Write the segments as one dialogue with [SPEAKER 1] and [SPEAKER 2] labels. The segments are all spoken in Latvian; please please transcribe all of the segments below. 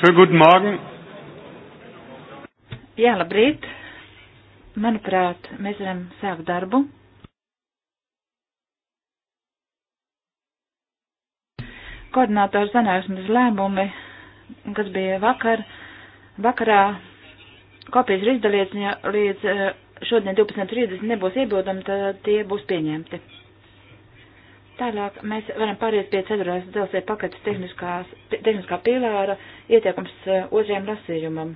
[SPEAKER 1] Schönen guten Morgen. Jā, labrīt. Manuprāt, mēs varam sākt darbu. Koordinātors sanāksmes lēmumi, kas bija vakar, vakarā kopijas ir izdalīts līdz eh, šodien 12.30 nebūs iebildami, tad tie būs pieņemti. Tālāk mēs varam pāriet pie ceturās dzelzē paketes te, tehniskā pīlāra ieteikums uh, otrajam lasījumam.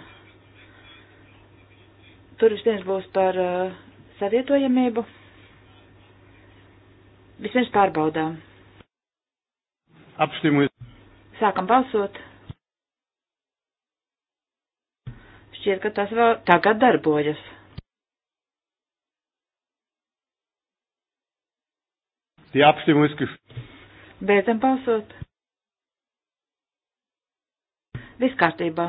[SPEAKER 1] Tur vispirms būs par uh, savietojamību. Vispirms pārbaudām. Apstimuj. Sākam balsot. Šķiet, ka tas vēl tagad darbojas. Die Abstimmung ist geschlossen. Beidzam balsot. Viss kārtībā.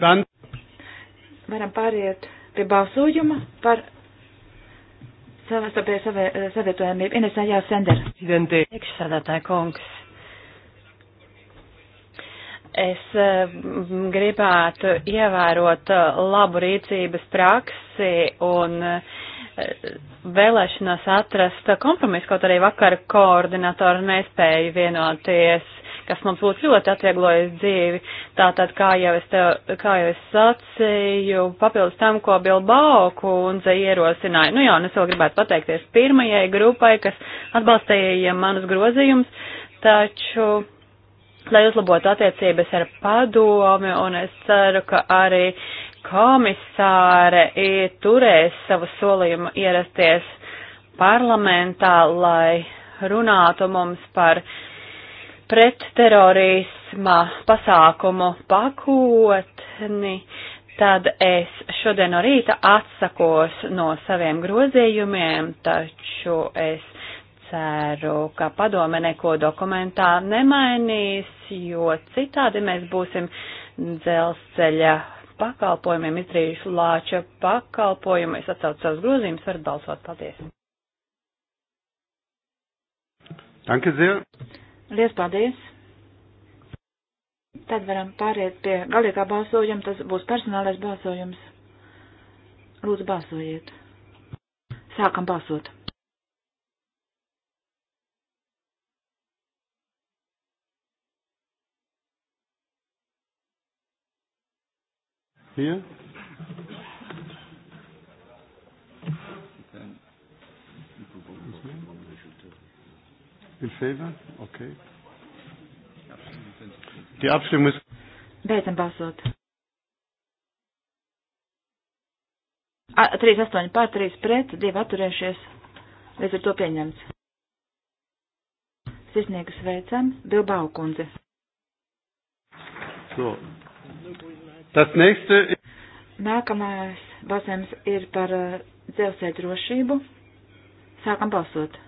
[SPEAKER 1] Dann... Varam pāriet pie balsojuma par savietojamību. Ines Jāsendera. Iekšsēdētāja kungs. Es eh, gribētu ievērot eh, labu rīcības praksi un eh, vēlēšanos atrast kompromisu, kaut arī vakar koordinatori nespēja vienoties, kas mums būtu ļoti atvieglojis dzīvi. Tātad, kā jau es, tev, kā jau es sacīju, papildus tam, ko Bilbao kundze ierosināja. Nu jā, un es vēl gribētu pateikties pirmajai grupai, kas atbalstīja manus grozījumus, taču lai uzlabotu attiecības ar padomi, un es ceru, ka arī komisāre turēs savu solījumu ierasties parlamentā, lai runātu mums par pretterorisma pasākumu pakotni, tad es šodien no rīta atsakos no saviem grozījumiem, taču es ceru, ka padome neko dokumentā nemainīs, jo citādi mēs būsim dzelzceļa pakalpojumiem izdarījuši lāča pakalpojumu. Es atsaucu savus grozījumus, varat balsot. Paldies! Danke sehr! Lies paldies! Tad varam pāriet pie galīgā balsojuma, tas būs personālais balsojums. Lūdzu, balsojiet! Sākam balsot! here. In favor? Okay. Die Abstimmung ist. Beidzam balsot. 38 pār 3 pret, 2 atturējušies. Līdz ar to pieņemts. Sisniegas veicam, Bilbao kundze. So, Tas nächste. Nākamais balsojums ir par uh, dzelzceļa drošību. Sākam balsot.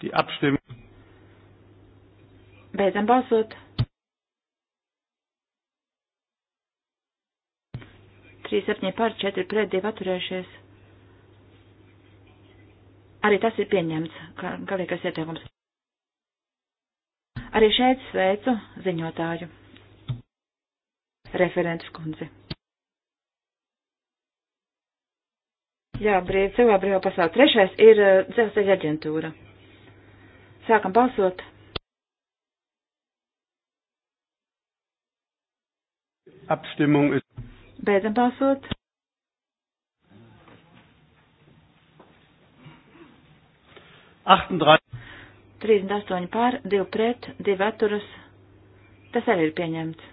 [SPEAKER 1] Die Abstimmung. Beidzam balsot. 37 pār 4 pret 2 atturējušies. Arī tas ir pieņemts, kā galīgais ieteikums. Arī šeit sveicu ziņotāju. Referents kundzi. Jā, brīv, cilvēku brīvā pasaule. Trešais ir eh, dzelzceļa aģentūra. Sākam balsot. Abstimmung ist. Beidzam balsot. 38 pār, 2 pret, 2 atturas. Tas arī ir pieņemts.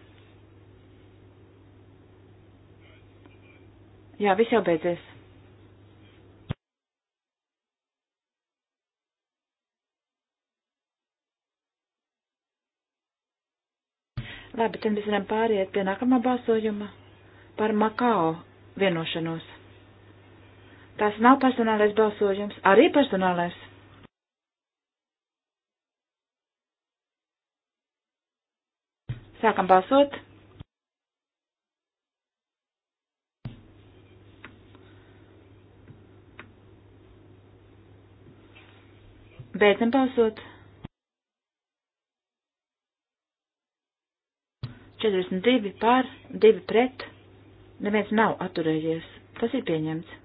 [SPEAKER 1] Jā, viss jau beidzies. Labi, tad mēs varam pāriet pie nākamā balsojuma par Makao vienošanos. Tas nav personālais balsojums, arī personālais. Sākam balsot. Beidzam balsot. 42 pār, 2 pret. Neviens nav atturējies. Tas ir pieņemts.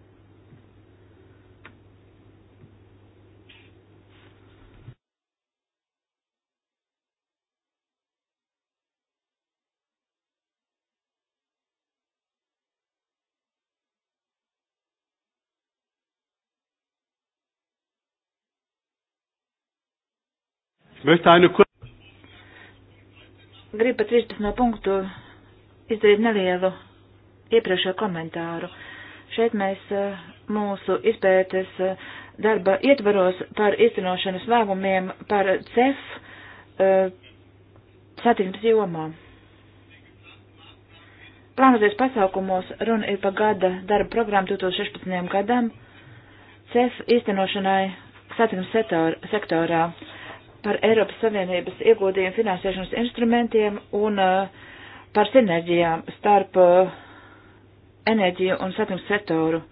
[SPEAKER 1] Gribu par 13. punktu izdarīt nelielu iepriekšējo komentāru. Šeit mēs eh, mūsu izpētes eh, darba ietvaros par īstenošanas lēmumiem par CEF eh, satiksmes jomā. Plānoties pasaukumos runa ir par gada darba programmu 2016. gadam CEF īstenošanai satiksmes sektorā par Eiropas Savienības iegūtajiem finansēšanas instrumentiem un uh, par sinerģijām starp uh, enerģiju un satiksmes sektoru.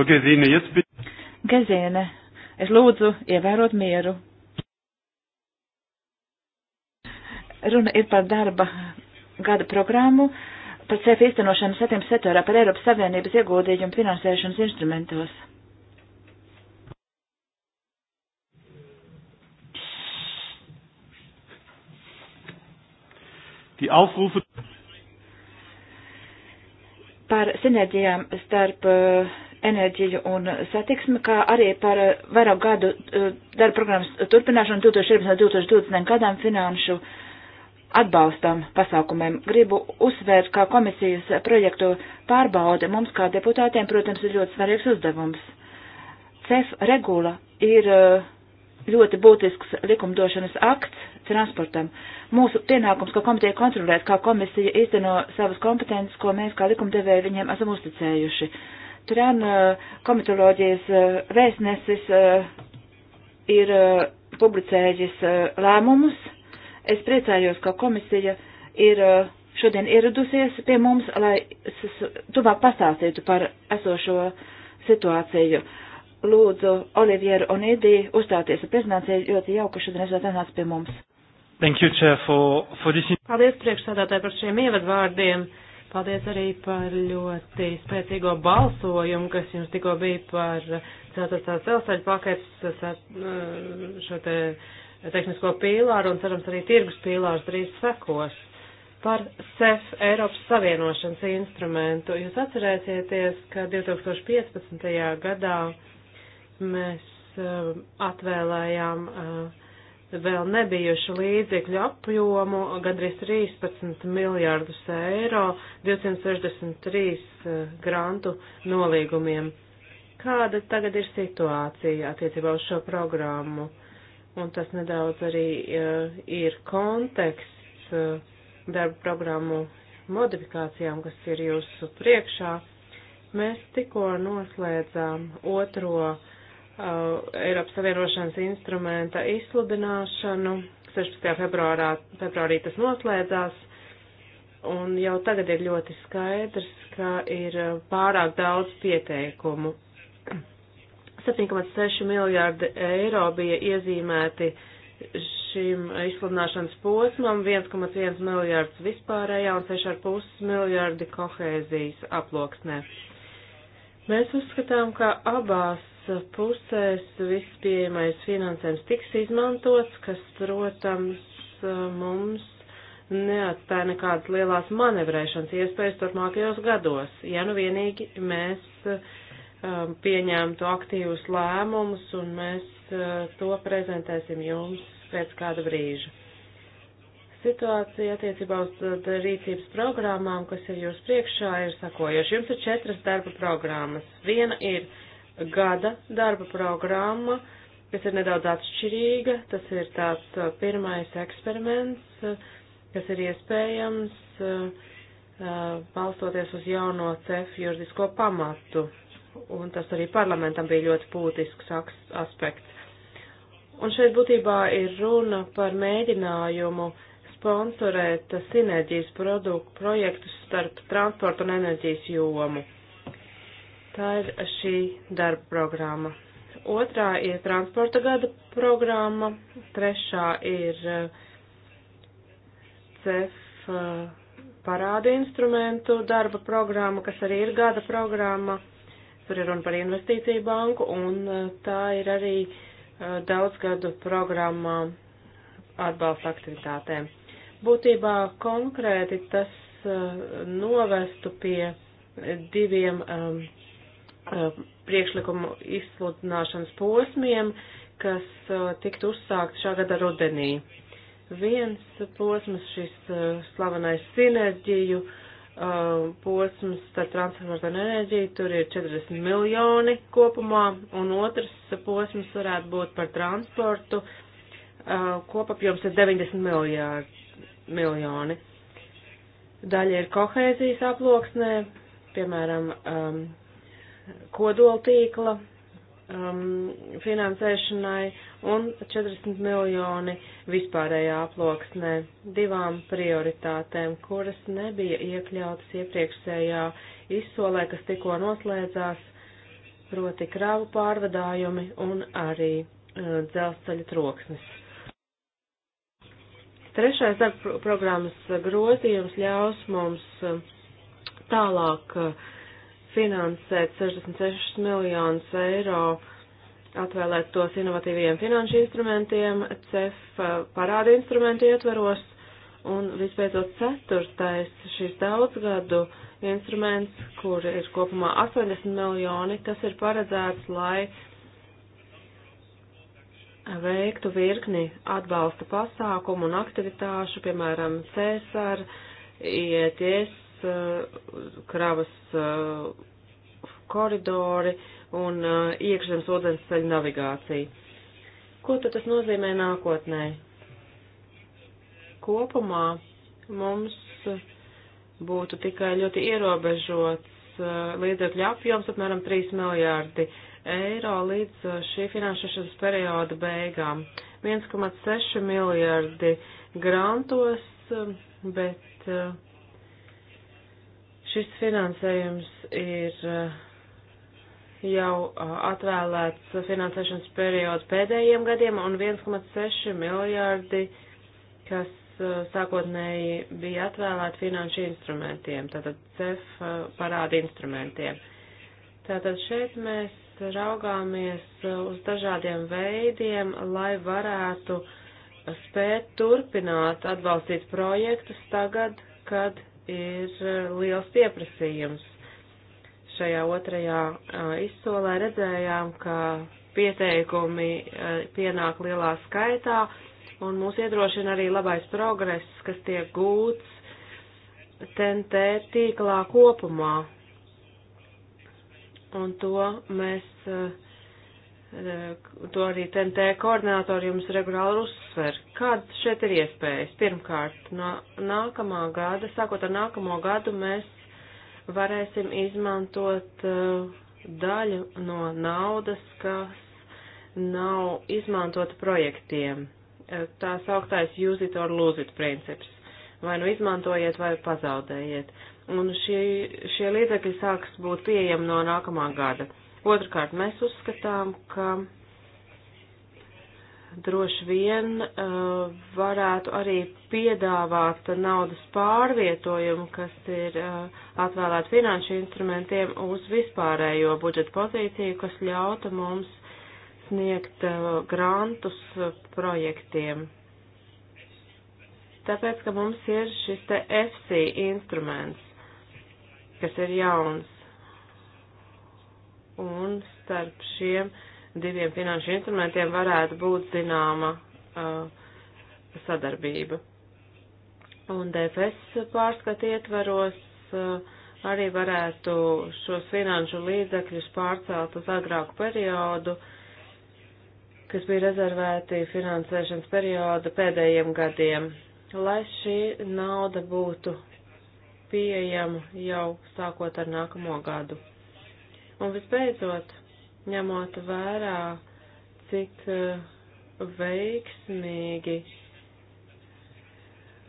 [SPEAKER 1] Frau Gesine, jetzt bitte. Gesine, es lūdzu ievērot mieru. Runa ir par darba gada programmu, par CEF īstenošanu septiem sektorā, par Eiropas Savienības ieguldījumu finansēšanas instrumentos. Die Aufrufe par sinerģijām starp uh, enerģiju un satiksmi, kā arī par vairāk gadu eh, darba programmas turpināšanu 2014-2020 gadām finanšu atbalstam pasākumiem. Gribu uzsvērt, kā komisijas projektu pārbaude mums kā deputātiem, protams, ir ļoti svarīgs uzdevums. CEF regula ir eh, ļoti būtisks likumdošanas akts transportam. Mūsu pienākums, ka komiteja kontrolēs, kā komisija īsteno savas kompetences, ko mēs kā likumdevēji viņiem esam uzticējuši. Tran uh, komitoloģijas uh, vēstnesis uh, ir publicējis lēmumus. Es priecājos, ka komisija ir šodien ieradusies pie mums, lai tuvāk pastāstītu par esošo situāciju. Lūdzu, Olivieru un Idī uzstāties ar prezentāciju, ļoti jauka šodien esat atnācis pie mums. Thank you, Chair, for, for this... Paldies priekšsādātāji par šiem ievadvārdiem. Uh, Paldies arī par ļoti spēcīgo balsojumu, kas jums tikko bija par 4. celsaļu paketes eh, šo te tehnisko pīlāru un cerams arī tirgus pīlārs drīz sekos. Par SEF Eiropas Savienošanas instrumentu. Jūs atcerēsieties, ka 2015. gadā mēs eh, atvēlējām uh, vēl nebijušu līdzekļu apjomu gandrīz 13 miljārdus eiro 263 eh, grantu nolīgumiem. Kāda tagad ir situācija attiecībā uz šo programmu? Un tas nedaudz arī uh, ir konteksts uh, darba programmu modifikācijām, kas ir jūsu priekšā. Mēs tikko noslēdzām otro uh, Uh, Eiropas Savienošanas instrumenta izsludināšanu. 16. Februārā, februārī tas noslēdzās, un jau tagad ir ļoti skaidrs, ka ir uh, pārāk daudz pieteikumu. 7,6 miljārdi eiro bija iezīmēti šim izsludināšanas posmam, 1,1 miljārds vispārējā un 6,5 miljārdi kohēzijas aploksnē. Mēs uzskatām, ka abās pusēs viss pieejamais finansējums tiks izmantots, kas, protams, mums neatstāja nekādas lielās manevrēšanas iespējas turpmākajos gados, ja nu vienīgi mēs um, pieņēmtu aktīvus lēmumus un mēs uh, to prezentēsim jums pēc kāda brīža. Situācija attiecībā uz uh, rīcības programmām, kas ir jūs priekšā, ir sakojoša. Jums ir četras darba programmas. Viena ir gada darba programma, kas ir nedaudz atšķirīga. Tas ir tāds uh, pirmais eksperiments, uh, kas ir iespējams uh, balstoties uz jauno CEF juridisko pamatu. Un tas arī parlamentam bija ļoti būtisks aspekts. Un šeit būtībā ir runa par mēģinājumu sponsorēt sinerģijas produktu projektus starp transportu un enerģijas jomu. Tā ir šī darba programma. Otrā ir transporta gada programma, trešā ir eh, CEF eh, parāda instrumentu darba programma, kas arī ir gada programma. Tur ir runa par investīciju banku, un eh, tā ir arī daudzgadu programmā atbalsta aktivitātēm. Būtībā konkrēti tas novestu pie diviem um, Eh, priekšlikumu izsludināšanas posmiem, kas eh, tiktu uzsākt šā gada rudenī. Viens posms, šis eh, slavenais sinerģiju posms starp transportu un enerģiju, tur ir 40 miljoni kopumā, un otrs posms varētu būt par transportu, kopapjoms ir 90 miljārdi, miljoni. Daļa ir kohēzijas aploksnē, piemēram, um, kodoltīkla um, finansēšanai un 40 miljoni vispārējā aploksnē divām prioritātēm, kuras nebija iekļautas iepriekšējā izsolē, kas tikko noslēdzās, proti kravu pārvadājumi un arī uh, dzelzceļa troksnis. Trešais darba programmas grozījums ļaus mums uh, tālāk uh, finansēt 66 miljonus eiro, atvēlēt tos inovatīviem finanšu instrumentiem, CEF eh, parādu instrumentu ietvaros, un visbeidzot ceturtais šis daudzgadu instruments, kur ir kopumā 80 miljoni, tas ir paredzēts, lai veiktu virkni atbalsta pasākumu un aktivitāšu, piemēram, CESAR, IETS Uh, kravas uh, koridori un uh, iekšzemes ūdensceļa navigācija. Ko tad tas nozīmē nākotnē? Kopumā mums būtu tikai ļoti ierobežots līdzekļu apjoms, apmēram 3 miljārdi eiro līdz šī finansēšanas perioda beigām. 1,6 miljārdi grantos, bet uh, Šis finansējums ir eh, jau eh, atvēlēts finansēšanas periodu pēdējiem gadiem un 1,6 miljārdi, kas eh, sākotnēji bija atvēlēti finanšu instrumentiem, tātad CEF parāda instrumentiem. Tātad šeit mēs raugāmies uz dažādiem veidiem, lai varētu spēt turpināt atbalstīt projektus tagad, kad ir e, liels pieprasījums. Šajā otrajā e, izsolē redzējām, ka pieteikumi e, pienāk lielā skaitā, un mūs iedrošina arī labais progress, kas tiek gūts TNT tīklā kopumā. Un to mēs uh, Eh, to arī TNT koordinātori jums regulāri uzsver. Kādas šeit ir iespējas? Pirmkārt, no nākamā gada, sākot ar nākamo gadu, mēs varēsim izmantot eh, daļu no naudas, kas nav izmantota projektiem. Eh, tā sauktais use it or lose it princips. Vai nu izmantojiet, vai pazaudējiet. Un šie, šie līdzekļi sāks būt pieejami no nākamā gada. Uh, Otrakārt, mēs uzskatām, ka droši vien uh, varētu arī piedāvāt naudas pārvietojumu, kas ir uh, atvēlēta finanšu instrumentiem uz vispārējo budžeta pozīciju, kas ļauta mums sniegt uh, grantus uh, projektiem. Tāpēc, ka mums ir šis te FC instruments, kas ir jauns un starp šiem diviem finanšu instrumentiem varētu būt zināma uh, sadarbība. Un DFS pārskati ietvaros uh, arī varētu šos finanšu līdzekļus pārcelt uz agrāku periodu, kas bija rezervēti finansēšanas perioda pēdējiem gadiem, lai šī nauda būtu pieejama jau sākot ar nākamo gadu. Un visbeidzot, ņemot vērā, cik uh, veiksmīgi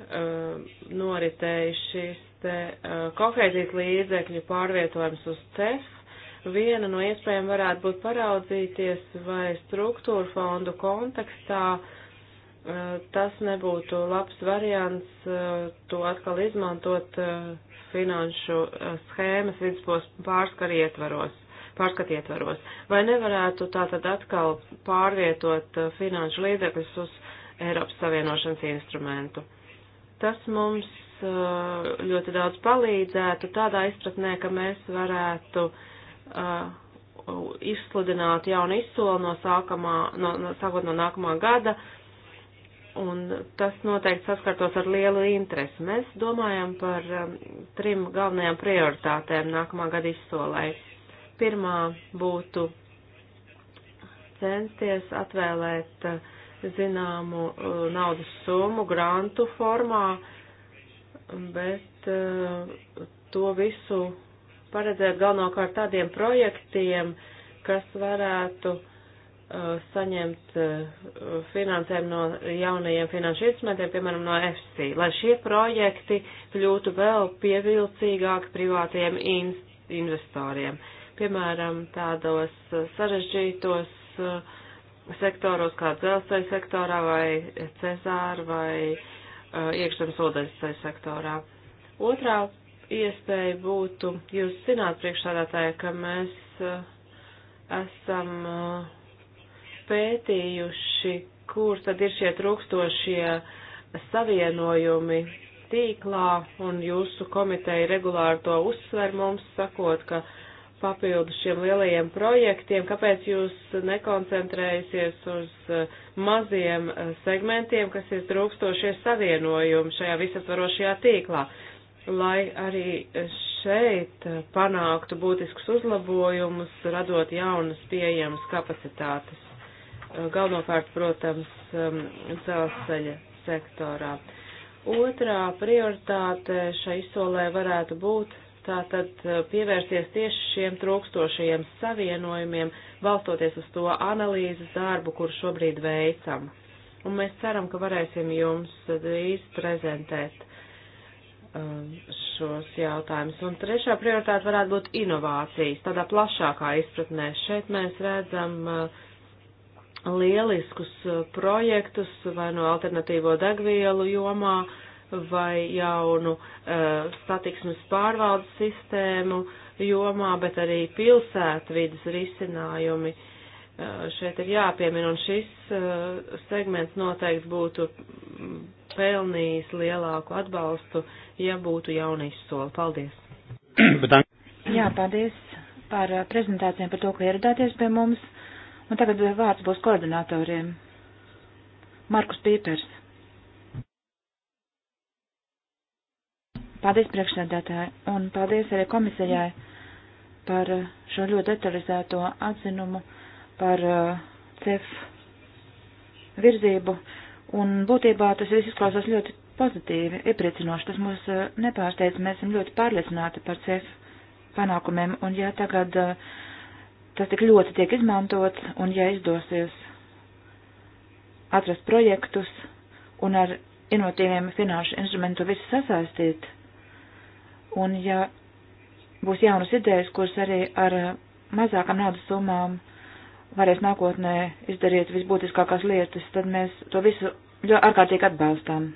[SPEAKER 1] uh, noritēja šis te uh, kohēzijas līdzekļu pārvietojums uz CEF, viena no iespējām varētu būt paraudzīties, vai struktūra fondu kontekstā uh, tas nebūtu labs variants uh, to atkal izmantot uh, finanšu schēmas vidusposmu pārskaru ietvaros pārskati ietvaros. Vai nevarētu tātad atkal pārvietot uh, finanšu līdzekļus uz Eiropas Savienošanas instrumentu? Tas mums uh, ļoti daudz palīdzētu tādā izpratnē, ka mēs varētu uh, izsludināt jaunu izsoli no, sākamā, no, no, sākot no nākamā gada, un tas noteikti saskartos ar lielu interesi. Mēs domājam par um, trim galvenajām prioritātēm nākamā gada izsolē. Pirmā būtu censties atvēlēt eh, zināmu eh, naudas summu grantu formā, bet eh, to visu paredzēt galvenokārt tādiem projektiem, kas varētu saņemt finansējumu no jaunajiem finanšu instrumentiem, piemēram, no FC, lai šie projekti kļūtu vēl pievilcīgāki privātiem investoriem. Uh, Piemēram, tādos uh, sarežģītos uh, sektoros kā dzelzceļa sektorā vai cezāra vai uh, iekšzemes ūdensceļa sektorā. Otrā iespēja būtu, jūs zināt priekšsādātāji, ka mēs esam pētījuši, kur tad ir šie trūkstošie savienojumi tīklā, un jūsu komiteja regulāri to uzsver mums, sakot, ka papildus šiem lielajiem projektiem, kāpēc jūs nekoncentrējaties uz eh, maziem eh, segmentiem, kas ir trūkstošie savienojumi šajā visatvarošajā tīklā, lai arī šeit eh, panāktu būtiskus uzlabojumus, radot jaunas pieejamas kapacitātes, galvenokārt, protams, um, dzelzceļa sektorā. Otrā prioritāte šai izsolē varētu būt Tātad eh, pievērsties tieši šiem trūkstošajiem savienojumiem, balstoties uz to analīzes darbu, kur šobrīd veicam. Un mēs ceram, ka varēsim jums drīz prezentēt um, šos jautājumus. Un trešā prioritāte varētu būt inovācijas, tādā plašākā izpratnē. Šeit mēs redzam uh, lieliskus uh, projektus vai no alternatīvo degvielu jomā, uh, vai jaunu uh, satiksmes pārvaldes sistēmu jomā, bet arī pilsētvidas risinājumi. Uh, šeit ir jāpiemina, un šis uh, segments noteikti būtu pelnījis lielāku atbalstu, ja būtu jauna izsola. Paldies! Jā, paldies par prezentācijām, par to, ka ieradāties pie mums. Un tagad vārds būs koordinatoriem. Markus Pīpers. Paldies priekšsēdētāji un paldies arī komisijai par eh, šo ļoti detalizēto atzinumu par eh, CEF virzību. Un būtībā tas viss izklausās ļoti pozitīvi, iepriecinoši. Tas mūs eh, nepārsteidz, mēs esam ļoti pārliecināti par CEF panākumiem. Un ja tagad tas tik ļoti tiek izmantots un ja izdosies atrast projektus un ar inovatīviem finanšu instrumentu visu sasaistīt, Un ja būs jaunas idejas, kuras arī ar mazākām naudas summām varēs nākotnē izdarīt visbūtiskākās lietas, tad mēs to visu ļoti ārkārtīgi atbalstām.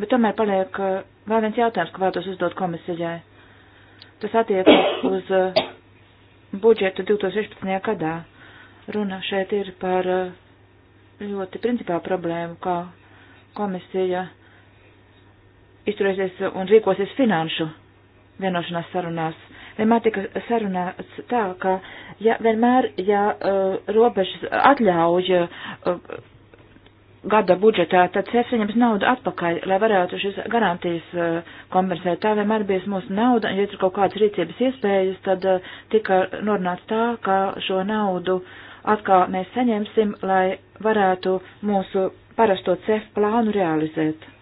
[SPEAKER 1] Bet tomēr paliek uh, vēl viens jautājums, ko vēlētos uzdot komisijai. Tas attiecas uz uh, budžetu 2016. gadā. Runa šeit ir par uh, ļoti principālu problēmu, kā komisija izturēsies un rīkosies finanšu vienošanās sarunās. Vienmēr tika sarunāts tā, ka ja, vienmēr, ja uh, robežas atļauj uh, gada budžetā, tad CEF saņems naudu atpakaļ, lai varētu šis garantijas uh, kompensēt. Tā vienmēr bijis mūsu nauda, un ja ir kaut kādas rīcības iespējas, tad uh, tika norunāts tā, ka šo naudu atkal mēs saņemsim, lai varētu mūsu parasto CEF plānu realizēt.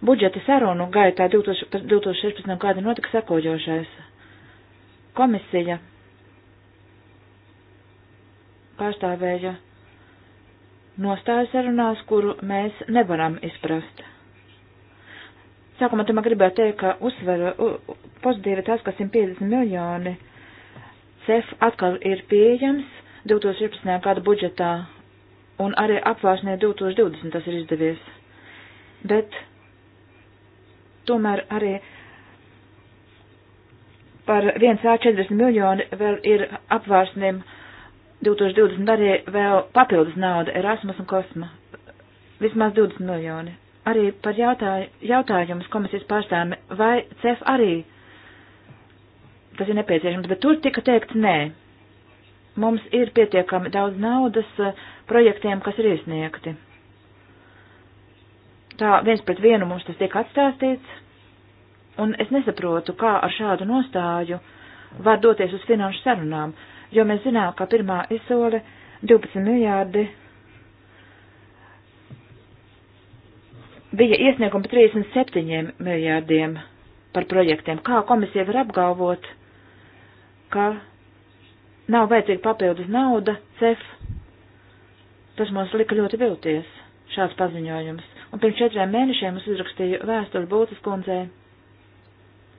[SPEAKER 1] Budžeta sarunu gaitā 2016. gada notika sekojošais. Komisija pārstāvēja nostāju sarunās, kuru mēs nevaram izprast. Sākumā tomēr gribētu teikt, ka uzsver pozitīvi tas, ka 150 miljoni CEF atkal ir pieejams 2016. gada budžetā un arī apvāršanai 2020 tas ir izdevies. Bet tomēr arī par 1,40 miljoni vēl ir apvārsniem 2020 arī vēl papildus nauda Erasmus un Kosma. Vismaz 20 miljoni. Arī par jautāj, jautājumus komisijas pārstāvjumi, vai CEF arī tas ir nepieciešams, bet tur tika teikts nē. Mums ir pietiekami daudz naudas eh, projektiem, kas ir iesniegti. Tā viens pret vienu mums tas tiek atstāstīts, Un es nesaprotu, kā ar šādu nostāju var doties uz finanšu sarunām, jo mēs zinām, ka pirmā izsole 12 miljārdi bija iesniegumi par 37 miljārdiem par projektiem. Kā komisija var apgalvot, ka nav vajadzīga papildus nauda, cef? Tas mums lika ļoti vilties, šāds paziņojums. Un pirms četriem mēnešiem es uzrakstīju vēstuli Būtas kundzei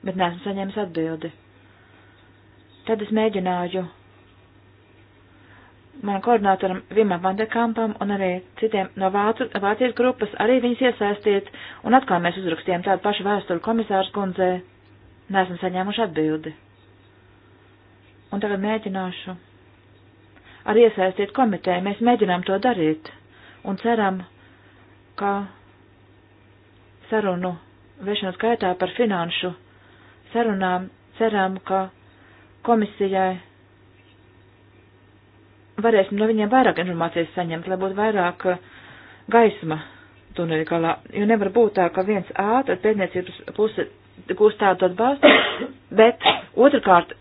[SPEAKER 1] bet neesmu saņēmis atbildi. Tad es mēģināju man koordinātoram Vimam Vandekampam un arī citiem no Vācu, Vācijas grupas arī viņas iesaistīt, un atkal mēs uzrakstījām tādu pašu vēstuli komisārs kundzē. Nesam saņēmuši atbildi. Un tagad mēģināšu arī iesaistīt komiteju. Mēs mēģinām to darīt un ceram, ka sarunu vešanas gaitā par finanšu sarunām ceram, ka komisijai varēsim no viņiem vairāk informācijas saņemt, lai būtu vairāk uh, gaisma tuneli galā. Jo nevar būt tā, ka viens A, tad pētniecības puse gūst tādu atbalstu, bet otrkārt,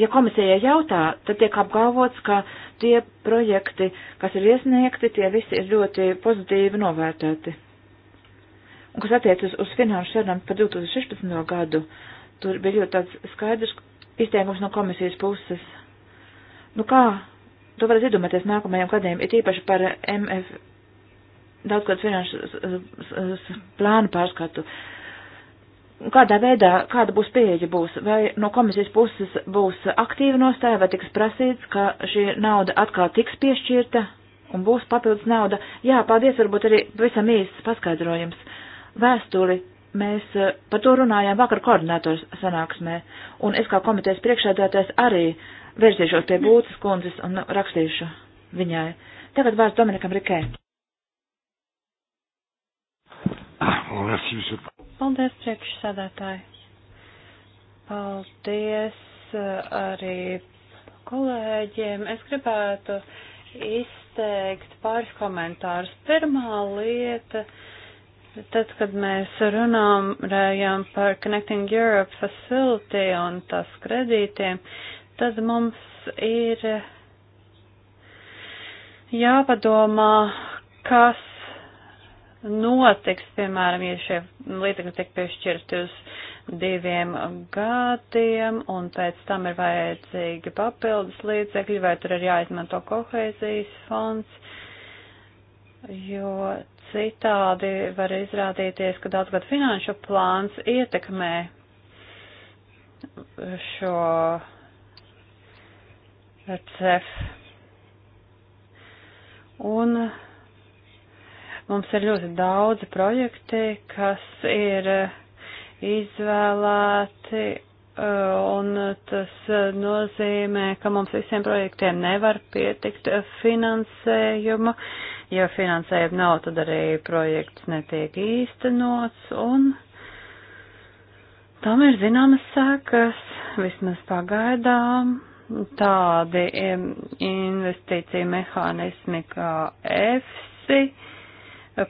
[SPEAKER 1] ja komisijai jautā, tad tiek apgalvots, ka tie projekti, kas ir iesniegti, tie visi ir ļoti pozitīvi novērtēti. Un kas attiecas uz finanšu sarunām par 2016. gadu, Tur bija ļoti tāds skaidrs izteikums no komisijas puses. Nu kā to varat iedomāties nākamajiem gadiem, ir īpaši par MF daudzgads finanšu plānu pārskatu. Kādā veidā, kāda būs pieeja būs? Vai no komisijas puses būs aktīva nostāja, vai tiks prasīts, ka šī nauda atkal tiks piešķirta un būs papildus nauda? Jā, paldies, varbūt arī pavisam īsts paskaidrojums. Vēstuli Mēs eh, par to runājām vakar koordinātors sanāksmē, un es kā komitejas priekšēdētājs arī vērsīšos pie būtas kundzes un rakstīšu viņai. Tagad vārds Dominikam Rikē. Ah, Paldies, priekšsēdētāji. Paldies eh, arī kolēģiem. Es gribētu izteikt pāris komentārus. Pirmā lieta. Uh, Tad, kad mēs runājām par Connecting Europe Facility un tās kredītiem, tad mums ir jāpadomā, kas notiks, piemēram, ja šie līdzekļi tiek piešķirti uz diviem gadiem, un pēc tam ir vajadzīgi papildus līdzekļi, vai tur ir jāizmanto kohēzijas fonds jo citādi var izrādīties, ka daudzgad finanšu plāns ietekmē šo CEF. Un mums ir ļoti daudzi projekti, kas ir izvēlēti, un tas nozīmē, ka mums visiem projektiem nevar pietikt finansējuma. Uh, Ja finansējuma nav, tad arī projekts netiek īstenots un tam ir zināmas sekas, vismaz pagaidām. Tādi investīcija mehānismi kā EFSI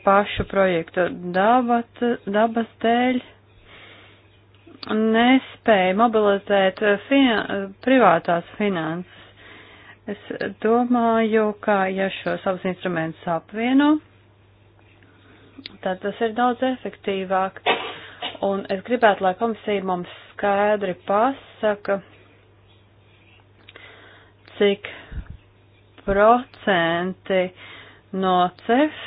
[SPEAKER 1] pašu projektu dabat, dabas dēļ nespēja mobilizēt finan privātās finanses Es domāju, ka ja šo savus instrumentus apvieno, tad tas ir daudz efektīvāk. Un es gribētu, lai komisija mums skaidri pasaka, cik procenti no CEF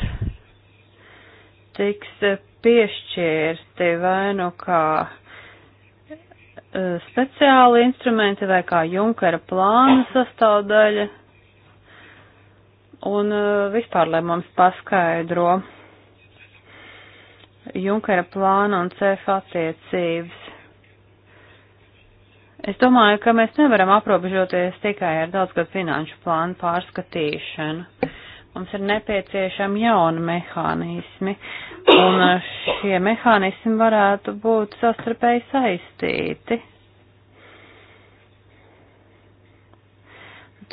[SPEAKER 1] tiks piešķirti vai nu kā E, speciāli instrumenti vai kā Junkera plāna sastāvdaļa. Un e, vispār, lai mums paskaidro Junkera plāna un CF attiecības. Es domāju, ka mēs nevaram aprobežoties tikai ar daudzgad finanšu plānu pārskatīšanu. Mums ir nepieciešami jauni mehānismi, un šie mehānismi varētu būt sastarpēji saistīti.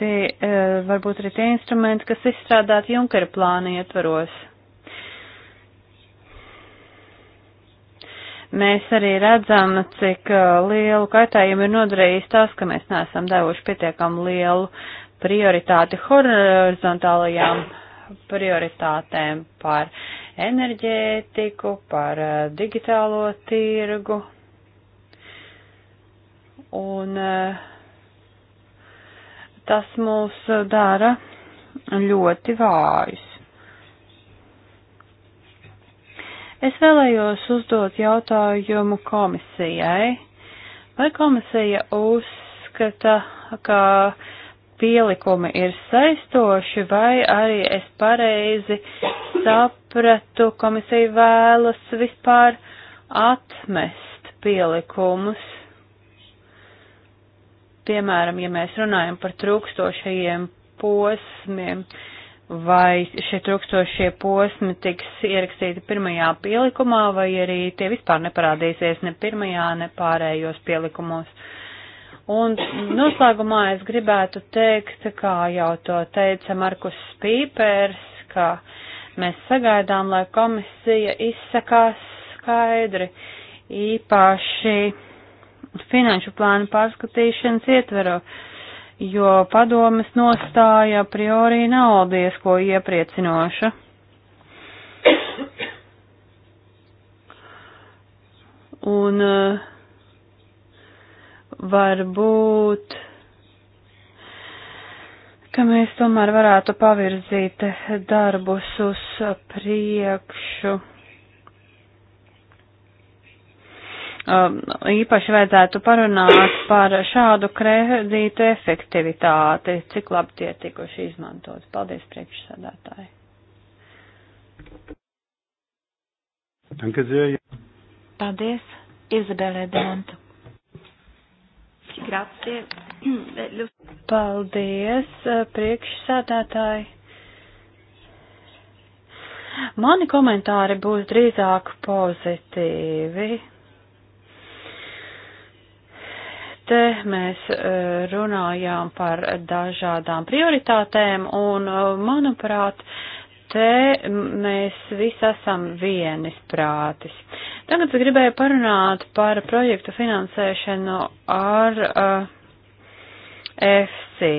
[SPEAKER 1] Tie e, varbūt arī tie instrumenti, kas izstrādāti Junkera plāna ietvaros. Mēs arī redzam, cik e, lielu kaitējumu ir nodarījis tas, ka mēs neesam devuši pietiekam lielu uh, prioritāti horizontālajām prioritātēm par enerģētiku, par eh, digitālo tirgu. Un eh, tas mūs dara ļoti vājus. Es vēlējos uzdot jautājumu komisijai. Vai komisija uzskata, ka uh, pielikumi ir saistoši, vai arī es pareizi sapratu, komisija vēlas vispār atmest pielikumus. Piemēram, ja mēs runājam par trūkstošajiem posmiem, vai šie trūkstošie posmi tiks ierakstīti pirmajā pielikumā, vai arī tie vispār neparādīsies ne pirmajā, ne pārējos pielikumos. Uh, Un noslēgumā es gribētu teikt, kā jau to teica Markus Pīpers, ka mēs sagaidām, lai komisija izsakās skaidri, īpaši finanšu plānu pārskatīšanas ietvero, jo padomas nostāja a priori nav diezko iepriecinoša. Un uh, varbūt, ka mēs tomēr varētu pavirzīt darbus uz priekšu. Um, īpaši vajadzētu parunāt par šādu kredītu efektivitāti, cik labi tie tikuši izmantot. Paldies priekšsādātāji. Paldies, Izabelē Dantu. Grazie. Paldies, eh, priekšsēdētāji. Mani komentāri būs drīzāk pozitīvi. Te mēs eh, runājām par dažādām prioritātēm un, eh, manuprāt, uh, te mēs visi esam vienis prātis. Tagad es gribēju parunāt par projektu finansēšanu ar uh, FC.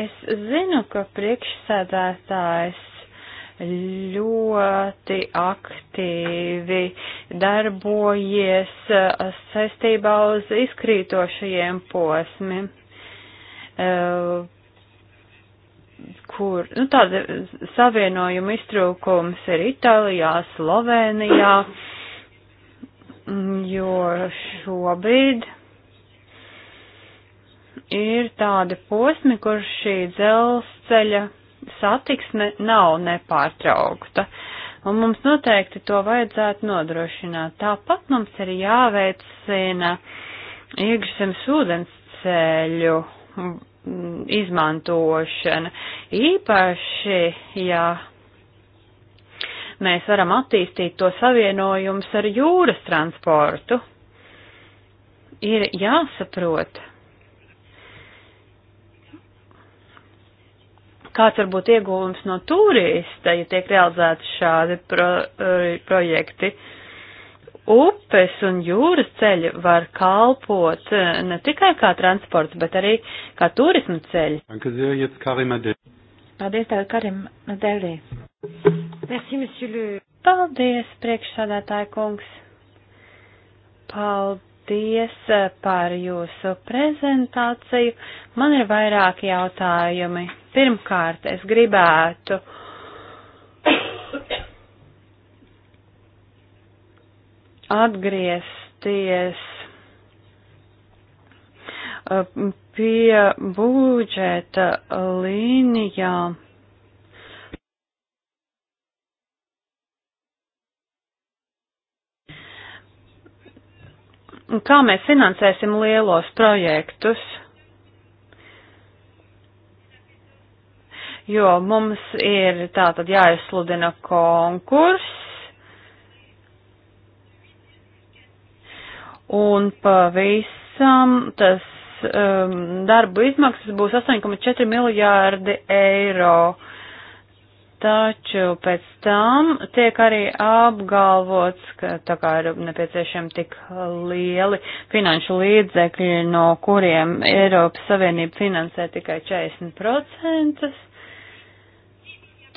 [SPEAKER 1] Es zinu, ka priekšsēdētājs ļoti aktīvi darbojies uh, saistībā uz izkrītošajiem posmiem. Uh, kur nu, tāda savienojuma iztrūkums ir Itālijā, Slovenijā, mm, jo šobrīd ir tādi posmi, kur šī dzelzceļa satiksme nav nepārtraukta. Un mums noteikti to vajadzētu nodrošināt. Tāpat mums ir jāveicina iekšzemes ūdens ceļu Mm, izmantošana. Īpaši, ja mēs varam attīstīt to savienojums ar jūras transportu, ir jāsaprot, kāds var būt ieguvums no turista, ja tiek realizēti šādi pro, eh, projekti. Uh, upes un jūras ceļi var kalpot eh, ne tikai kā transports, bet arī kā turismu ceļi. Paldies, tev, Karim Adelī. Merci, monsieur le. Paldies, priekšsādātāja kungs. Paldies eh, par jūsu prezentāciju. Man ir vairāki jautājumi. Pirmkārt, es gribētu atgriezties uh, pie budžeta līnijām. Kā mēs finansēsim lielos projektus? Jo mums ir tātad jāizsludina konkurss, un pavisam tas um, darbu izmaksas būs 8,4 miljārdi eiro. Taču pēc tam tiek arī apgalvots, ka tā kā ir nepieciešami tik lieli finanšu līdzekļi, no kuriem Eiropas Savienība finansē tikai 40%,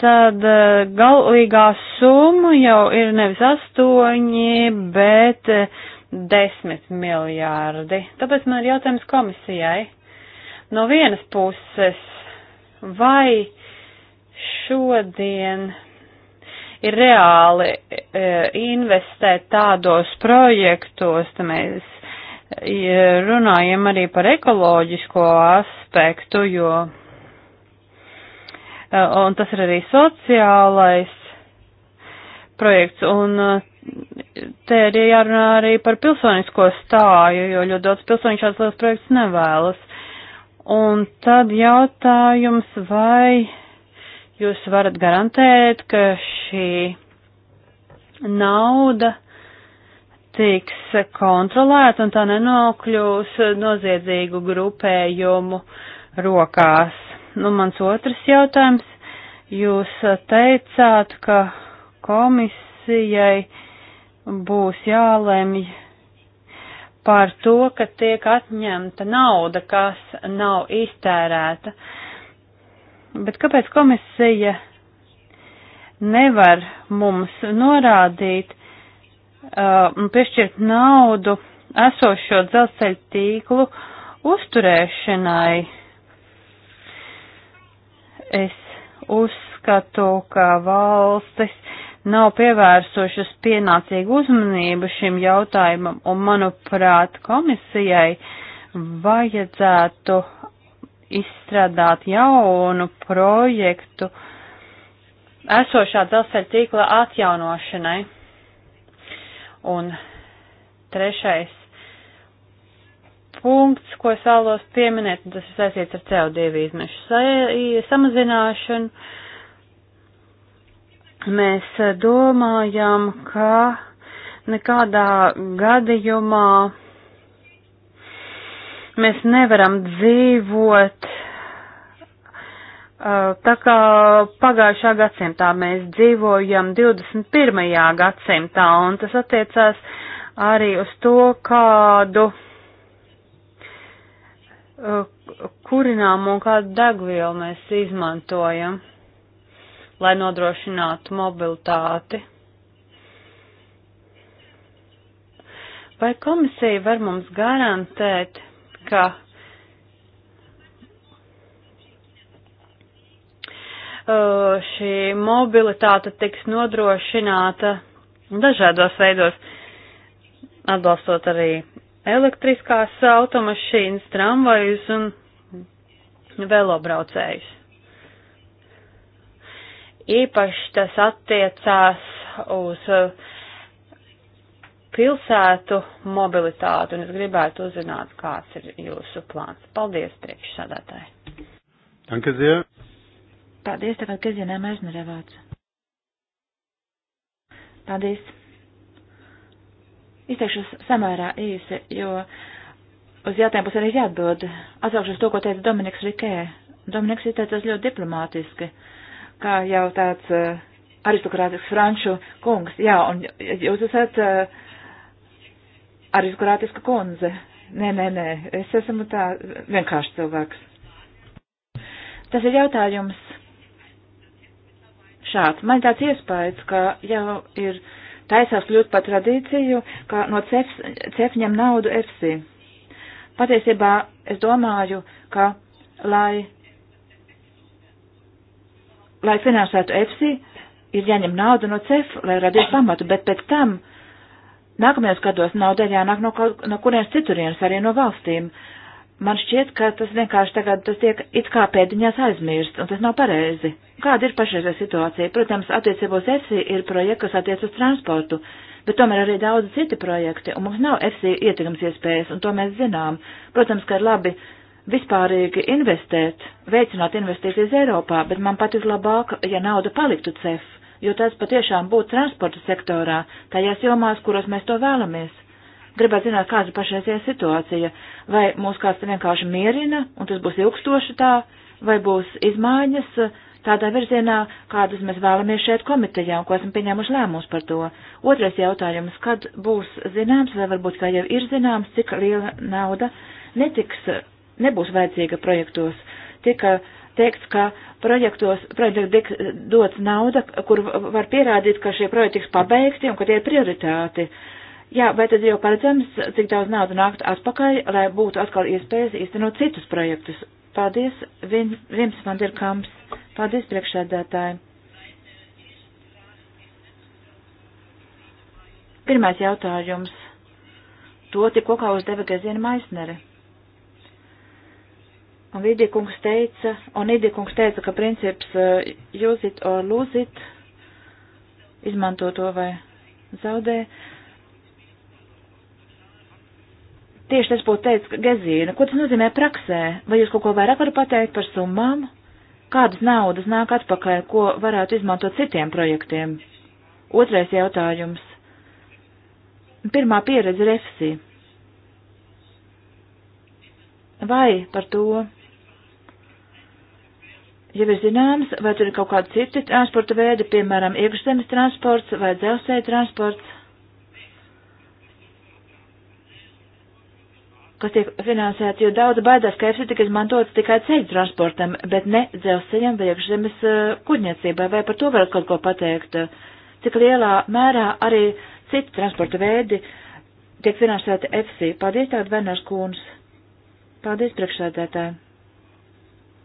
[SPEAKER 1] tad uh, galīgā summa jau ir nevis 8, bet uh, 10 miljārdi. Tāpēc man ir jautājums komisijai. No vienas puses, vai šodien ir reāli e, investēt tādos projektos, tad mēs e, runājam arī par ekoloģisko aspektu, jo, e, un tas ir arī sociālais projekts, un te ir jārunā arī par pilsonisko stāju, jo ļoti daudz pilsoņu šāds liels projekts nevēlas. Un tad jautājums, vai jūs varat garantēt, ka šī nauda tiks kontrolēta un tā nenokļūs noziedzīgu grupējumu rokās. Nu, mans otrs jautājums. Jūs teicāt, ka komisijai uh, būs jālemj par to, ka tiek atņemta nauda, kas nav iztērēta. Bet kāpēc komisija nevar mums norādīt uh, un uh, piešķirt naudu esošo dzelzceļa tīklu uzturēšanai? Es uzskatu, ka valstis nav pievērsušas pienācīgu uzmanību šim jautājumam, un manuprāt, komisijai vajadzētu izstrādāt jaunu projektu esošā dzelzceļa tīkla atjaunošanai. Un trešais punkts, ko es vēlos pieminēt, tas ir saistīts ar CO2 izmešu samazināšanu Mēs eh, domājam, ka nekādā gadījumā mēs nevaram dzīvot eh, tā kā pagājušā gadsimtā mēs dzīvojam 21. gadsimtā, un tas attiecās arī uz to, kādu eh, kurinām un kādu degvielu mēs izmantojam lai nodrošinātu mobilitāti. Vai komisija var mums garantēt, ka šī mobilitāte tiks nodrošināta dažādos veidos, atbalstot arī elektriskās automašīnas, tramvajus un velobraucējus? Īpaši tas attiecās uz uh, pilsētu mobilitāti, un es gribētu uzzināt, kāds ir jūsu plāns. Paldies, priekšsādātāji! Danke sehr! Paldies, tagad Kazienē Mežnerevāts. Paldies! Izteikšos samērā īsi, jo uz jautājumu būs arī jāatbild. Atsaukšos to, ko teica Dominiks Rikē. Dominiks izteicās ļoti diplomātiski. Uh, kā jau tāds uh, aristokrātisks franču kungs. Jā, un jūs esat uh, aristokrātiska kundze. Nē, nē, nē, es esmu tā vienkārši cilvēks. Tas ir jautājums šāds. Man tāds iespējas, ka jau ir taisās kļūt par tradīciju, ka no cef, cef ņem naudu EFSI. Patiesībā es domāju, ka, lai lai finansētu EFSI, ir jāņem nauda no CEF, lai radītu pamatu, bet pēc tam nākamajos gados nauda jānāk no, kaut, no kurienes citurienes, arī no valstīm. Man šķiet, ka tas vienkārši tagad tas tiek it kā pēdiņās aizmirst, un tas nav pareizi. Kāda ir pašreizē situācija? Protams, attiecībos EFSI ir projekts, kas attiec uz transportu, bet tomēr arī daudz citi projekti, un mums nav EFSI ietekmes iespējas, un to mēs zinām. Protams, ka ir labi vispārīgi investēt, veicināt investīcijas Eiropā, bet man pat vislabāk, ja nauda paliktu CEF, jo tas patiešām būtu transporta sektorā, tajās jomās, kuras mēs to vēlamies. Gribētu zināt, kāda ir pašreizējā situācija, vai mūs kāds vienkārši mierina, un tas būs ilgstoši tā, vai būs izmaiņas tādā virzienā, kādas mēs vēlamies šeit komitejā, un ko esam pieņēmuši lēmumus par to. Otrais jautājums, kad būs zināms, vai varbūt kā jau ir zināms, cik liela nauda netiks nebūs vajadzīga projektos. Tika teikts, ka projektos, projektos tiek dots nauda, kur var pierādīt, ka šie projekti tiks pabeigti un ka tie ir prioritāti. Jā, vai tad jau paredzams, cik daudz naudu nākt atpakaļ, lai būtu atkal iespējas īstenot citus projektus? Paldies, Vims vin, Vanderkamps. Paldies, priekšsēdētāji. Pirmais jautājums. To tikko kā uzdeva Gezina Maisnere. Un Vidikungs teica, un Idikungs teica, ka princips eh, use it or lose it, izmanto to vai zaudē. Tieši tas būtu teicis Gezīna. Ko tas nozīmē praksē? Vai jūs kaut ko vairāk varat pateikt par summām? Kādas naudas nāk atpakaļ, ko varētu izmantot citiem projektiem? Otrais jautājums. Pirmā pieredze refsī. Vai par to jau ir zināms, vai tur ir kaut kādi citi transporta veidi, piemēram, iekšzemes transports vai dzelzceļa transports, kas tiek finansēts, jo daudz baidās, ka EFSI tiek izmantots tikai ceļu transportam, bet ne dzelzceļam vai iekšzemes eh, kuģniecībai, vai par to varat kaut ko pateikt, cik lielā mērā arī citi transporta veidi tiek finansēti EFSI. Paldies, tāda Venārs Kūns. Paldies, priekšsēdētāji.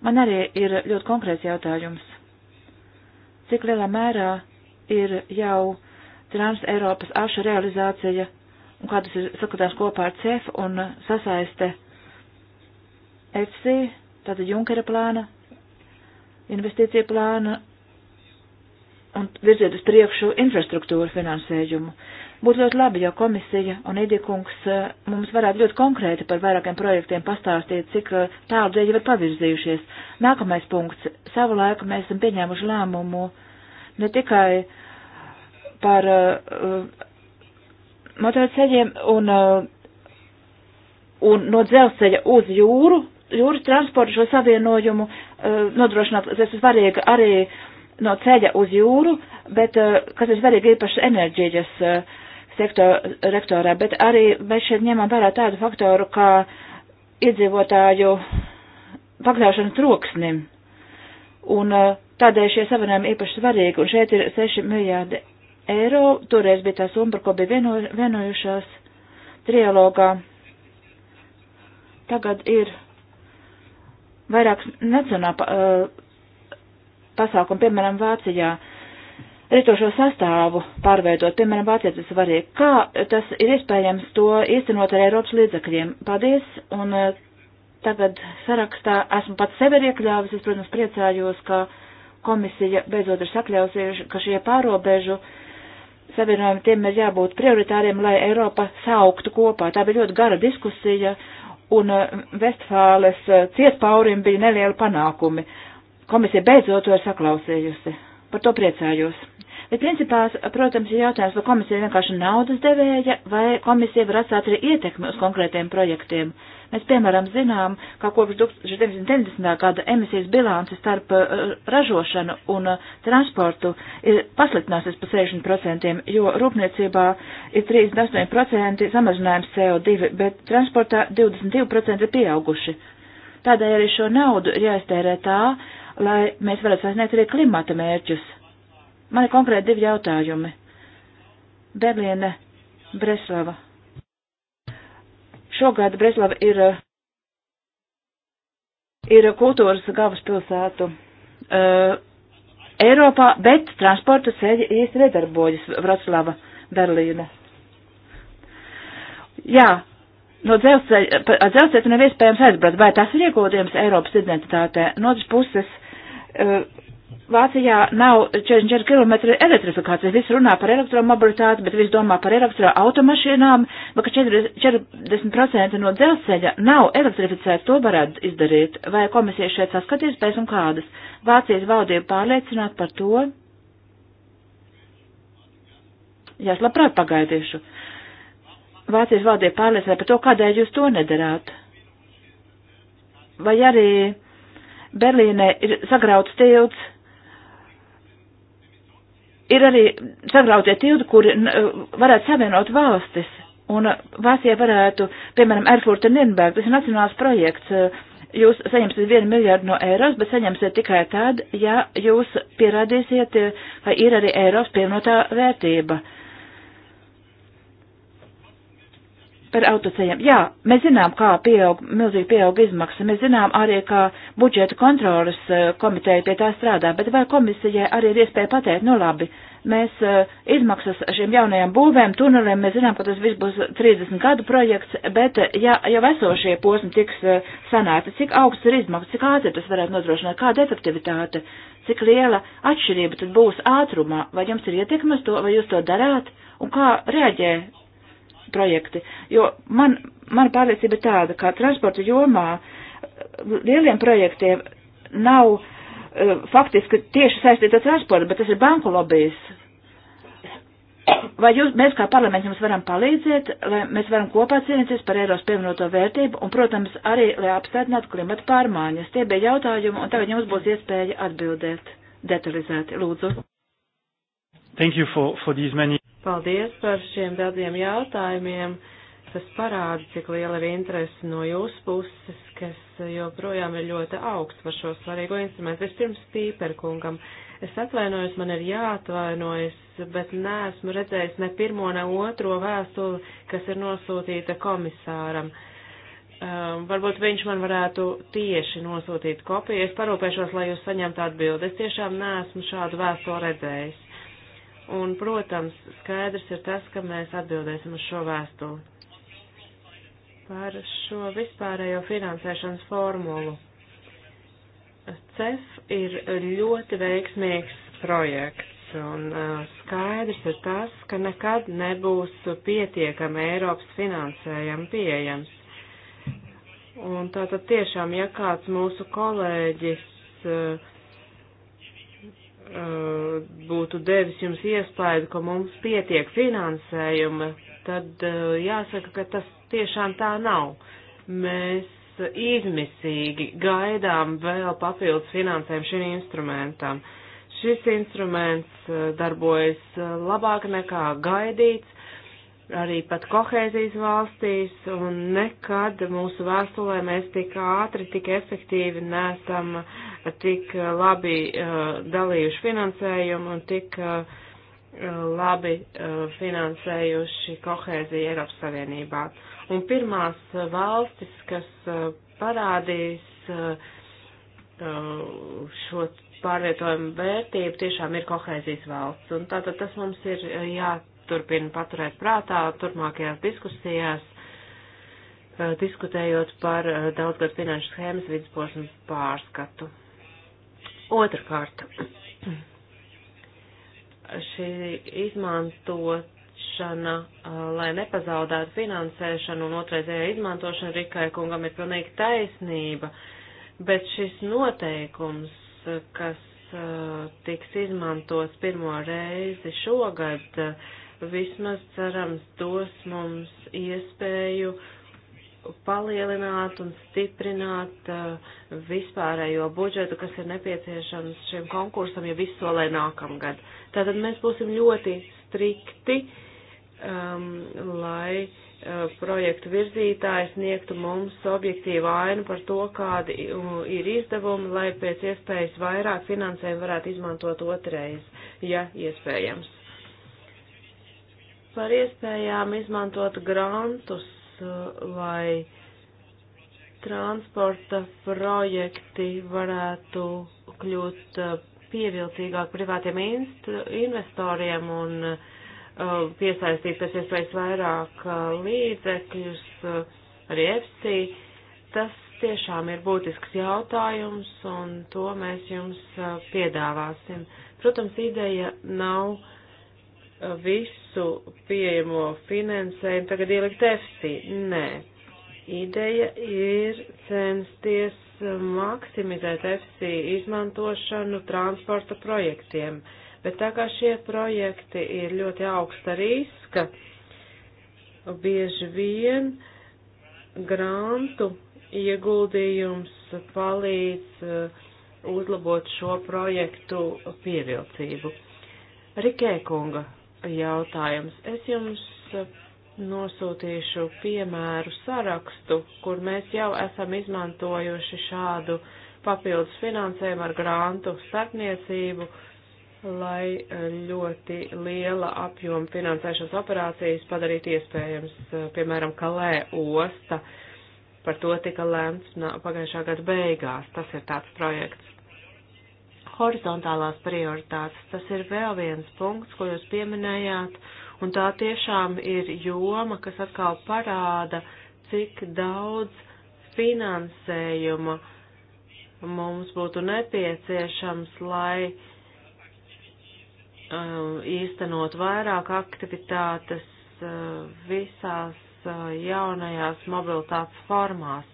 [SPEAKER 1] Man arī ir ļoti konkrēts jautājums. Cik lielā mērā ir jau Trans Eiropas aša realizācija un kā tas ir sakatās kopā ar CEF un sasaiste EFSI, tātad Junkera plāna, investīcija plāna un virziet uz priekšu infrastruktūru finansējumu. Būtu ļoti labi, ja komisija un Idikungs eh, mums varētu ļoti konkrēti par vairākiem projektiem pastāstīt, cik eh, tālu dēļ jau ir pavirzījušies. Nākamais punkts. Savu laiku mēs esam pieņēmuši lēmumu ne tikai par uh, eh, motorceļiem un, uh, un no dzelzceļa uz jūru, jūras transportu šo savienojumu uh, nodrošināt, tas ir svarīgi arī no ceļa uz jūru, bet, uh, kas ir svarīgi īpaši enerģijas. Uh, sektor, rektorā, bet arī mēs šeit ņemam vērā tādu faktoru, kā iedzīvotāju pakļaušanu troksnim. Un eh, tādēļ šie savienojumi īpaši svarīgi, un šeit ir 6 miljārdi eiro, toreiz bija tā summa, par ko bija vieno, vienojušās trialogā. Tagad ir vairākas nacionāla uh, pasākumi, piemēram, Vācijā rītošo sastāvu pārveidot, piemēram, Vācijas ir svarīgi. Kā tas ir iespējams to īstenot ar Eiropas līdzakļiem? Paldies, un eh, tagad sarakstā esmu pats sevi iekļāvis, es, protams, priecājos, ka komisija beidzot ir sakļausies, ka šie pārobežu savienojumi tiem ir jābūt prioritāriem, lai Eiropa sauktu kopā. Tā bija ļoti gara diskusija, un eh, Vestfāles eh, cietpaurim bija nelieli panākumi. Komisija beidzot to ir saklausījusi. Par to priecājos. Bet principā, protams, ir jautājums, vai komisija vienkārši naudas devēja, vai komisija var atstāt arī ietekmi uz konkrētiem projektiem. Mēs, piemēram, zinām, ka kopš 1990. gada emisijas bilanci starp uh, ražošanu un uh, transportu ir pasliktināsies pa 60%, jo rūpniecībā ir 38% samazinājums CO2, bet transportā 22% ir pieauguši. Tādēļ arī šo naudu ir jāiztērē tā, lai mēs varētu sasniegt arī klimata mērķus Man ir konkrēti divi jautājumi. Berlīne, Breslava. Šogad Breslava ir, ir kultūras galvaspilsētu uh, Eiropā, bet transporta ceļi īsti nedarbojas Vroclava, Berlīne. Jā, No dzelzceļa, ar dzelzceļu nav iespējams aizbraukt, vai tas ir iegūdījums Eiropas identitātē. No otras puses, uh, Vācijā nav 44 km elektrifikācijas, viss runā par elektromobilitāti, bet viss domā par elektroautomašīnām, vai ka 40% no dzelzceļa nav elektrificēts, to varētu izdarīt, vai komisija šeit saskatīs pēc un kādas. Vācijas valdība pārliecināt par to. Jā, es labprāt pagaidīšu. Vācijas valdība pārliecināt par to, kādēļ jūs to nedarāt. Vai arī Berlīnē ir sagrauts tilts ir arī sagrautie tildi, kuri eh, varētu savienot valstis. Un Vācija varētu, piemēram, Erfurta Nirnberg, tas ir nacionāls projekts, jūs saņemsiet vienu miljardu no eiros, bet saņemsiet tikai tad, ja jūs pierādīsiet, ka eh, ir arī eiros pievienotā vērtība. Uh, par autoceļiem. Jā, mēs zinām, kā pieaug, milzīgi pieaug izmaksas. Mēs zinām arī, kā budžeta kontrolas eh, komiteja pie tā strādā, bet vai komisijai arī ir iespēja pateikt, nu labi, mēs eh, izmaksas šiem jaunajām būvēm, tuneliem, mēs zinām, ka tas viss būs 30 gadu projekts, bet eh, ja jau esošie posmi tiks sanāti, cik augsts ir izmaksas, cik ātri tas varētu nodrošināt, kāda efektivitāte, cik liela atšķirība tad būs ātrumā, vai jums ir ietekmes to, vai jūs to darāt, un kā reaģē projekti, jo man, man pārliecība tāda, ka transporta jomā uh, lieliem projektiem nav uh, faktiski tieši saistīta ar transportu, bet tas ir banku lobbyis. Vai jūs, mēs kā parlaments jums varam palīdzēt, lai mēs varam kopā cīnīties par Eiros pievienoto vērtību un, protams, arī, lai apstādinātu klimata pārmaiņas? Tie bija jautājumi, un tagad jums būs iespēja atbildēt detalizēti. Lūdzu. Thank you for, for these many. Paldies par šiem daudziem jautājumiem. Tas parāda, cik liela ir interese no jūsu puses, kas joprojām ir ļoti augsts par šo svarīgo instrumentu. Vispirms Pīperkungam. Es atvainojos, man ir jāatvainojas, bet neesmu redzējis ne pirmo, ne otro vēstuli, kas ir nosūtīta komisāram. Um, varbūt viņš man varētu tieši nosūtīt kopiju. Es parūpēšos, lai jūs saņemtu atbildi. Es tiešām neesmu šādu vēstuli redzējis. Un, protams, skaidrs ir tas, ka mēs atbildēsim uz šo vēstuli. Par šo vispārējo finansēšanas formulu. CEF ir ļoti veiksmīgs projekts, un uh, skaidrs ir tas, ka nekad nebūs pietiekami Eiropas finansējumi pieejams. Un tātad tiešām, ja kāds mūsu kolēģis uh, Uh, būtu devis jums iespēju, ka mums pietiek finansējuma, tad uh, jāsaka, ka tas tiešām tā nav. Mēs izmisīgi gaidām vēl papildus finansējumu šim instrumentam. Šis instruments uh, darbojas labāk nekā gaidīts, arī pat kohēzijas valstīs, un nekad mūsu vēstulē mēs tik ātri, tik efektīvi nesam uh, tik eh, labi eh, dalījuši finansējumu un tik eh, labi finansējuši kohēziju Eiropas Savienībā. Un pirmās valstis, kas parādīs šo pārvietojumu vērtību, tiešām ir kohēzijas valsts. Un tātad tas mums ir jāturpina paturēt prātā turpmākajās diskusijās, diskutējot par daudzgad finanšu schēmas vidusposmu pārskatu. Otrakārt, šī izmantošana, lai nepazaudētu finansēšanu un otraizējā izmantošana Rikai kungam ir pilnīgi taisnība, bet šis noteikums, kas tiks izmantots pirmo reizi šogad, vismaz cerams dos mums iespēju uh, palielināt un stiprināt uh, vispārējo budžetu, kas ir nepieciešams šim konkursam, ja viss solē nākamgad. Tātad mēs būsim ļoti strikti, um, lai uh, projektu virzītājs sniegtu mums objektīvu ainu par to, kādi uh, ir izdevumi, lai pēc iespējas vairāk finansējumu varētu izmantot otrais, ja iespējams. Par iespējām izmantot grantus lai transporta projekti varētu kļūt uh, pievilcīgāk privātiem investoriem un uh, piesaistīt pēc iespējas vairāk uh, līdzekļus, arī EFSI. Tas tiešām ir būtisks jautājums, un to mēs jums piedāvāsim. Protams, ideja nav visu pieejamo finansējumu tagad ielikt EFSI. Nē. Ideja ir censties maksimizēt EFSI izmantošanu transporta projektiem, bet tā kā šie projekti ir ļoti augsta riska, bieži vien grantu ieguldījums palīdz uh, uzlabot šo projektu pievilcību. Rikē kunga jautājums. Es jums nosūtīšu piemēru sarakstu, kur mēs jau esam izmantojuši šādu papildus finansējumu ar grantu starpniecību, lai eh, ļoti liela apjoma finansēšanas operācijas padarītu iespējams, eh, piemēram, Kalē e osta. Par to tika lēmts pagājušā gada beigās. Tas ir tāds projekts horizontālās prioritātes. Tas ir vēl viens punkts, ko jūs pieminējāt, un tā tiešām ir joma, kas atkal parāda, cik daudz finansējuma mums būtu nepieciešams, lai um, īstenot vairāk aktivitātes uh, visās uh, jaunajās mobilitātes formās.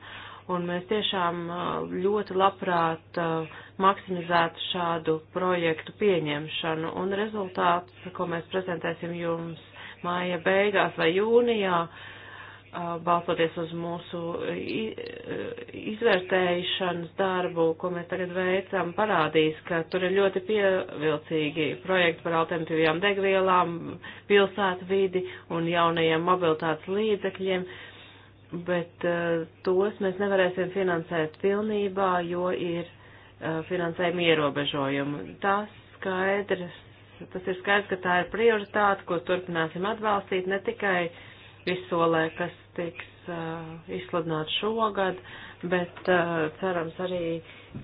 [SPEAKER 1] Un mēs tiešām uh, ļoti labprāt uh, maksimizētu šādu projektu pieņemšanu. Un rezultāts, ko mēs prezentēsim jums māja beigās vai jūnijā, balstoties uz mūsu izvērtēšanas darbu, ko mēs tagad veicam, parādīs, ka tur ir ļoti pievilcīgi projekti par alternatīvajām degvielām, pilsētu vidi un jaunajiem mobilitātes līdzekļiem, bet tos mēs nevarēsim finansēt pilnībā, jo ir finansējuma ierobežojumu. Tas skaidrs, tas ir skaidrs, ka tā ir prioritāte, ko turpināsim atbalstīt ne tikai visolē, kas tiks uh, izsludināts šogad, bet uh, cerams arī,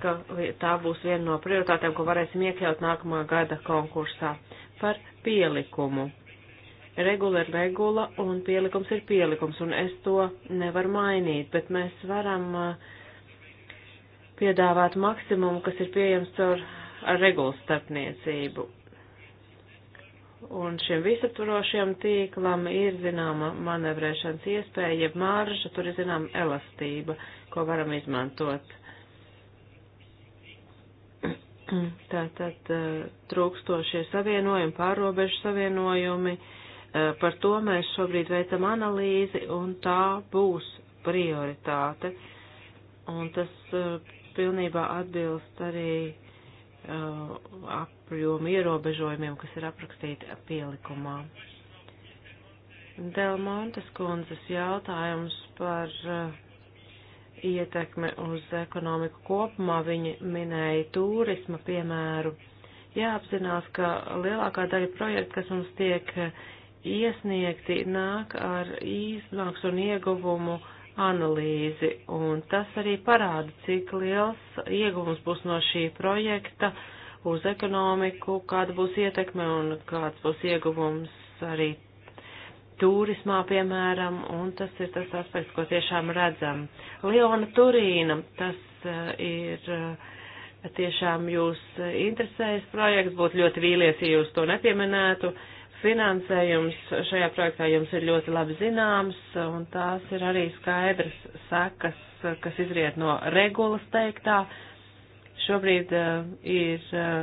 [SPEAKER 1] ka tā būs viena no prioritātēm, ko varēsim iekļaut nākamā gada konkursā par pielikumu. Regula ir regula un pielikums ir pielikums, un es to nevaru mainīt, bet mēs varam uh, piedāvāt maksimumu, kas ir pieejams caur regulas starpniecību. Un šim visaptvarošajam tīklam ir zināma manevrēšanas iespēja, jeb mārža, tur ir zināma elastība, ko varam izmantot. Tātad eh, trūkstošie savienojumi, pārobežu savienojumi, eh, par to mēs šobrīd veicam analīzi un tā būs prioritāte. Un tas eh, pilnībā atbilst arī uh, apjomu ierobežojumiem, kas ir aprakstīti pielikumā. Delmontes kundzes jautājums par uh, ietekmi uz ekonomiku kopumā, viņa minēja turisma piemēru. Jāapzinās, ka lielākā daļa projektu, kas mums tiek uh, iesniegti, nāk ar iznāks un ieguvumu uh, analīzi, un tas arī parāda, cik liels ieguvums būs no šī projekta uz ekonomiku, kāda būs ietekme un kāds būs ieguvums arī turismā, piemēram, un tas ir tas aspekts, ko tiešām redzam. Leona Turīna, tas eh, ir eh, tiešām jūs eh, interesējas projekts, būtu ļoti vīlies, ja jūs to nepieminētu. Uh, Finansējums šajā projektā jums ir ļoti labi zināms, un tās ir arī skaidras sekas, kas izriet no regulas teiktā. Šobrīd uh, ir uh,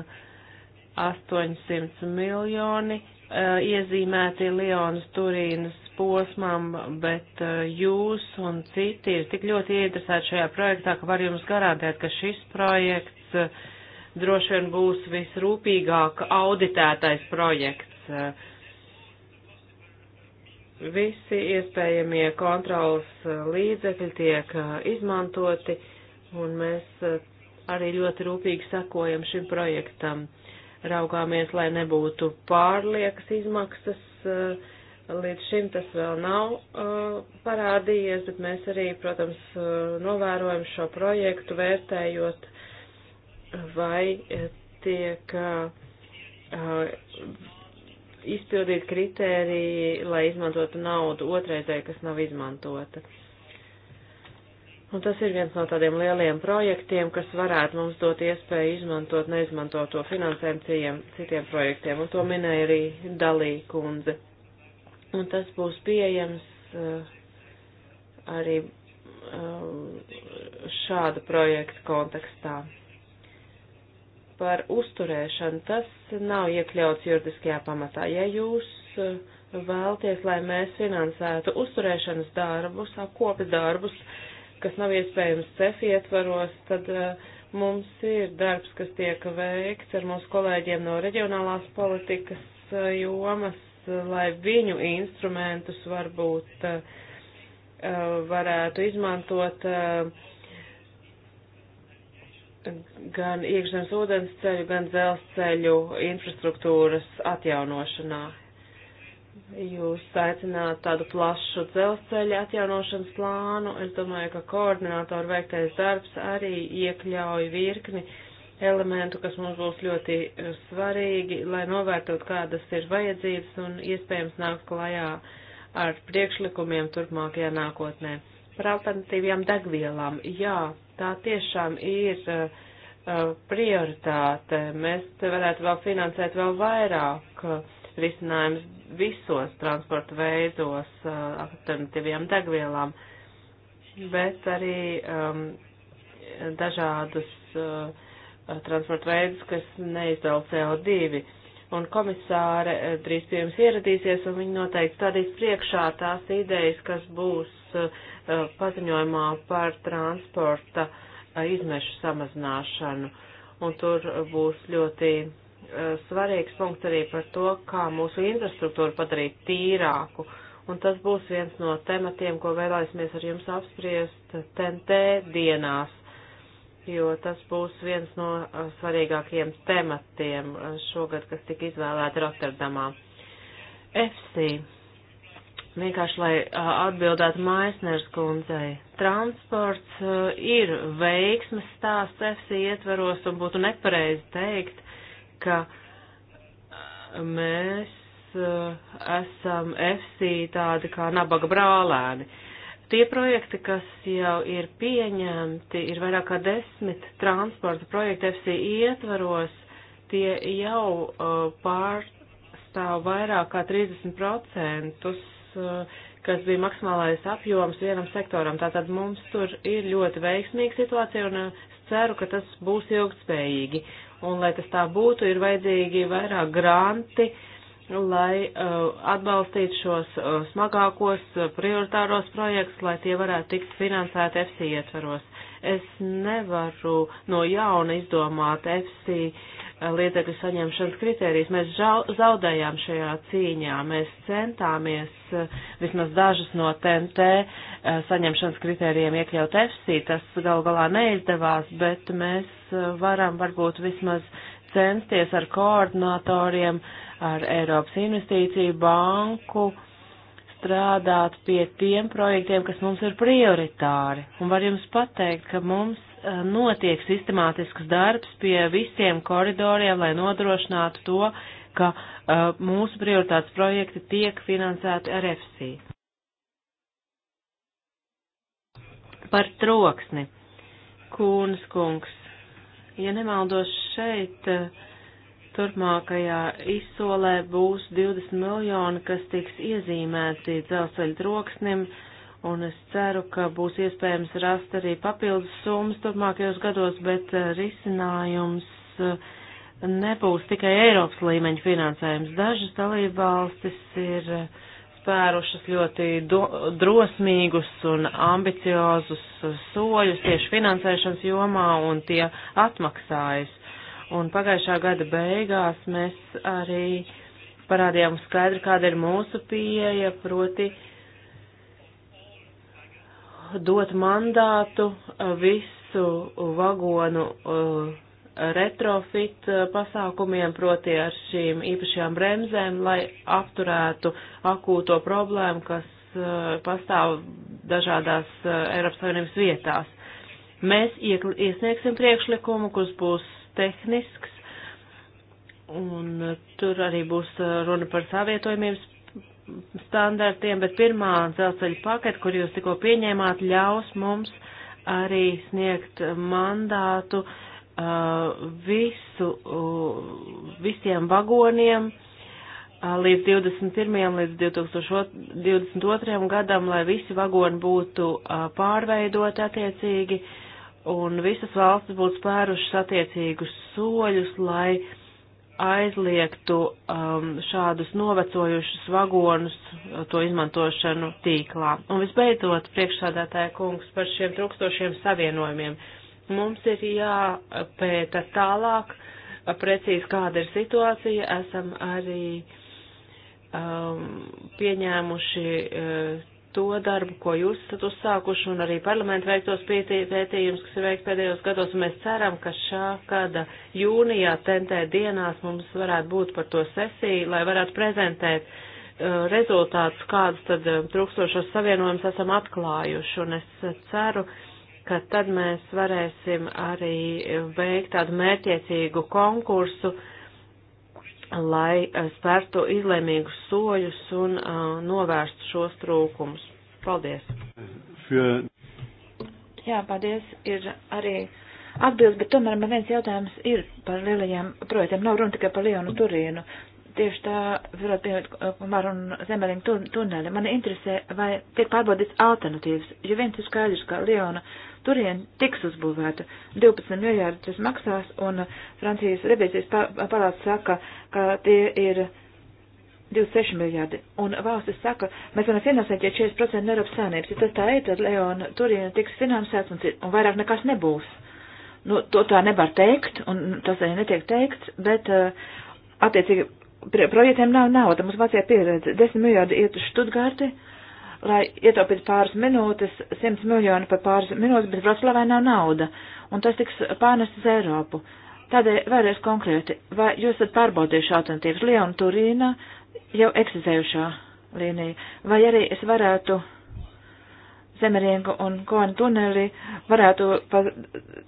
[SPEAKER 1] eh, 800 miljoni uh, iezīmēti Lionas Turīnas posmam, bet uh, jūs un citi ir tik ļoti ieinteresēti šajā projektā, ka var jums garantēt, ka šis projekts uh, droši vien būs visrūpīgāk auditētais projekts Uh, visi iespējamie kontrolas uh, līdzekļi tiek uh, izmantoti, un mēs arī ļoti rūpīgi sakojam šim projektam. Raugāmies, lai nebūtu pārliekas izmaksas. Līdz šim tas vēl nav parādījies, bet mēs arī, protams, novērojam šo projektu, vērtējot, vai tiek izpildīt kritēriji, lai izmantotu naudu otraizēji, kas nav izmantota. Un tas ir viens no tādiem lieliem projektiem, kas varētu mums dot iespēju izmantot neizmantoto finansējumu citiem, citiem projektiem, un to minēja arī Dalī kundze. Un tas būs pieejams uh, arī uh, šāda projekta kontekstā par uzturēšanu, tas nav iekļauts juridiskajā pamatā. Ja jūs uh, vēlties, lai mēs finansētu uzturēšanas darbus, apkopes darbus, kas nav iespējams CEF ietvaros, tad uh, mums ir darbs, kas tiek veikts ar mūsu kolēģiem no reģionālās politikas uh, jomas, lai viņu instrumentus varbūt varētu izmantot uh, gan iekšzemes ūdens ceļu, gan dzelzceļu infrastruktūras atjaunošanā. Jūs aicināt tādu plašu dzelzceļa atjaunošanas plānu. Es domāju, ka koordinātoru veiktais darbs arī iekļauj virkni elementu, kas mums būs ļoti svarīgi, lai novērtot, kādas ir vajadzības un iespējams nākt klajā ar priekšlikumiem turpmākajā nākotnē. Par alternatīvajām degvielām. Jā, tā tiešām ir eh, eh, prioritāte. Mēs varētu vēl finansēt vēl vairāk eh, risinājums visos transporta veidos, alternatīvajām degvielām, bet arī um, dažādus uh, transporta veidus, kas neizdala CO2 un komisāre eh, drīz pie jums ieradīsies, un viņi noteikti stādīs priekšā tās idejas, kas būs eh, paziņojumā par transporta eh, izmešu samazināšanu. Un tur būs ļoti svarīgs punkts arī par to, kā mūsu infrastruktūru padarīt tīrāku. Un tas būs viens no tematiem, ko vēlēsimies ar jums apspriest TNT dienās jo tas būs viens no uh, svarīgākajiem tematiem uh, šogad, kas tika izvēlēta Rotterdamā. FC. Vienkārši, lai uh, atbildētu Maisners kundzei, transports ir veiksmes stāsts FC ietvaros un būtu nepareizi teikt, ka mēs esam FC tādi kā nabaga brālēni. Uh, Tie projekti, kas jau ir pieņemti, ir vairāk kā desmit transporta projekti FCI ietvaros, tie jau uh, pārstāv vairāk kā 30%, uh, kas bija maksimālais apjoms vienam sektoram. Tātad mums tur ir ļoti veiksmīga situācija un uh, ceru, ka tas būs ilgtspējīgi. Un, lai tas tā būtu, ir vajadzīgi vairāk granti, uh, lai uh, atbalstītu šos uh, smagākos uh, prioritāros projektus, lai tie varētu tikt finansēti EFSI ietvaros. Es nevaru no jauna izdomāt EFSI uh, liedzekļu saņemšanas kritērijas. Mēs žau, zaudējām šajā cīņā. Mēs centāmies uh, vismaz dažus no TNT uh, saņemšanas kritērijiem iekļaut EFSI. Tas gal galā neizdevās, bet mēs varam varbūt vismaz censties ar koordinatoriem, ar Eiropas investīciju banku strādāt pie tiem projektiem, kas mums ir prioritāri. Un var jums pateikt, ka mums e, notiek sistemātisks darbs pie visiem koridoriem, lai nodrošinātu to, ka uh, mūsu prioritātes projekti tiek finansēti ar EFSI. Par troksni. Kūnas kungs Ja nemaldos šeit, eh, turpmākajā izsolē būs 20 miljoni, kas tiks iezīmēti dzelzceļa troksnim, un es ceru, ka būs iespējams rast arī papildus summas turpmākajos gados, bet eh, risinājums eh, nebūs tikai Eiropas līmeņa finansējums. Dažas dalībvalstis ir spērušas ļoti do, drosmīgus un ambiciozus soļus tieši finansēšanas jomā, un tie atmaksājas. Un pagājušā gada beigās mēs arī parādījām skaidri, kāda ir mūsu pieeja, proti dot mandātu visu vagonu uh, retrofit eh, pasākumiem, proti ar šīm īpašajām bremzēm, lai apturētu akūto problēmu, kas eh, pastāv dažādās eh, Eiropas Savienības vietās. Mēs iesniegsim priekšlikumu, kurš būs tehnisks, un tur arī būs runa par savietojumības standartiem, bet pirmā dzelceļa paketa, kur jūs tikko pieņēmāt, ļaus mums arī sniegt mandātu uh, Uh, visu, uh, visiem vagoniem uh, līdz 21. līdz 2022. gadam, lai visi vagoni būtu pārveidoti attiecīgi un visas valstis būtu spērušas attiecīgus soļus, lai aizliegtu um, šādus novecojušus vagonus, to izmantošanu tīklā. Un visbeidzot, priekšsādātāja kungs par šiem trūkstošiem savienojumiem. Uh, Mums ir jāpēta tālāk, precīzi kāda ir situācija. Esam arī um, pieņēmuši uh, to darbu, ko jūs esat uzsākuši, un arī parlamentu veiktos pētījums, kas ir veikts pēdējos gados, un mēs ceram, ka šā gada jūnijā tentē dienās mums varētu būt par to sesiju, lai varētu prezentēt uh, rezultātus, kādus tad um, trūkstošos savienojumus esam atklājuši, un es ceru, uh, ka tad mēs varēsim arī veikt tādu mērķiecīgu konkursu, lai eh, spērtu izlēmīgus soļus un uh, novērstu šos trūkumus. Paldies! Für... Jā, paldies. Ir arī atbildes, bet tomēr man viens jautājums ir par lielajiem projektiem. Nav runa tikai par Lionu Turīnu. Tieši tā, varētu pieminēt, eh, Mar un Zemelīnu tuneli. Mani interesē, vai tiek pārbaudīts alternatīvas, jo viens ir skaidrs, ka Liona. Uh, turien tiks uzbūvēta. 12 miljārdi tas maksās, un Francijas revīzijas palāca saka, ka tie ir 26 miljārdi, un valstis saka, mēs varam finansēt, ja 40% no Eiropas saimnības, ja tas tā ir, tad Leona turien tiks finansēts, un, un vairāk nekas nebūs. Nu, to tā nevar teikt, un tas arī netiek teikts, bet uh, attiecīgi projektiem nav nauda, mums Vācijā pieredze, 10 miljārdi iet uz Študgārti, uh, lai ietaupītu pāris minūtes, 100 miljoni par pāris minūtes, bet Vroclavai nav nauda, un tas tiks pārnests uz Eiropu. Tādēļ vēlreiz konkrēti, vai jūs esat pārbaudījuši alternatīvas Lionu Turīna jau eksistējušā līnija, vai arī es varētu Zemeriengu un Koenu tuneli varētu pa,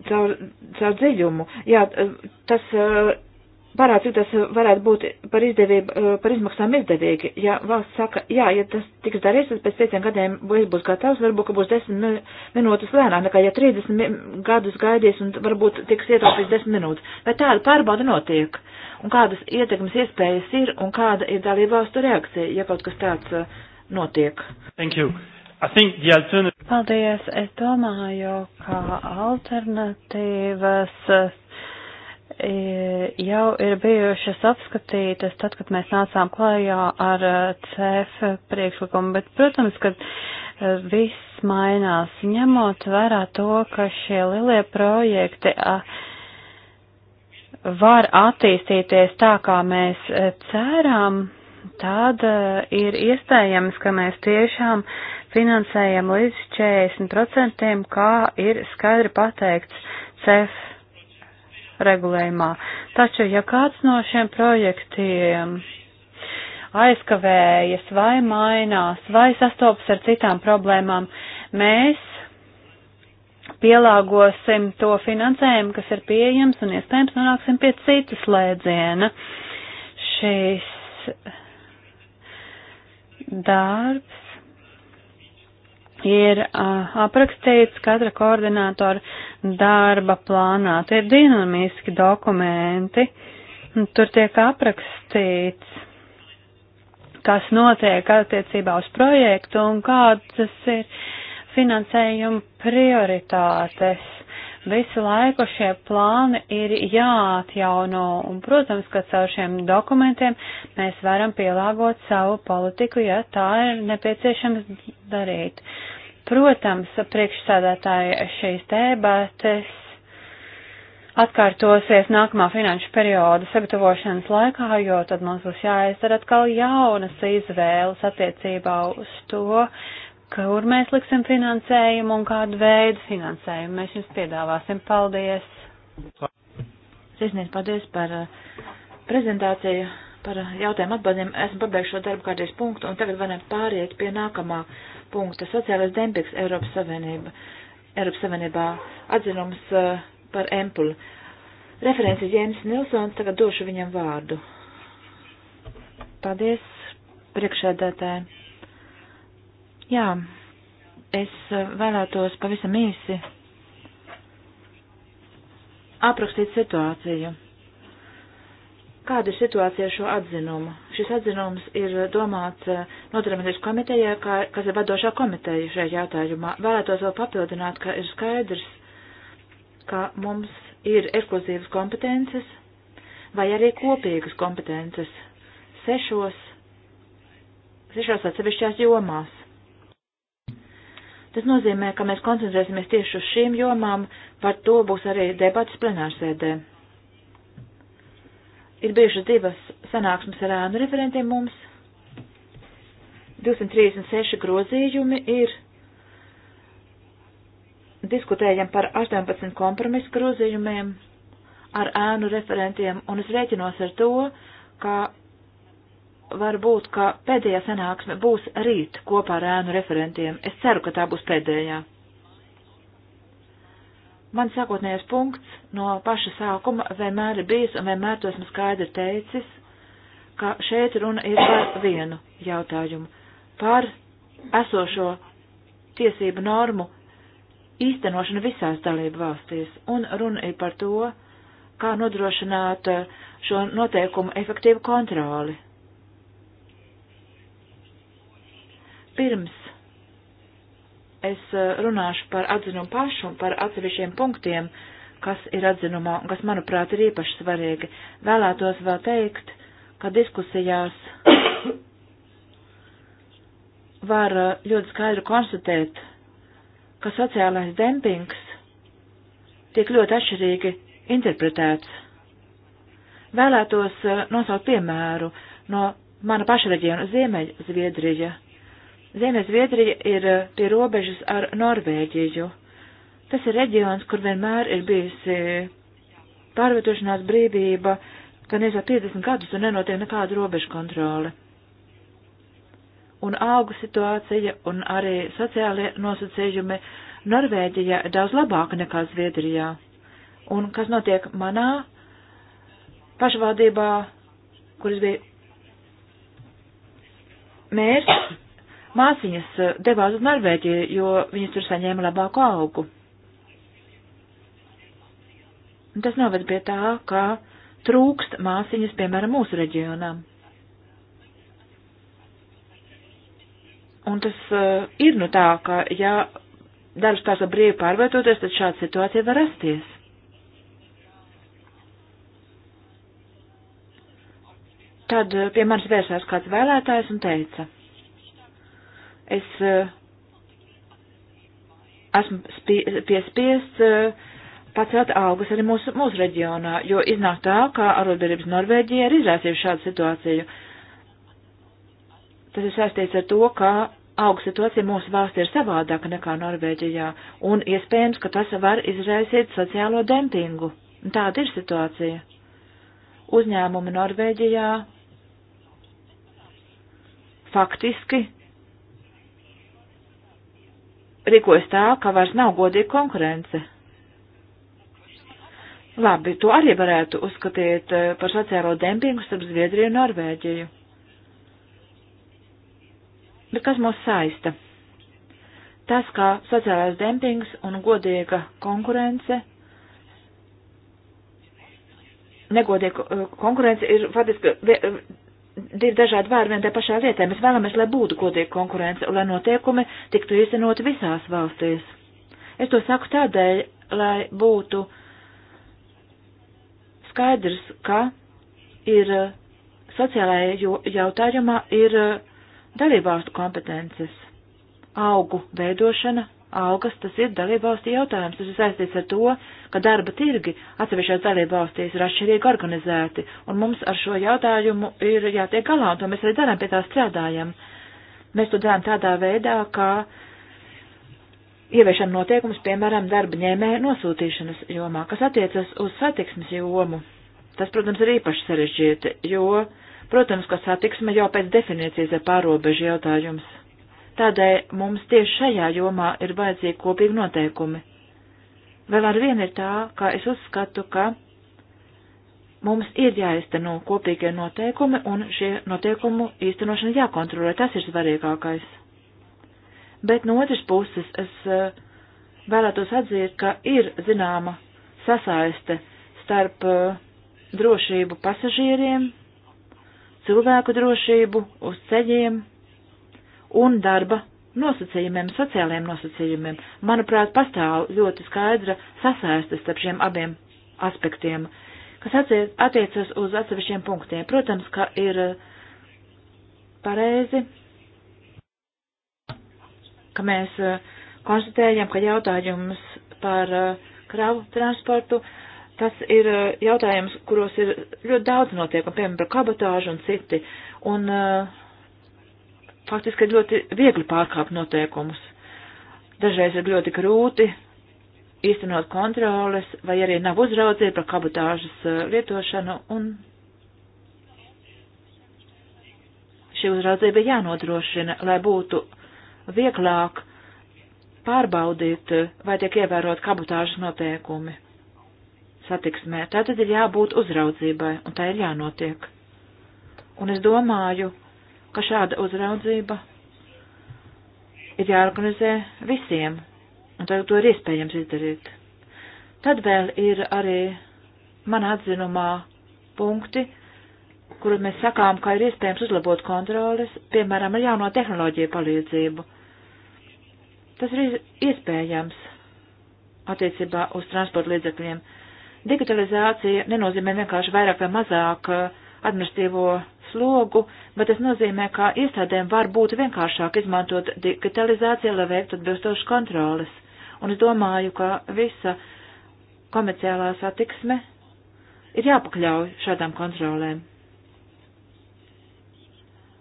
[SPEAKER 1] caur, caur dziļumu. Jā, tas eh, parāds tas varētu būt par, izdevību, eh, par izmaksām izdevīgi. Ja valsts saka, jā, ja tas tiks darīts, tad pēc pieciem gadiem es būs gatavs, varbūt, ka būs desmit minūtes lēnāk nekā, ja 30 gadus gaidīs un varbūt tiks ietaupīts desmit minūtes. Vai tāda pārbauda notiek? Un kādas ietekmes iespējas ir un kāda ir dalība valstu reakcija, ja kaut kas tāds eh, notiek? Thank you. Alternative... Paldies. Es domāju, ka alternatīvas E, jau ir bijušas apskatītas tad, kad mēs nācām klājā ar e, CF priekšlikumu, bet, protams, ka e, viss mainās, ņemot vērā to, ka šie lielie projekti var attīstīties tā, kā mēs cerām, tad ir iespējams, ka mēs tiešām finansējam līdz 40%, kā ir skaidri pateikts CEF regulējumā. Taču, ja kāds no šiem projektiem aizkavējas vai mainās vai sastopas ar citām problēmām, mēs pielāgosim to finansējumu, kas ir pieejams un iespējams nonāksim pie citas lēdziena. Šis darbs ir uh, aprakstīts katra koordinātora darba plānā. Tie ir dinamiski dokumenti, tur tiek aprakstīts, kas notiek attiecībā uz projektu un kādas ir finansējuma prioritātes. Visu laiku šie plāni ir jāatjauno, un, protams, ka caur šiem dokumentiem mēs varam pielāgot savu politiku, ja tā ir nepieciešams darīt. Protams, priekšsādātāji šīs debates atkārtosies nākamā finanšu perioda sagatavošanas laikā, jo tad mums būs jāizdara atkal jaunas izvēles attiecībā uz to, kur mēs liksim finansējumu un kādu veidu finansējumu mēs jums piedāvāsim. Paldies! Sirsnīgi paldies par uh, prezentāciju, par uh, jautājumu atbildēm. Esmu pabeigšu šo darbu kārtības punktu un tagad varam pāriet pie nākamā punkta - sociālais dempings Eiropas Savienība. Eiropas Savienībā atzinums uh, par empulu. Referents ir Jēnis Nilsons, tagad došu viņam vārdu. Paldies, priekšēdētāji. Jā, es eh, vēlētos pavisam īsi aprakstīt situāciju. Kāda ir situācija ar šo atzinumu? Šis atzinums ir domāts eh, nodarbinātības komitejai, kas ir vadošā komiteja šajā jautājumā. Vēlētos vēl papildināt, ka ir skaidrs, ka mums ir ekskluzīvas kompetences vai arī kopīgas kompetences sešos, sešās atsevišķās jomās. Tas nozīmē, ka mēs koncentrēsimies tieši uz šīm jomām, par to būs arī debats plenārsēdē. Ir bijušas divas sanāksmes ar ēnu referentiem mums. 236 grozījumi ir. Diskutējam par 18 kompromisu grozījumiem ar ēnu referentiem, un es rēķinos ar to, ka varbūt, ka pēdējā sanāksme būs rīt kopā ar ēnu referentiem. Es ceru, ka tā būs pēdējā. Man sākotnējais punkts no paša sākuma vienmēr ir bijis un vienmēr to esmu skaidri teicis, ka šeit runa ir par vienu jautājumu - par esošo tiesību normu īstenošanu visās dalību valstīs, un runa ir par to, kā nodrošināt šo noteikumu efektīvu kontroli Pirms es eh, runāšu par atzinumu pašu un par atsevišķiem punktiem, kas ir atzinumā un kas, manuprāt, ir īpaši svarīgi. Vēlētos vēl teikt, ka diskusijās var eh, ļoti skaidri konstatēt, ka sociālais dempings tiek ļoti atšķirīgi interpretēts. Vēlētos eh, nosaukt piemēru no mana paša reģiona Ziemeļzviedrija. Ziemeļzviedrija ir eh, pie robežas ar Norvēģiju. Tas ir reģions, kur vienmēr ir bijusi pārvietošanās brīvība, ka nezā 50 gadus un nenotiek nekāda robeža kontrole. Un augu situācija un arī sociālie nosacījumi Norvēģijā ir daudz labāka nekā Zviedrijā. Un kas notiek manā pašvaldībā, kuras bija mērķis? māsiņas eh, devās uz Norvēģiju, jo viņas tur saņēma labāku augu. Un tas noved pie tā, ka trūkst māsiņas, piemēram, mūsu reģionā. Un tas uh, ir nu tā, ka ja darbs tās ar brīvi pārvietoties, tad šāda situācija var rasties. Tad eh, pie manis vērsās kāds vēlētājs un teica – Es eh, esmu spie, piespiests eh, pacelt augus arī mūsu, mūsu reģionā, jo iznāk tā, ka arotbiedrības Norvēģija ir izraisījusi šādu situāciju. Tas ir saistīts ar to, ka auga situācija mūsu valstī ir savādāka nekā Norvēģijā, un iespējams, ka tas var izraisīt sociālo dempingu. Tāda ir situācija. Uzņēmumi Norvēģijā faktiski rīkojas tā, ka vairs nav godīga konkurence. Labi, to arī varētu uzskatīt eh, par sociālo dempingu starp Zviedriju un Norvēģiju. Bet kas mūs saista? Tas, kā sociālais dempings un godīga konkurence, negodīga eh, konkurence ir faktiski divi dažādi vārdi vien tā pašā vietā. Mēs vēlamies, lai būtu godīga konkurence un lai notiekumi tiktu īstenot visās valstīs. Es to saku tādēļ, lai būtu skaidrs, ka ir eh, sociālajā jautājumā ir eh, dalībvalstu kompetences, augu veidošana algas, tas ir dalībvalstu jautājums. Tas ir saistīts ar to, ka darba tirgi atsevišķās dalībvalstīs ir atšķirīgi organizēti, un mums ar šo jautājumu ir jātiek galā, un to mēs arī darām, pie tā strādājam. Mēs to darām tādā veidā, ka ieviešam noteikumus, piemēram, darba ņēmēja nosūtīšanas jomā, kas attiecas uz satiksmes jomu. Tas, protams, ir īpaši sarežģīti, jo, protams, ka satiksme jau pēc definīcijas ir pārobežu jautājums Tādēļ mums tieši šajā jomā ir vajadzīgi kopīgi noteikumi. Vēl ar vienu ir tā, ka es uzskatu, ka mums ir jāizteno kopīgie noteikumi un šie noteikumu īstenošana jākontrolē. Tas ir svarīgākais. Bet no otras puses es eh, vēlētos atzīt, ka ir zināma sasaiste starp eh, drošību pasažieriem, cilvēku drošību uz ceļiem un darba nosacījumiem, sociālajiem nosacījumiem. Manuprāt, pastāv ļoti skaidra sasaiste starp šiem abiem aspektiem, kas attiecas uz atsevišķiem punktiem. Protams, ka ir eh, pareizi, ka mēs eh, konstatējam, ka jautājums par eh, kravu transportu, tas ir jautājums, kuros ir ļoti daudz notiekumi, piemēram, par kabatāžu un citi. Un uh, faktiski ir ļoti viegli pārkāpt noteikumus. Dažreiz ir ļoti grūti īstenot kontroles, vai arī nav uzraudzība par kabatāžas eh, lietošanu, un šī uzraudzība jānodrošina, lai būtu vieglāk pārbaudīt, eh, vai tiek ievērot kabatāžas noteikumi satiksmē. Tā tad ir jābūt uzraudzībai, un tā ir jānotiek. Un es domāju, ka šāda uzraudzība ir jāorganizē visiem, un tagad to ir iespējams izdarīt. Tad vēl ir arī man atzinumā punkti, kuru mēs sakām, ka ir iespējams uzlabot kontroles, piemēram, ar jauno tehnoloģiju palīdzību. Tas ir iespējams attiecībā uz transporta līdzekļiem. Digitalizācija nenozīmē vienkārši vairāk vai mazāk eh, administratīvo slogu, bet tas nozīmē, ka iestādēm var būt vienkāršāk izmantot digitalizāciju, lai veiktu atbilstošu kontroles. Un es domāju, ka visa komerciālā satiksme ir jāpakļauj šādām kontrolēm.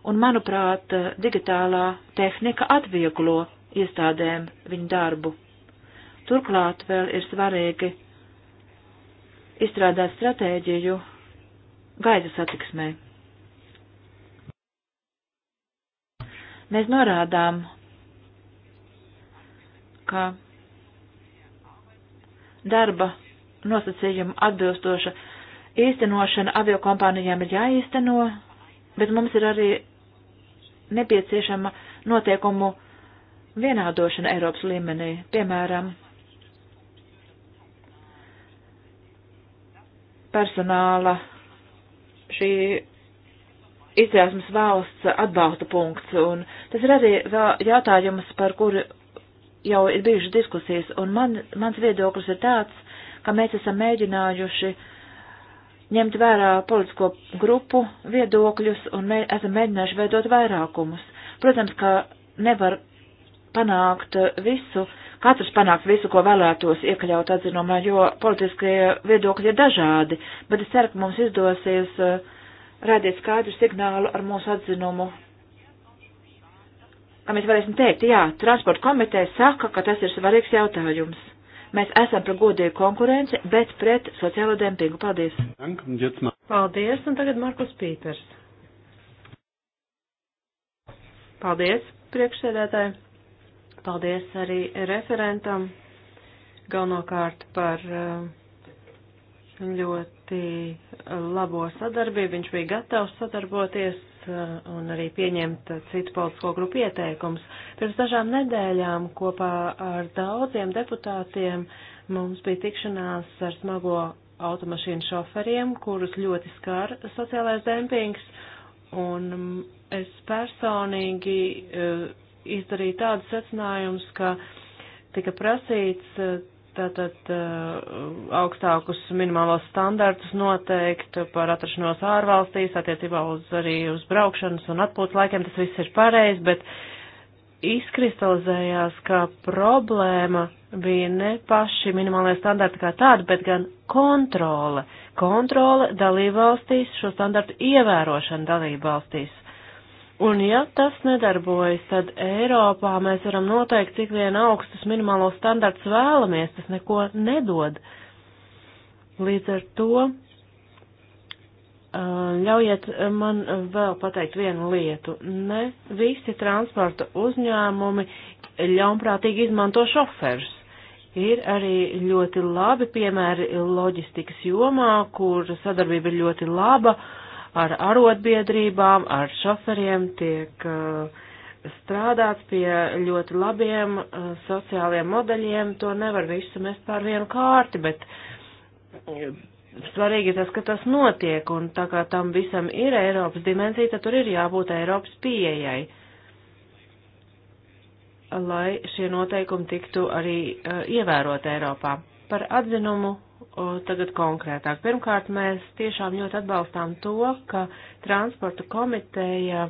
[SPEAKER 1] Un, manuprāt, digitālā tehnika atvieglo iestādēm viņu darbu. Turklāt vēl ir svarīgi izstrādāt stratēģiju gaisa satiksmē. Mēs norādām, ka darba nosacījumu atbilstoša īstenošana aviokompānijām ir jāīsteno, bet mums ir arī nepieciešama notiekumu vienādošana Eiropas līmenī. Piemēram, personāla šī izcelsmes valsts atbalsta punkts, un tas ir arī jautājums, par kuru jau ir bijušas diskusijas, un man, mans viedoklis ir tāds, ka mēs esam mēģinājuši ņemt vērā politisko grupu viedokļus, un mēs esam mēģinājuši veidot vairākumus. Protams, ka nevar panākt visu, katrs panākt visu, ko vēlētos iekļaut atzinumā, jo politiskie viedokļi ir dažādi, bet es ceru, ka mums izdosies uh, rādīt skaidru signālu ar mūsu atzinumu. Kā mēs varēsim teikt, jā, transporta komiteja saka, ka tas ir svarīgs jautājums. Mēs esam par godīgu konkurenci, bet pret sociālo dempingu. Paldies! Paldies, un tagad Markus Pīters. Paldies, priekšsēdētāji! Paldies arī referentam galvenokārt par uh, ļoti labo sadarbību. Viņš bija gatavs sadarboties uh, un arī pieņemt citu politisko grupu ieteikumus. Pirms dažām nedēļām kopā ar daudziem deputātiem mums bija tikšanās ar smago automašīnu šoferiem, kurus ļoti skar sociālais dempings, un es personīgi uh, izdarīju tādus secinājumus, ka tika prasīts uh, tātad uh, augstākus minimālos standartus noteikt par atrašanos ārvalstīs, attiecībā uz arī uz braukšanas un atpūtas laikiem, tas viss ir pareizi, bet izkristalizējās, ka problēma bija ne paši minimālie standarti kā tādi, bet gan kontrole. Kontrole dalībvalstīs, šo standartu ievērošana dalībvalstīs. Un ja tas nedarbojas, tad Eiropā mēs varam noteikt, cik vien augstus minimālos standarts vēlamies, tas neko nedod. Līdz ar to ļaujiet man vēl pateikt vienu lietu. Ne visi transporta uzņēmumi ļaunprātīgi izmanto šoferus. Ir arī ļoti labi piemēri loģistikas jomā, kur sadarbība ir ļoti laba. Uh, ar arotbiedrībām, ar šoferiem tiek eh, strādāts pie ļoti labiem eh, sociāliem modeļiem. To nevar visu mest pār vienu kārti, bet eh, svarīgi tas, ka tas notiek, un tā kā tam visam ir Eiropas dimensija, tad tur ir jābūt Eiropas pieejai, lai šie noteikumi tiktu arī uh, ievērot Eiropā. Par atzinumu tagad konkrētāk. Pirmkārt, mēs tiešām ļoti atbalstām to, ka transporta komiteja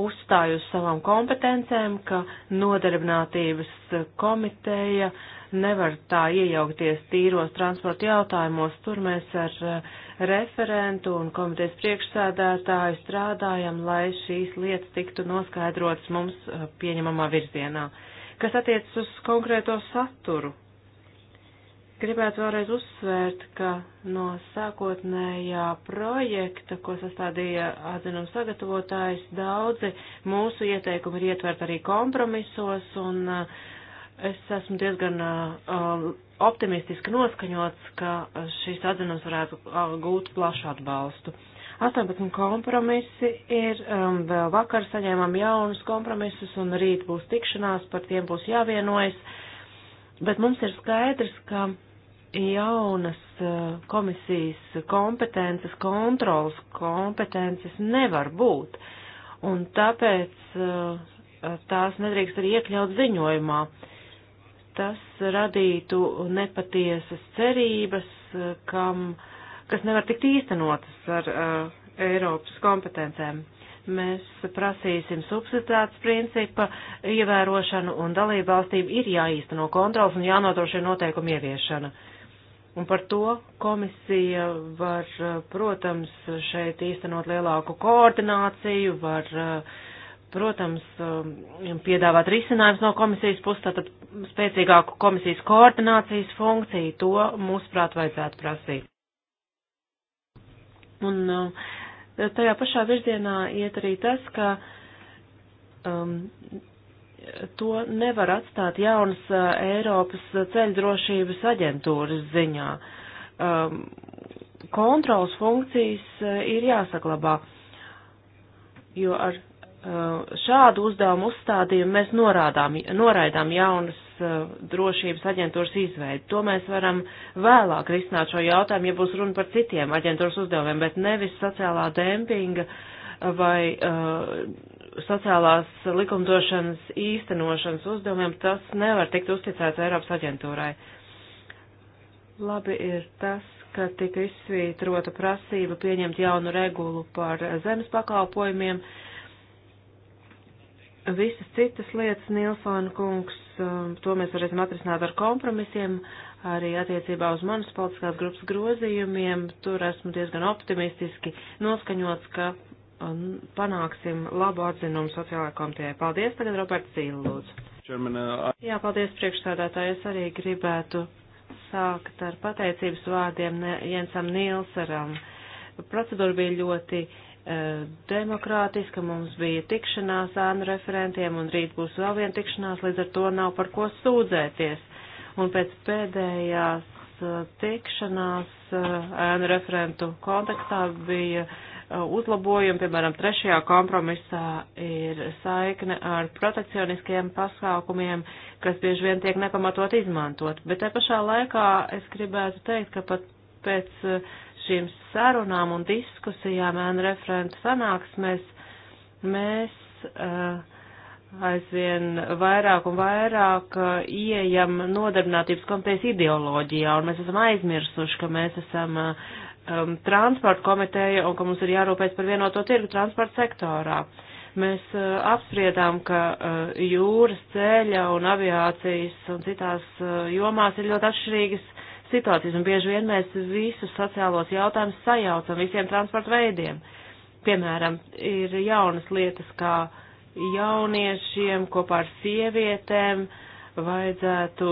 [SPEAKER 1] uzstāj uz savām kompetencēm, ka nodarbinātības komiteja nevar tā iejaukties tīros transporta jautājumos. Tur mēs ar eh, referentu un komitejas priekšsēdētāju strādājam, lai šīs lietas tiktu noskaidrotas mums eh, pieņemamā virzienā. Kas attiecas uz konkrēto saturu Gribētu vēlreiz uzsvērt, ka no sākotnējā projekta, ko sastādīja atzinuma sagatavotājs, daudzi mūsu ieteikumi ir ietvert arī kompromisos, un uh, es esmu diezgan uh, optimistiski noskaņots, ka šis atzinums varētu uh, gūt plašu atbalstu. 18 kompromisi ir, um, vēl vakar saņēmām jaunus kompromisus, un rīt būs tikšanās, par tiem būs jāvienojas, bet mums ir skaidrs, ka jaunas eh, komisijas kompetences, kontrolas kompetences nevar būt, un tāpēc eh, tās nedrīkst arī iekļaut ziņojumā. Tas radītu nepatiesas cerības, eh, kam, kas nevar tikt īstenotas ar uh, Eiropas kompetencēm mēs prasīsim subsidiāts principa ievērošanu un dalību valstīm ir jāīsteno kontrols un jānodrošina noteikumu ieviešana. Uh, Un par to komisija var, protams, šeit īstenot lielāku koordināciju, var, protams, piedāvāt risinājums no komisijas puses, tātad spēcīgāku komisijas koordinācijas funkciju, to, mūsuprāt, vajadzētu prasīt. Un eh, tajā pašā virzienā iet arī tas, ka um, to nevar atstāt jaunas Eiropas ceļdrošības aģentūras ziņā. Um, kontrols funkcijas ir jāsaglabā, jo ar šādu uzdevumu uzstādījumu mēs norādām, noraidām jaunas drošības aģentūras izveidi. To mēs varam vēlāk risināt šo jautājumu, ja būs runa par citiem aģentūras uzdevumiem, bet nevis sociālā dempinga vai uh, sociālās likumdošanas īstenošanas uzdevumiem, tas nevar tikt uzticēts Eiropas aģentūrai. Labi ir tas, ka tika izsvītrota prasība pieņemt jaunu regulu par zemes pakalpojumiem. Visas citas lietas, Nilsona kungs, um, to mēs varēsim atrisināt ar kompromisiem, arī attiecībā uz manas politiskās grupas grozījumiem. Tur esmu diezgan optimistiski noskaņots, ka panāksim labu atzinumu sociālajā komitejā. Paldies, tagad Roberts Zīle, lūdzu. Uh, Jā, paldies priekšstādātāji. Es arī gribētu sākt ar pateicības vārdiem Jensam Nīlsaram. Procedūra bija ļoti uh, demokrātiska, mums bija tikšanās ēnu referentiem un rīt būs vēl viena tikšanās, līdz ar to nav par ko sūdzēties. Un pēc pēdējās uh, tikšanās uh, ēnu uh, referentu kontaktā bija uh, Uh, uzlabojumi, piemēram, trešajā kompromisā ir saikne ar protekcioniskiem pasākumiem, kas bieži vien tiek nepamatot izmantot. Bet te pašā laikā es gribētu teikt, ka pat pēc uh, šīm sarunām un diskusijām ēnu referentu sanāksmēs mēs uh, aizvien vairāk un vairāk uh, ieejam nodarbinātības komitejas ideoloģijā, un mēs esam aizmirsuši, ka mēs esam uh, um, transporta komiteja un ka mums ir jārūpēs par vienoto tirgu transporta sektorā. Mēs uh, apspriedām, ka uh, jūras ceļa un aviācijas un citās uh, jomās ir ļoti atšķirīgas situācijas, un bieži vien mēs visus sociālos jautājumus sajaucam visiem transporta veidiem. Piemēram, ir jaunas lietas kā jauniešiem kopā ar sievietēm, uh, vajadzētu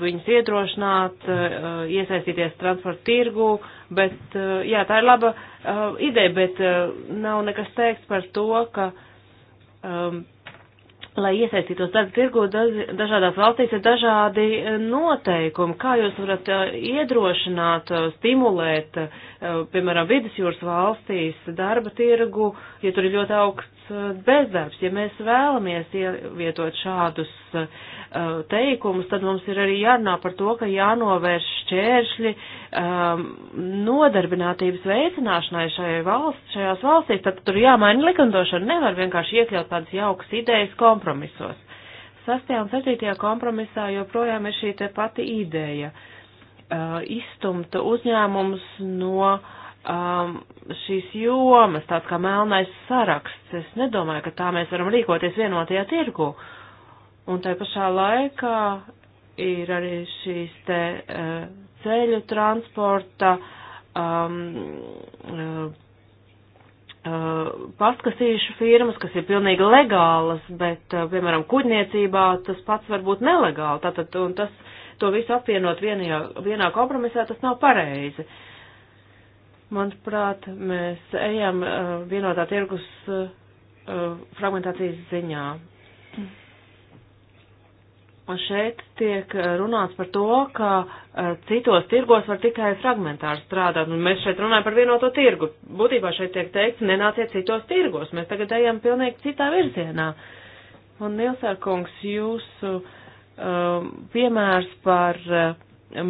[SPEAKER 1] viņus iedrošināt, eh, iesaistīties transporta tirgu, bet, eh, jā, tā ir laba eh, ideja, bet nav nekas teiks par to, ka, um, lai iesaistītos darba tirgu, dažādās valstīs ir dažādi noteikumi. Kā jūs varat iedrošināt, stimulēt, piemēram, vidusjūras valstīs darba tirgu, ja tur ir ļoti augsts bezdarbs, ja mēs vēlamies ievietot šādus uh, Uh, teikumus, tad mums ir arī jārunā par to, ka jānovērš šķēršļi um, nodarbinātības veicināšanai šajai valsts, šajās valstīs, tad tur jāmaina likumdošana, nevar vienkārši iekļaut tādas jaukas idejas kompromisos. Sastajā un septītajā kompromisā joprojām ir šī te pati ideja uh, izstumt uzņēmumus no um, šīs jomas, tāds kā melnais saraksts. Es nedomāju, ka tā mēs varam rīkoties vienotajā tirgu. Uh, Un tai pašā laikā ir arī šīs te uh, ceļu transporta um, uh, eh, eh, paskasījušu firmas, kas ir pilnīgi legālas, bet, piemēram, kuģniecībā tas pats var būt nelegāli. Tātad, un tas, to visu apvienot vienajā, vienā kompromisā, tas nav pareizi. Manuprāt, mēs ejam vienotā tirgus fragmentācijas ziņā. Un šeit tiek eh, runāts par to, ka uh, citos tirgos var tikai fragmentāri strādāt. Un mēs šeit runājam par vienoto tirgu. Būtībā šeit tiek teikts, nenāciet citos tirgos. Mēs tagad ejam pilnīgi citā virzienā. Un Nilsārkungs, jūsu uh, piemērs par uh,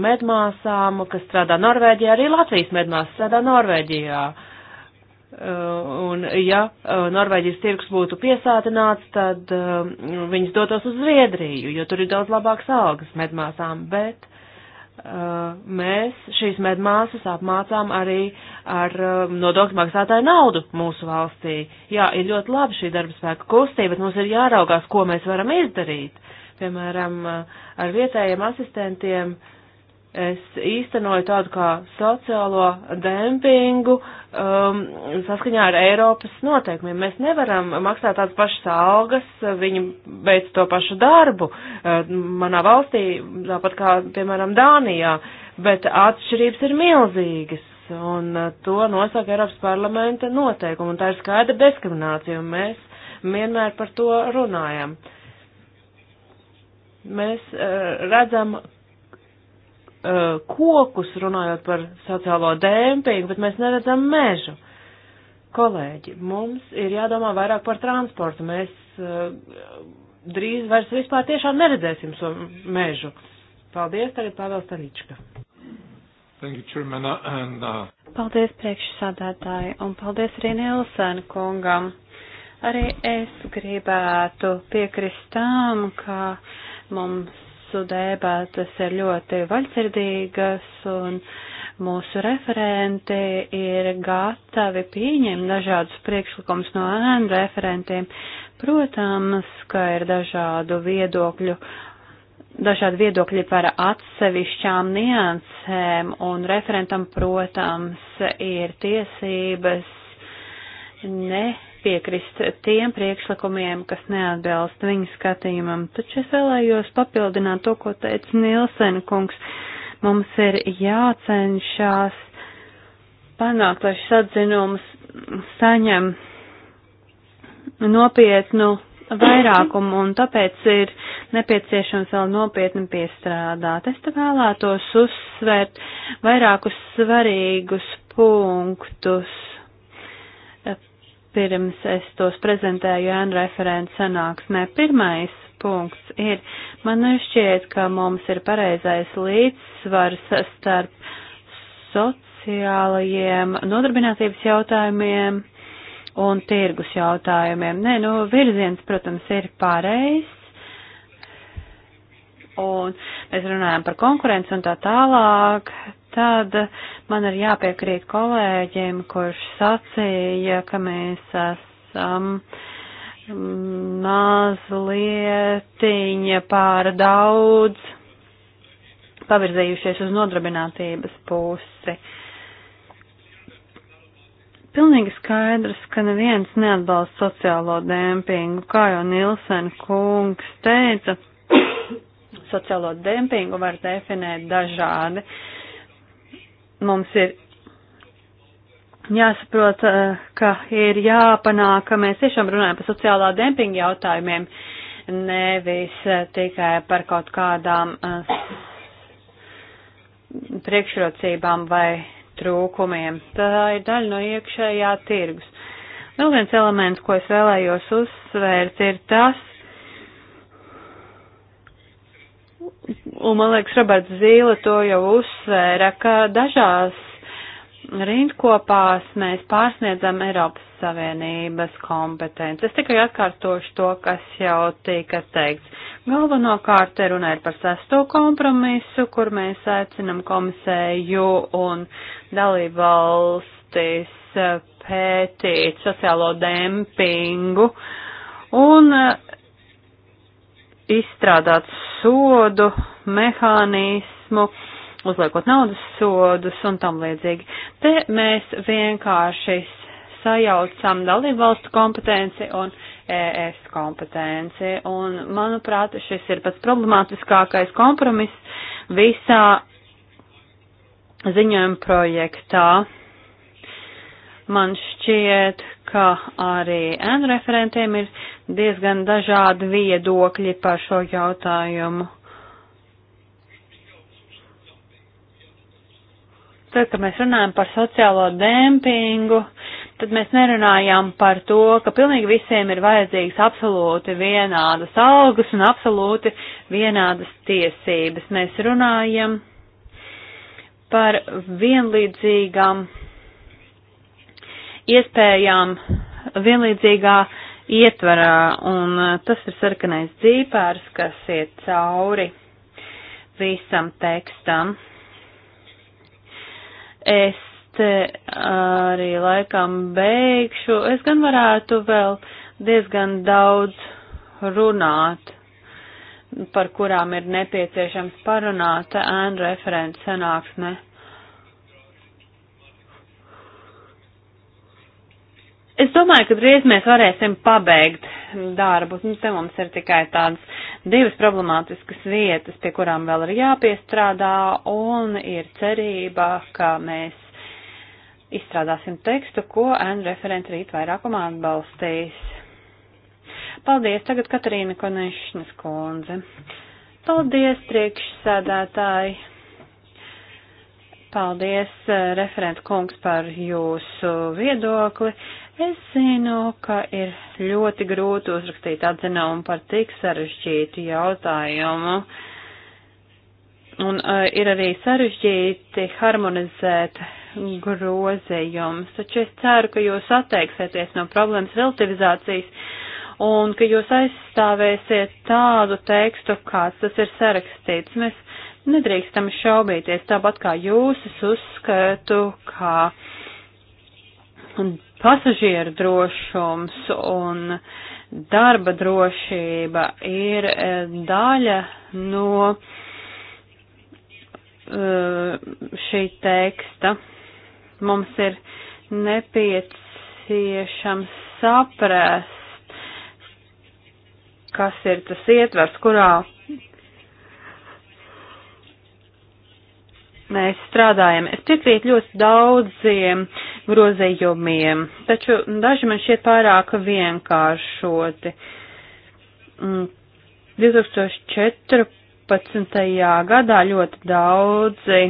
[SPEAKER 1] medmāsām, kas strādā Norvēģijā, arī Latvijas medmāsas strādā Norvēģijā. Uh, Uh, un, ja uh, Norvēģijas tirgus būtu piesātināts, tad uh, viņas dotos uz Zviedriju, jo tur ir daudz labāks algas medmāsām, bet mēs šīs medmāsas apmācām arī ar um, nodokļu maksātāju naudu mūsu valstī. Jā, ir ļoti labi šī darba spēka kustība, bet mums ir jāraugās, ko mēs varam izdarīt. Piemēram, ar vietējiem asistentiem uh, es īstenoju tādu kā sociālo dempingu um, saskaņā ar Eiropas noteikumiem. Mēs nevaram maksāt tādas pašas algas, viņi veic to pašu darbu uh, manā valstī, tāpat kā, piemēram, Dānijā, bet atšķirības ir milzīgas. Un uh, to nosaka Eiropas parlamenta noteikumi, un tā ir skaidra diskriminācija, un mēs vienmēr par to runājam. Mēs uh, redzam, uh, kokus, runājot par sociālo dēmpingu, bet mēs neredzam mežu. Kolēģi, mums ir jādomā vairāk par transportu. Mēs uh, drīz vairs vispār tiešām neredzēsim šo mežu. Paldies, tagad Pāvils Tanička. Uh, paldies priekšsādātāji un paldies arī Nielsēna kungam. Arī es gribētu piekrist tām, ka mums mūsu debatas ir ļoti vaļsirdīgas un mūsu referenti ir gatavi pieņemt dažādus priekšlikumus no ēnu referentiem. Protams, ka ir dažādu viedokļu dažādi viedokļi par atsevišķām niansēm, un referentam, protams, ir tiesības ne piekrist tiem priekšlikumiem, kas neatbilst viņa skatījumam, taču es vēlējos papildināt to, ko teica Nielsen kungs. Mums ir jācenšas panākt, lai šis atzinums saņem nopietnu vairākumu, un tāpēc ir nepieciešams vēl nopietni piestrādāt. Es te vēlētos uzsvērt vairākus svarīgus punktus pirms es tos prezentēju ēnu referents sanāksmē. Pirmais punkts ir, man šķiet, ka mums ir pareizais līdzsvars starp sociālajiem nodarbinātības jautājumiem un tirgus jautājumiem. Nē, nu, virziens, protams, ir pareizs. Un mēs runājam par konkurenci un tā tālāk, tad man ir jāpiekrīt kolēģiem, kurš sacīja, ka mēs esam mazlietiņa pār daudz pavirzījušies uz nodarbinātības pusi. Pilnīgi skaidrs, ka neviens neatbalsta sociālo dempingu, kā jau Nilsen kungs teica, sociālo dempingu var definēt dažādi. Uh, mums ir jāsaprot, eh, ka ir jāpanāk, ka mēs tiešām runājam par sociālā dempinga jautājumiem, nevis eh, tikai par kaut kādām eh, priekšrocībām vai trūkumiem. Tā ir daļa no iekšējā tirgus. Vēl viens elements, ko es vēlējos uzsvērt, ir tas, un man liekas, Roberts Zīle to jau uzsvēra, ka dažās rindkopās mēs pārsniedzam Eiropas Savienības kompetenci. Es tikai atkārtošu to, kas jau tika teikts. Galvenokārt te runa ir par sesto kompromisu, kur mēs aicinam komisēju un dalību valstis pētīt sociālo dempingu un izstrādāt sodu mehānismu, uzliekot naudas sodus un tam līdzīgi. Te mēs vienkārši sajaucam dalībvalstu kompetenci un ES kompetenci, un manuprāt, šis ir pats problemātiskākais kompromiss visā ziņojuma projektā Man šķiet, ka arī N referentiem ir diezgan dažādi viedokļi par šo jautājumu. Tad, kad mēs runājam par sociālo dempingu, tad mēs nerunājam par to, ka pilnīgi visiem ir vajadzīgs absolūti vienādas algas un absolūti vienādas tiesības. Mēs runājam par vienlīdzīgām iespējām vienlīdzīgā ietvarā, un eh, tas ir sarkanais dzīpārs, kas iet cauri visam tekstam. Es te arī laikam beigšu. Es gan varētu vēl diezgan daudz runāt, par kurām ir nepieciešams parunāt ēnu referents sanāksme. Ne? Es domāju, ka drīz mēs varēsim pabeigt darbu. Nu, te mums ir tikai tādas divas problemātiskas vietas, pie kurām vēl ir jāpiestrādā, un ir cerība, ka mēs izstrādāsim tekstu, ko N referenti rīt vairākumā atbalstīs. Paldies, tagad Katarīna Konešnas kundze. Paldies, priekšsēdētāji. Paldies, eh, referent kungs, par jūsu viedokli. Es zinu, ka ir ļoti grūti uzrakstīt atzinumu par tik sarežģītu jautājumu. Un uh, ir arī sarežģīti harmonizēt grozījums, taču es ceru, ka jūs atteiksieties no problēmas relativizācijas un ka jūs aizstāvēsiet tādu tekstu, kāds tas ir sarakstīts. Mēs nedrīkstam šaubīties tāpat kā jūs, es uzskatu, ka pasažieru drošums un darba drošība ir e, daļa no e, šī teksta. Mums ir nepieciešams saprast, kas ir tas ietvers, kurā mēs strādājam. Es piekrītu ļoti daudziem grozījumiem, taču daži man šķiet pārāk vienkāršoti. 2014. Mm, gadā ļoti daudzi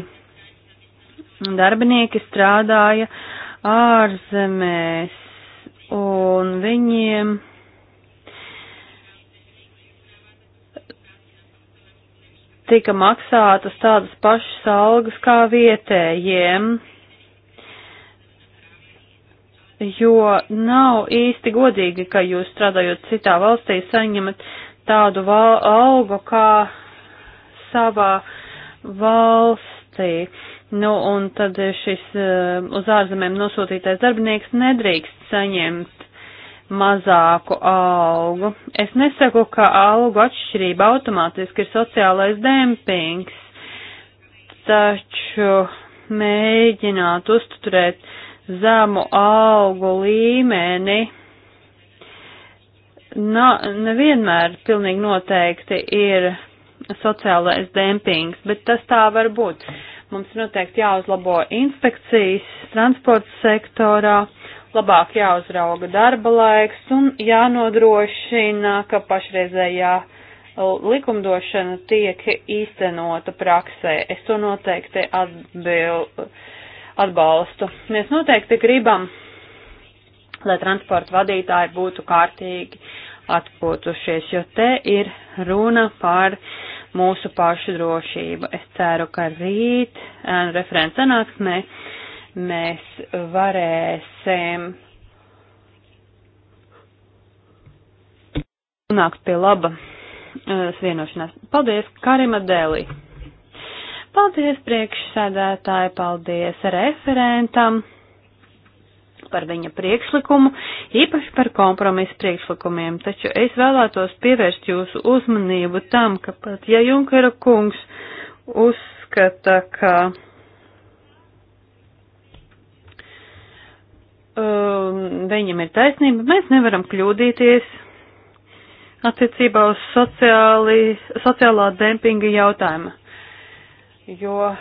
[SPEAKER 1] darbinieki strādāja ārzemēs, un viņiem tika maksātas tādas pašas algas kā vietējiem, jo nav īsti godīgi, ka jūs strādājot citā valstī saņemat tādu val algu kā savā valstī. Nu, un tad šis uh, uz ārzemēm nosūtītais darbinieks nedrīkst saņemt mazāku algu. Es nesaku, ka algu atšķirība automātiski ir sociālais dempings, taču mēģināt uzturēt zemu algu līmeni na, nevienmēr pilnīgi noteikti ir sociālais dempings, bet tas tā var būt. Mums noteikti jāuzlabo inspekcijas transporta sektorā labāk jāuzrauga darba laiks un jānodrošina, ka pašreizējā uh, likumdošana tiek īstenota praksē. Es to noteikti atbil, atbalstu. Mēs noteikti gribam, lai transporta vadītāji būtu kārtīgi atpūtušies, jo te ir runa par mūsu pašu drošību. Es ceru, ka rīt eh, referents sanāksmē mēs varēsim nonākt pie laba uh, vienošanās. Paldies, Karima Dēlī! Paldies priekšsēdētāji, paldies referentam par viņa priekšlikumu, īpaši par kompromisu priekšlikumiem, taču es vēlētos pievērst jūsu uzmanību tam, ka pat ja Junkera kungs uzskata, ka um, viņam ir taisnība, mēs nevaram kļūdīties attiecībā uz sociāli, sociālā dempinga jautājumu. Jo,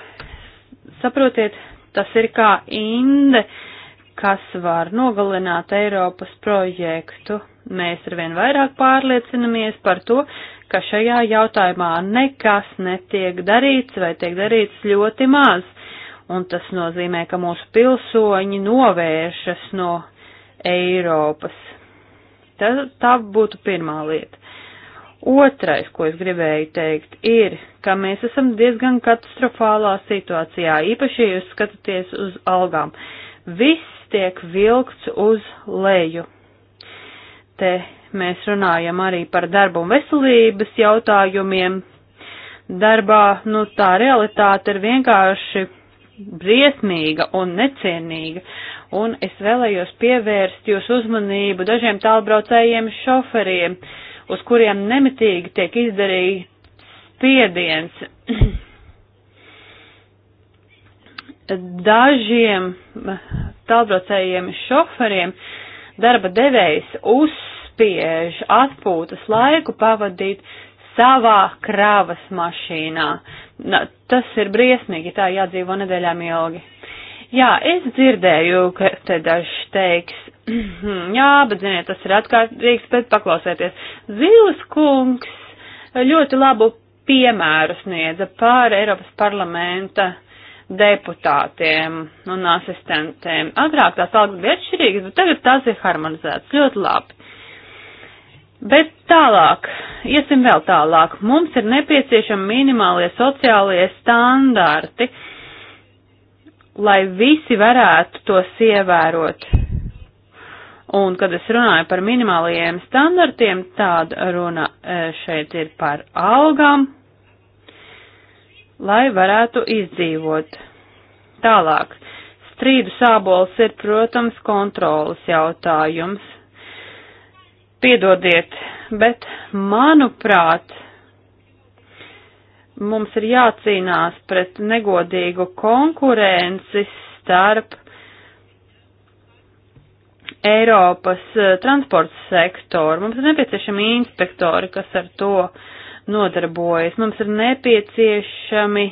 [SPEAKER 1] saprotiet, tas ir kā inde, kas var nogalināt Eiropas projektu. Mēs arvien vairāk pārliecinamies par to, ka šajā jautājumā nekas netiek darīts vai tiek darīts ļoti maz un tas nozīmē, ka mūsu pilsoņi novēršas no Eiropas. Tā, tā būtu pirmā lieta. Otrais, ko es gribēju teikt, ir, ka mēs esam diezgan katastrofālā situācijā, īpaši, ja jūs skatāties uz algām. Viss tiek vilkts uz leju. Te mēs runājam arī par darbu un veselības jautājumiem. Darbā, nu, tā realitāte ir vienkārši briesmīga un necienīga, un es vēlējos pievērst jūs uzmanību dažiem tālbraucējiem šoferiem, uz kuriem nemitīgi tiek izdarīts spiediens. Dažiem tālbraucējiem šoferiem darba devējs uzspiež atpūtas laiku pavadīt savā kravas mašīnā. Na, tas ir briesmīgi, tā jādzīvo nedēļām ilgi. Jā, es dzirdēju, ka te dažs teiks, jā, bet ziniet, tas ir atkārtīgs, bet paklausieties. Zīles kungs ļoti labu piemēru sniedza par Eiropas parlamenta deputātiem un asistentiem. Agrāk tās algas bija atšķirīgas, bet tagad tās ir harmonizētas ļoti labi. Bet tālāk, iesim vēl tālāk. Mums ir nepieciešami minimālie sociālie standarti, lai visi varētu tos ievērot. Un, kad es runāju par minimālajiem standartiem, tāda runa e, šeit ir par algām, lai varētu izdzīvot. Tālāk, strīdu sābols ir, protams, kontrolas jautājums Piedodiet, bet manuprāt, mums ir jācīnās pret negodīgu konkurenci starp Eiropas eh, transporta sektoru. Mums ir nepieciešami inspektori, kas ar to nodarbojas. Mums ir nepieciešami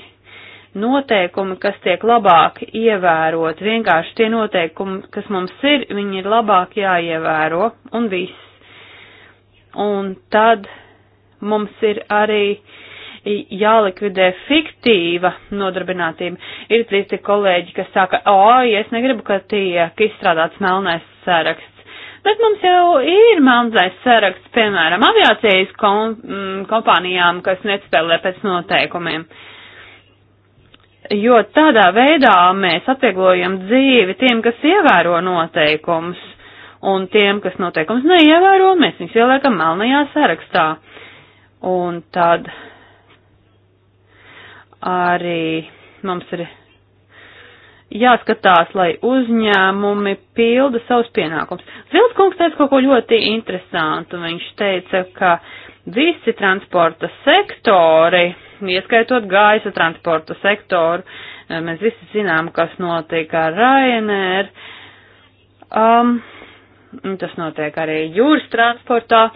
[SPEAKER 1] noteikumi, kas tiek labāk ievērot. Vienkārši tie noteikumi, kas mums ir, viņi ir labāk jāievēro un viss un tad mums ir arī jālikvidē fiktīva nodarbinātība. Ir citi kolēģi, kas saka, o, es negribu, ka tiek izstrādāts melnais saraksts. Bet mums jau ir melnais saraksts, piemēram, aviācijas kom mm, kompānijām, kas nespēlē pēc noteikumiem. Jo tādā veidā mēs atvieglojam dzīvi tiem, kas ievēro noteikumus un tiem, kas noteikums neievēro, mēs viņus ieliekam melnajā sarakstā. Un tad arī mums ir jāskatās, lai uzņēmumi pilda savus pienākumus. Zils kungs teica kaut ko ļoti interesantu. Viņš teica, ka visi transporta sektori, ieskaitot gaisa transporta sektoru, mēs visi zinām, kas notiek ar Ryanair. Um, Mm, tas notiek arī jūras transportā,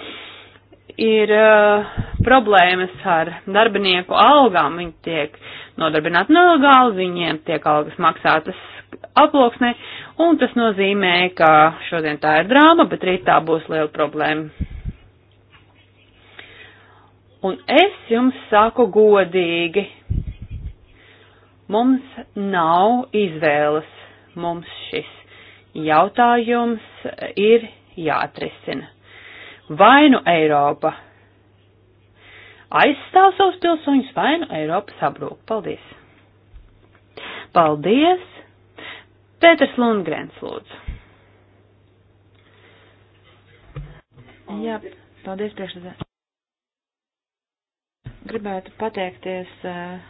[SPEAKER 1] ir uh, problēmas ar darbinieku algām. Viņi tiek nodarbināti nelegāli, viņiem tiek algas maksātas aploksnē, un tas nozīmē, ka šodien tā ir drāma, bet rīt tā būs liela problēma. Un es jums saku godīgi, mums nav izvēles, mums šis jautājums ir jāatrisina. Vai nu Eiropa aizstāv savus pilsoņus, vai nu Eiropa sabrūk. Paldies! Paldies! Pēters Lundgrens, lūdzu. Jā, paldies priekšsēdē. Gribētu pateikties uh,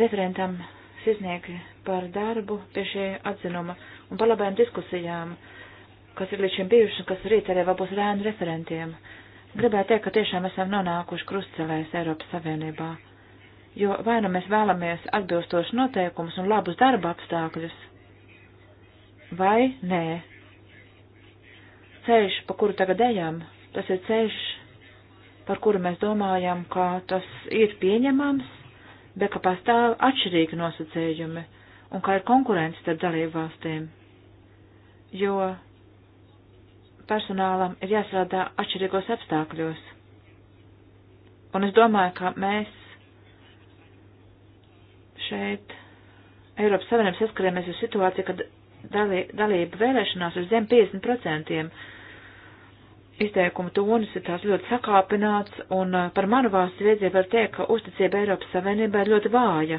[SPEAKER 1] referentam Siznieka par darbu pie šī atzinuma un par labajām diskusijām, kas ir līdz šim bijušas un kas rīt arī vēl būs rēnu referentiem. Gribētu teikt, ka tiešām esam nonākuši krustcelēs Eiropas Savienībā, jo vai nu mēs vēlamies atbilstošus noteikumus un labus darba apstākļus, vai nē. Ceļš, pa kuru tagad ejam, tas ir ceļš, par kuru mēs domājam, ka tas ir pieņemams, bet ka pastāv atšķirīgi nosacējumi un kā ir konkurence starp dalību valstīm, jo personālam ir jāstrādā atšķirīgos apstākļos. Un es domāju, ka mēs šeit Eiropas Savienības saskaramies ar situāciju, kad dalī, dalība vēlēšanās ir zem 50%. Izteikuma tonis ir tās ļoti sakāpināts, un eh, par manu valsts viedzību var teikt, ka uzticība Eiropas Savienībā ir ļoti vāja.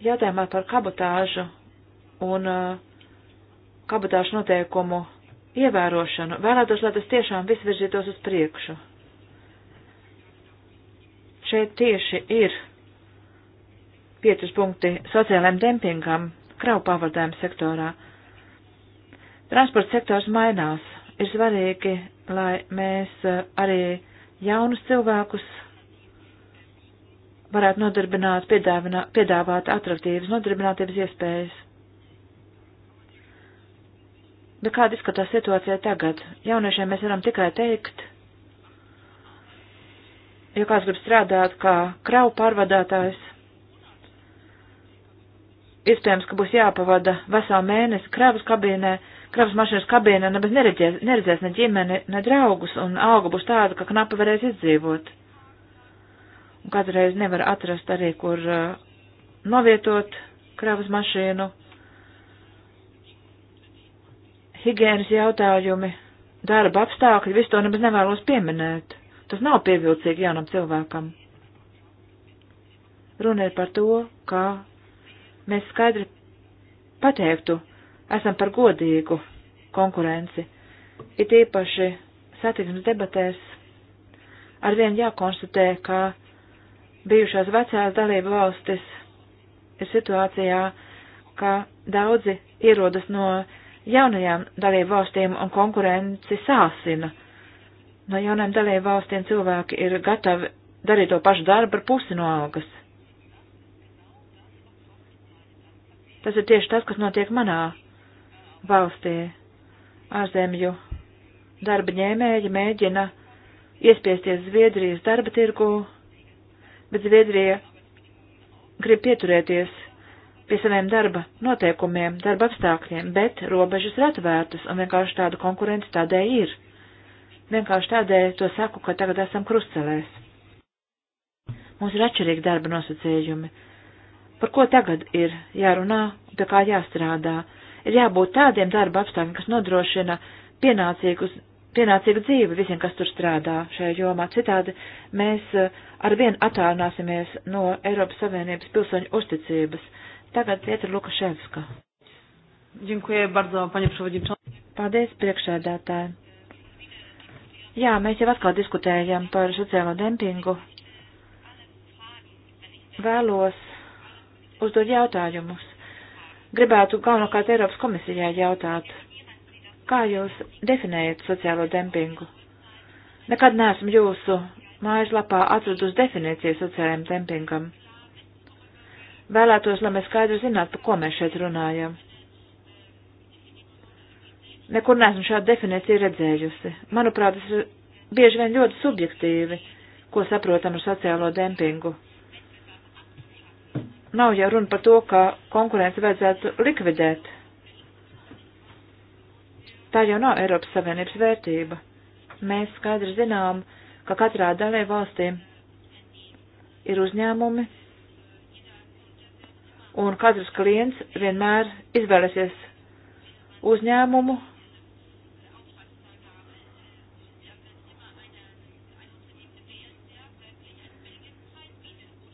[SPEAKER 1] Jautājumā par kabotāžu un uh, kabotāžu noteikumu ievērošanu vēlētos, lai tas tiešām viss virzītos uz priekšu. Šeit tieši ir piecus punkti sociālajiem dempingam, kravu pārvadājumu sektorā. Transporta sektors mainās. Ir svarīgi, lai mēs uh, arī jaunus cilvēkus varētu nodarbināt, piedāvāt atraktīvas nodarbinātības iespējas. Bet kāda izskatās situācija tagad? Jauniešiem mēs varam tikai teikt, ja kāds grib strādāt kā kravu pārvadātājs, iespējams, ka būs jāpavada veselu mēnesi kravas kabīnē, kravas mašīnas kabīnē, nebaz neredzēs, neredzēs ne ģimeni, ne draugus, un auga būs tāda, ka knapi varēs izdzīvot un kādreiz nevar atrast arī, kur uh, novietot kravas mašīnu. Higienas jautājumi, darba apstākļi, visu to nemaz nevēlos pieminēt. Tas nav pievilcīgi jaunam cilvēkam. Runa ir par to, kā mēs skaidri pateiktu, esam par godīgu konkurenci. It īpaši satiksmes debatēs arvien jākonstatē, ka bijušās vecās dalība valstis ir situācijā, ka daudzi ierodas no jaunajām dalību valstīm un konkurenci sāsina. No jaunajām dalību valstīm cilvēki ir gatavi darīt to pašu darbu par pusi no algas. Tas ir tieši tas, kas notiek manā valstī. Ārzemju darba ņēmēji mēģina iespiesties Zviedrijas darba tirgu bet Zviedrija grib pieturēties pie saviem darba noteikumiem, darba apstākļiem, bet robežas ir atvērtas un vienkārši tāda konkurence tādēļ ir. Vienkārši tādēļ to saku, ka tagad esam krustcelēs. Mums ir atšķirīgi darba nosacījumi. Par ko tagad ir jārunā un pie kā jāstrādā? Ir jābūt tādiem darba apstākļiem, kas nodrošina pienācīgus pienācīgu dzīvi visiem, kas tur strādā šajā jomā. Citādi mēs eh, arvien attālināsimies no Eiropas Savienības pilsoņu uzticības. Tagad Pietra Lukaševska. Dziękuję bardzo, panie przewodniczący. Paldies, priekšsēdētāji. Jā, mēs jau atkal diskutējam par sociālo dempingu. Vēlos uzdot jautājumus. Gribētu galvenokārt Eiropas komisijai jautāt Kā jūs definējat sociālo dempingu? Nekad neesmu jūsu mājaslapā atradusi definīciju sociālajam dempingam. Vēlētos, lai mēs skaidri zinātu, par ko mēs šeit runājam. Nekur neesmu šādu definīciju redzējusi. Manuprāt, tas ir bieži vien ļoti subjektīvi, ko saprotam ar sociālo dempingu. Nav jau runa par to, ka konkurence vajadzētu likvidēt Tā jau nav Eiropas Savienības vērtība. Mēs skaidri zinām, ka katrā dalē valstī ir uzņēmumi, un katrs klients vienmēr izvēlēsies uzņēmumu,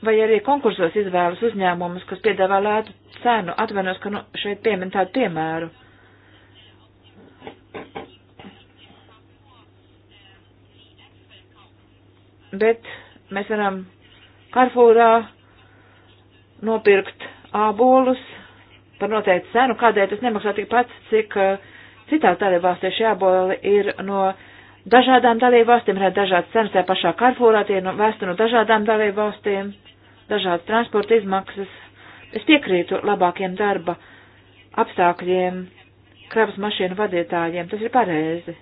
[SPEAKER 1] vai arī konkursos izvēlas uzņēmumus, kas piedāvā lētu cenu. Atvainojos, ka nu, šeit piemin tādu piemēru. bet mēs varam Carrefourā nopirkt ābolus par noteiktu cenu, kādēļ tas nemaksā tik pats, cik uh, citās dalībvalstīs šie āboli ir no dažādām dalībvalstīm, redz dažādas cenas tajā pašā Carrefourā, tie ir no, vēsti no dažādām dalībvalstīm, dažādas transporta izmaksas. Es piekrītu labākiem darba apstākļiem, kravas mašīnu vadītājiem, tas ir pareizi.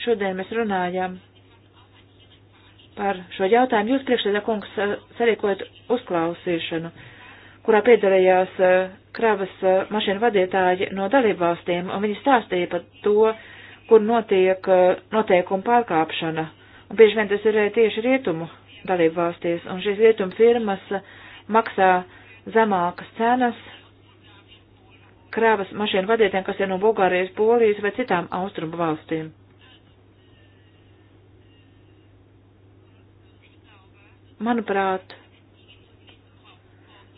[SPEAKER 1] Šodien mēs runājam par šo jautājumu. Jūs priekšsēdā kungs eh, sarīkojat uzklausīšanu, kurā piedalījās eh, kravas eh, mašīnu vadītāji no dalībvalstīm, un viņi stāstīja par to, kur notiek noteikuma pārkāpšana. Un bieži vien tas ir tieši rietumu dalībvalstīs, un šīs rietumu firmas maksā zemākas cenas krāvas mašīnu vadītājiem, kas ir no Bulgārijas, Polijas vai citām austrumu valstīm. manuprāt,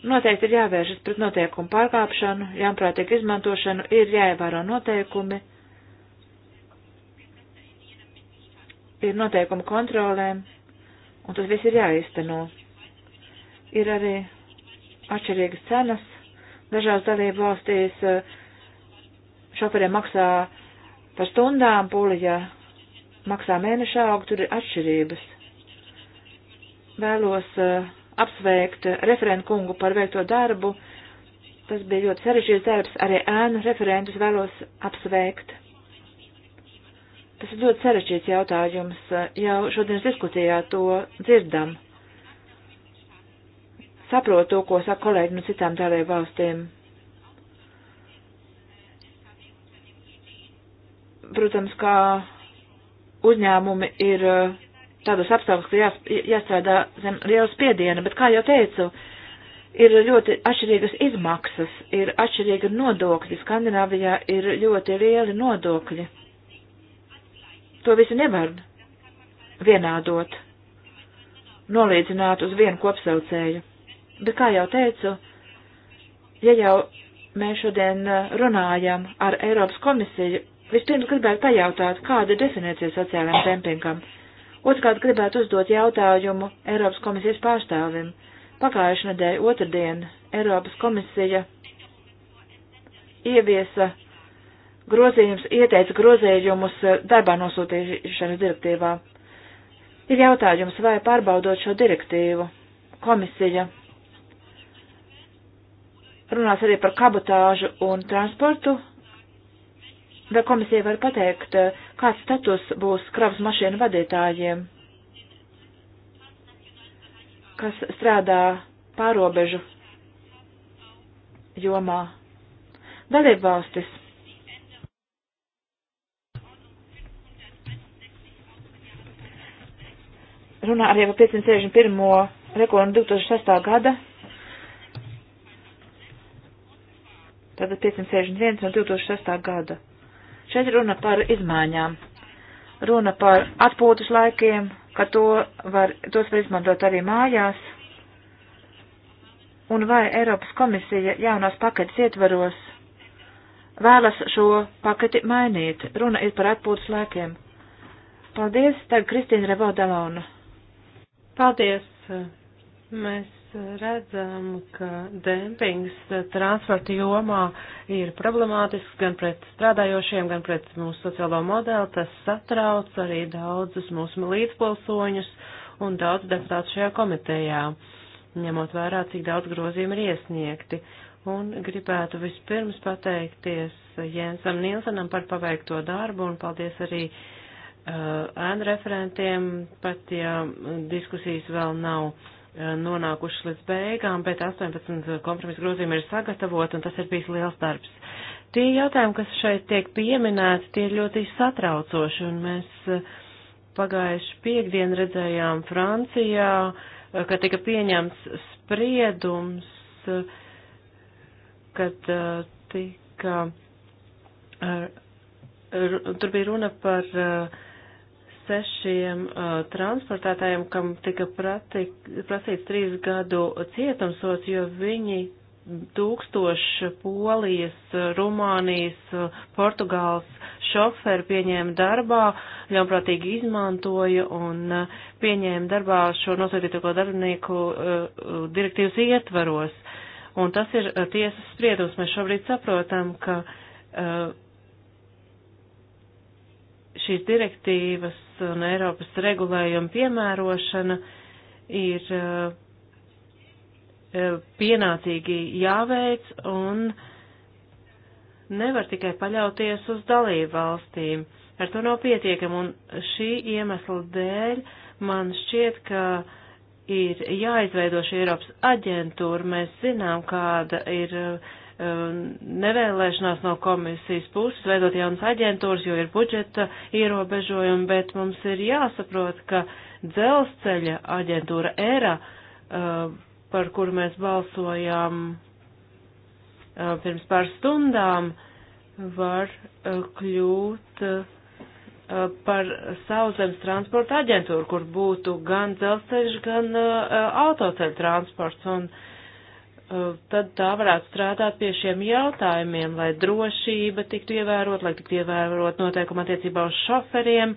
[SPEAKER 1] noteikti ir jāvēršas pret noteikumu pārkāpšanu, ļaunprātīgu izmantošanu, ir jāievēro noteikumi, ir noteikumi kontrolēm, un tas viss ir jāizteno. Ir arī atšķirīgas cenas. Dažās dalību valstīs eh, šoferiem maksā par stundām, pūlijā maksā mēneša auga, tur ir atšķirības vēlos eh, apsveikt referentu kungu par veikto darbu. Tas bija ļoti sarežģīts darbs, arī ēnu referentus vēlos apsveikt. Tas ir ļoti sarežģīts jautājums, jau šodienas diskusijā to dzirdam. Saprotu to, ko saka kolēģi no citām dalību valstīm. Protams, kā uzņēmumi ir uh, tādos apstākļos, ka jās, jāstrādā zem liela spiediena, bet, kā jau teicu, ir ļoti atšķirīgas izmaksas, ir atšķirīga nodokļi, Skandināvijā ir ļoti lieli nodokļi. To visu nevar vienādot, nolīdzināt uz vienu kopsaucēju. Bet, kā jau teicu, ja jau mēs šodien uh, runājam ar Eiropas komisiju, vispirms gribētu pajautāt, kāda ir definīcija sociālajam dempingam. Oh Otrkārt gribētu uzdot jautājumu Eiropas komisijas pārstāvim. Pagājušajā nedēļā otrdien Eiropas komisija ieviesa grozījums, ieteica grozījumus darbā nosūtīšanas direktīvā. Ir jautājums, vai pārbaudot šo direktīvu, komisija runās arī par kabotāžu un transportu Vai komisija var pateikt, eh, kāds status būs kravas mašīnu vadītājiem, kas strādā pārobežu jomā? Dalībvalstis. Runā arī par 561. rekordu 2006. gada Tātad 561 no 2006. gada. Šeit runa par izmaiņām. Runa par atpūtas laikiem, ka to var, tos var izmantot arī mājās. Un vai Eiropas komisija jaunās paketes ietvaros vēlas šo paketi mainīt? Runa ir par atpūtas laikiem. Paldies, tagad Kristīna Revodalona. Paldies. Mēs redzam, ka dempings transporta jomā ir problemātisks gan pret strādājošiem, gan pret mūsu sociālo modeli. Tas satrauc arī daudzus mūsu līdzpilsoņus un daudz deputātu šajā komitejā, ņemot vērā, cik daudz grozījumu ir iesniegti. Un gribētu vispirms pateikties Jensam Nilsenam par paveikto darbu un paldies arī uh, ēnu referentiem, pat ja diskusijas vēl nav Eh, nonākuši līdz beigām, bet 18 eh, kompromisa grozījumi ir sagatavot, un tas ir bijis liels darbs. Tie jautājumi, kas šeit tiek pieminēti, tie ir ļoti satraucoši, un mēs eh, pagājuši piekdien redzējām Francijā, ka tika pieņemts spriedums, kad tika, tur bija runa par uh, sešiem uh, transportētājiem, kam tika pratik, prasīts trīs gadu cietumsots, jo viņi tūkstoši Polijas, Rumānijas, Portugāles šoferi pieņēma darbā, ļaunprātīgi izmantoja un uh, pieņēma darbā šo nosūtīto darbinieku uh, uh, direktīvas ietvaros. Un tas ir tiesas spriedums. Mēs šobrīd saprotam, ka šīs direktīvas un Eiropas regulējuma piemērošana ir eh, eh, pienācīgi jāveic un nevar tikai paļauties uz dalību valstīm. Ar to nav pietiekami, un šī iemesla dēļ man šķiet, ka ir jāizveido šī Eiropas aģentūra. Mēs zinām, kāda ir uh, Um, nevēlēšanās no komisijas puses veidot jaunas aģentūras, jo ir budžeta ierobežojumi, bet mums ir jāsaprot, ka dzelzceļa aģentūra ERA, uh, par kuru mēs balsojām uh, pirms pār stundām, var uh, kļūt par sauszemes transporta aģentūru, kur būtu gan dzelzceļš, gan autoceļu transports. Un, uh, Uh, tad tā varētu strādāt pie šiem jautājumiem, lai drošība tiktu ievērot, lai tiktu ievērot noteikuma attiecībā uz šoferiem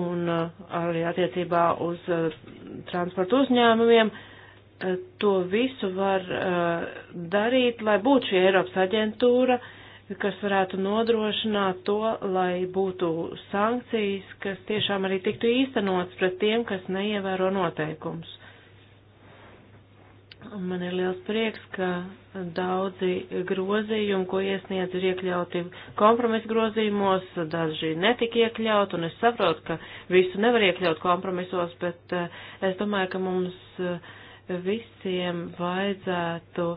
[SPEAKER 1] un uh, arī attiecībā uz uh, transportu uzņēmumiem. To visu var darīt, lai būtu šī Eiropas aģentūra, kas varētu nodrošināt to, lai būtu sankcijas, kas tiešām arī tiktu īstenots pret tiem, kas neievēro noteikumus. Man ir liels prieks, ka daudzi grozījumi, ko iesniedz, ir iekļauti kompromisu grozījumos, daži netika iekļaut, un es saprotu, ka visu nevar iekļaut kompromisos, bet eh, es domāju, ka mums eh, visiem vajadzētu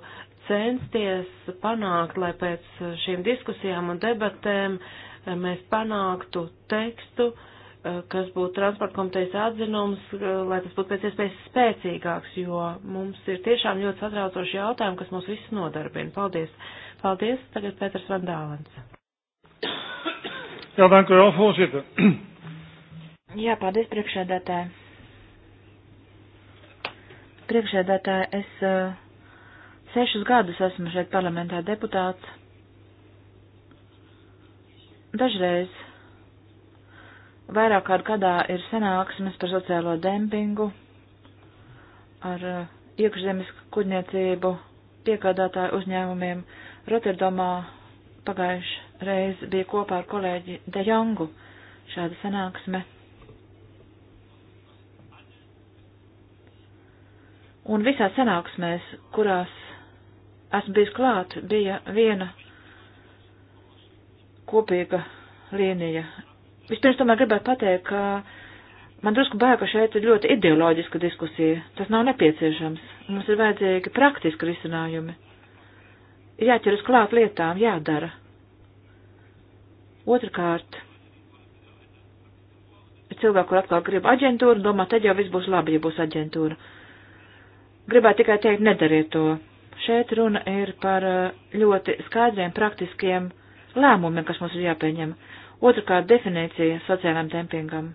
[SPEAKER 1] censties panākt, lai pēc šīm diskusijām un debatēm eh, mēs panāktu tekstu, uh, Eh, kas būtu transporta komitejas atzinums, eh, lai tas būtu pēc iespējas spēcīgāks, jo mums ir tiešām ļoti satraucoši jautājumi, kas mūs visus nodarbina. Paldies! Paldies! Tagad Pēters Vandālens. Jā, danku vēl, voorzitter. Jā, paldies priekšēdētāji. Priekšēdētāji, es uh, sešus gadus esmu šeit parlamentā deputāts. Dažreiz Vairāk kārt gadā ir sanāksmes par sociālo dempingu ar uh, iekšzemes kuģniecību piekādātāju uzņēmumiem. Rotterdamā pagājuši reiz bija kopā ar kolēģi De Jongu šāda sanāksme. Un visās sanāksmēs, kurās esmu bijis klāt, bija viena kopīga līnija. Vispirms tomēr gribētu pateikt, ka man drusku bēg, ka šeit ir ļoti ideoloģiska diskusija. Tas nav nepieciešams. Mums ir vajadzīgi praktiski risinājumi. Ir jāķeras klāt lietām, jādara. Otrakārt, ir cilvēki, kur atkal grib aģentūru, domā, tad jau viss būs labi, ja būs aģentūra. Gribētu tikai teikt, nedariet to. Šeit runa ir par eh, ļoti skaidriem, praktiskiem lēmumiem, kas mums ir jāpieņem. Otrakārt definīcija sociālajam dempingam.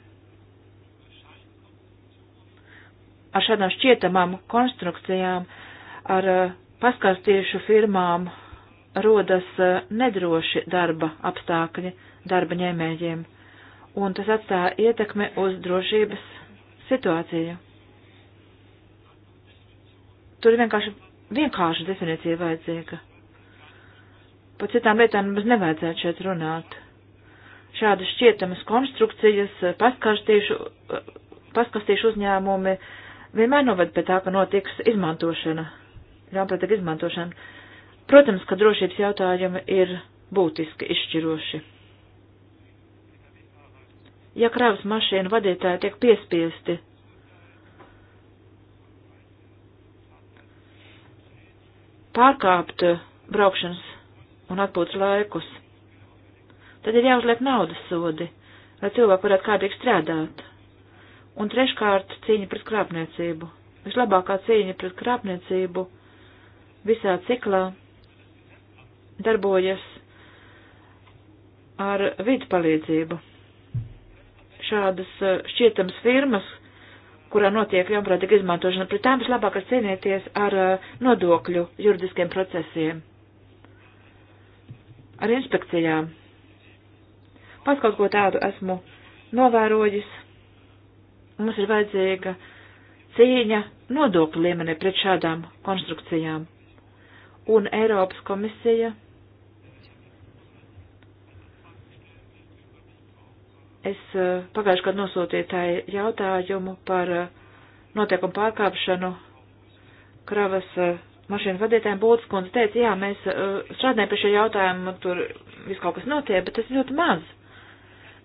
[SPEAKER 1] Ar šādām šķietamām konstrukcijām, ar eh, paskastījušu firmām rodas eh, nedroši darba apstākļi darba ņēmējiem, un tas atstāja ietekmi uz drošības situāciju. Tur ir vienkārši vienkārša definīcija vajadzīga. Par citām lietām mums nevajadzētu šeit runāt šādas šķietamas konstrukcijas, eh, eh, paskastīšu uzņēmumi vienmēr noved pie tā, ka notiks izmantošana, ļaunprātīga izmantošana. Protams, ka drošības jautājumi ir būtiski izšķiroši. Ja kravas mašīnu vadītāji tiek piespiesti pārkāpt braukšanas un atpūtas laikus, Tad ir jāuzliek naudas sodi, lai cilvēki varētu kādīgi strādāt. Un treškārt cīņa pret krāpniecību. Vislabākā cīņa pret krāpniecību visā ciklā darbojas ar vidu palīdzību. Šādas eh, šķietamas firmas, kurā notiek ļaunprātīga izmantošana, pret tām vislabāk ir cīnīties ar eh, nodokļu juridiskiem procesiem, ar inspekcijām, Pats kaut ko tādu esmu novērojis. Mums ir vajadzīga cīņa nodokļu līmenī pret šādām konstrukcijām. Un Eiropas komisija es eh, pagājušajā gadā nosūtīju tai jautājumu par eh, notiekumu pārkāpšanu kravas eh, mašīnu vadītājiem. Būtas kundze teica, jā, mēs strādājam pie šī jautājuma, tur viss kaut kas notiek, bet tas ļoti maz.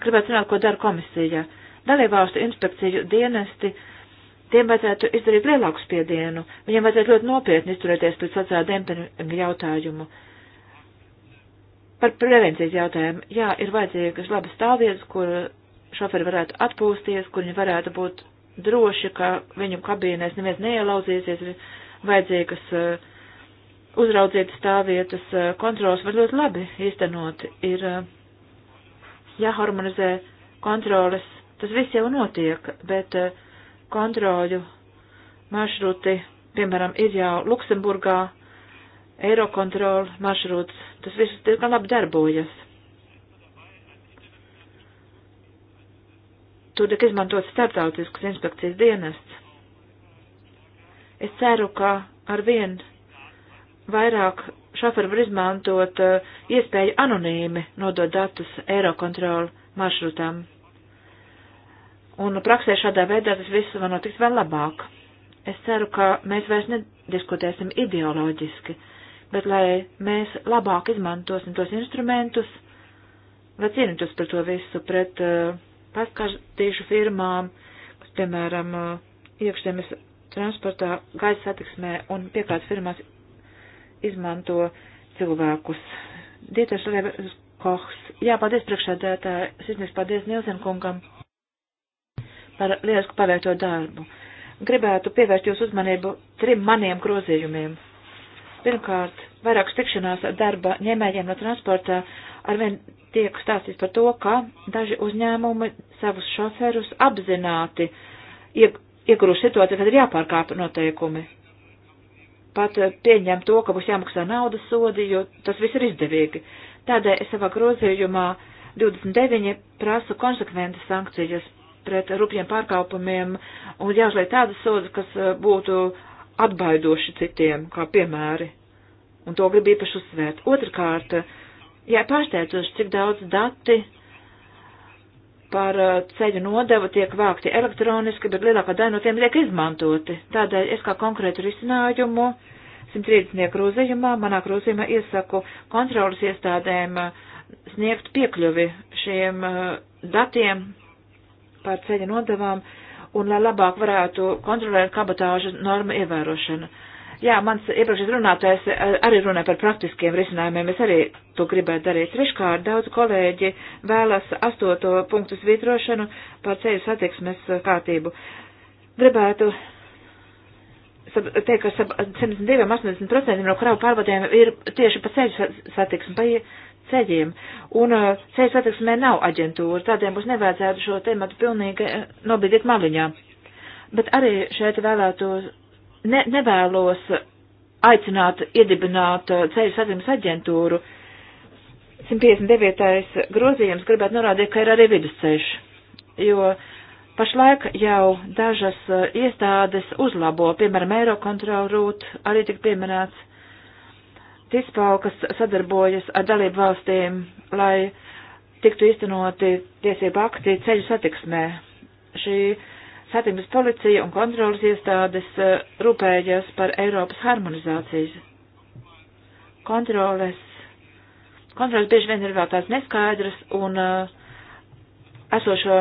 [SPEAKER 1] Gribētu zināt, ko dara komisija. Dalībvalstu inspekciju dienesti, tiem vajadzētu izdarīt lielāku spiedienu, viņiem vajadzētu ļoti nopietni izturēties pret sociālā dempinga jautājumu. Par prevencijas jautājumu, jā, ir vajadzīgas labas stāvvietas, kur šoferi varētu atpūsties, kur viņi varētu būt droši, ka viņu kabīnēs neviens neielauzīsies, vajadzīgas uh, uzraudzīt stāvvietas, uh, kontrols var ļoti labi īstenot. Ir, uh, jāharmonizē kontroles. Tas viss jau notiek, bet eh, kontroļu maršruti, piemēram, ir jau Luksemburgā, Eirokontrola maršruts, tas viss diezgan labi darbojas. Tur tiek izmantot starptautiskas inspekcijas dienests. Es ceru, ka ar vien vairāk šoferi var izmantot eh, iespēju anonīmi nodot datus Eirokontrolu maršrutam. Un praksē šādā veidā tas viss var notikt vēl labāk. Es ceru, ka mēs vairs nediskutēsim ideoloģiski, bet lai mēs labāk izmantosim tos instrumentus, lai cīnītos par to visu, pret uh, paskatīšu firmām, kas, piemēram, uh, iekšzemes transportā, gaisa satiksmē un piekārtas firmās izmanto cilvēkus. Dietas Rebeks Kohs. Jā, paldies priekšsēdētāji. Sirsnieks paldies Nielsen kungam par lielisku paveikto darbu. Gribētu pievērst jūsu uzmanību trim maniem grozījumiem. Pirmkārt, vairākas tikšanās ar darba ņēmējiem no transporta arvien tiek stāstīts par to, ka daži uzņēmumi savus šoferus apzināti iegūst situāciju, kad ir jāpārkāpa noteikumi pat eh, pieņem to, ka būs jāmaksā naudas sodi, jo tas viss ir izdevīgi. Tādēļ es savā grozījumā 29 prasu konsekventas sankcijas pret rupjiem pārkāpumiem un jāuzliek tādas sodas, kas eh, būtu atbaidoši citiem, kā piemēri. Un to grib īpaši uzsvērt. Otrkārt, eh, jā, pārsteidzoši, cik daudz dati par uh, ceļu nodevu tiek vākti elektroniski, bet lielākā daļa no tiem tiek izmantoti. Tādēļ es kā konkrētu risinājumu 130. grozījumā, manā grozījumā iesaku kontrolas iestādēm uh, sniegt piekļuvi šiem uh, datiem par ceļa nodevām un lai labāk varētu kontrolēt kabatāžu norma ievērošanu. Jā, mans iepriekšējais runātājs eh, arī runāja par praktiskiem risinājumiem. Es arī to gribētu darīt. Treškārt, daudz kolēģi vēlas astoto punktu svītrošanu par ceļu satiksmes kārtību. Gribētu teikt, ka 72-80% no kravu pārvadēm ir tieši pa ceļu satiksmi, pa ceļiem. Un eh, ceļu satiksmē nav aģentūra, tādēļ mums nevajadzētu šo tematu pilnīgi eh, nobīdīt maliņā. Bet arī šeit vēlētos ne, nevēlos aicināt iedibināt uh, ceļu saziņas aģentūru. 159. grozījums gribētu norādīt, ka ir arī vidusceļš, jo pašlaik jau dažas uh, iestādes uzlabo, piemēram, Eirokontrolu rūt, arī tik pieminēts TISPAU, kas sadarbojas ar dalību valstīm, lai tiktu īstenoti tiesību akti ceļu satiksmē. Šī uh, Satības policija un kontrolas iestādes eh, rūpējas par Eiropas harmonizācijas. Kontroles, kontroles bieži vien ir vēl tās neskaidras un uh, esošo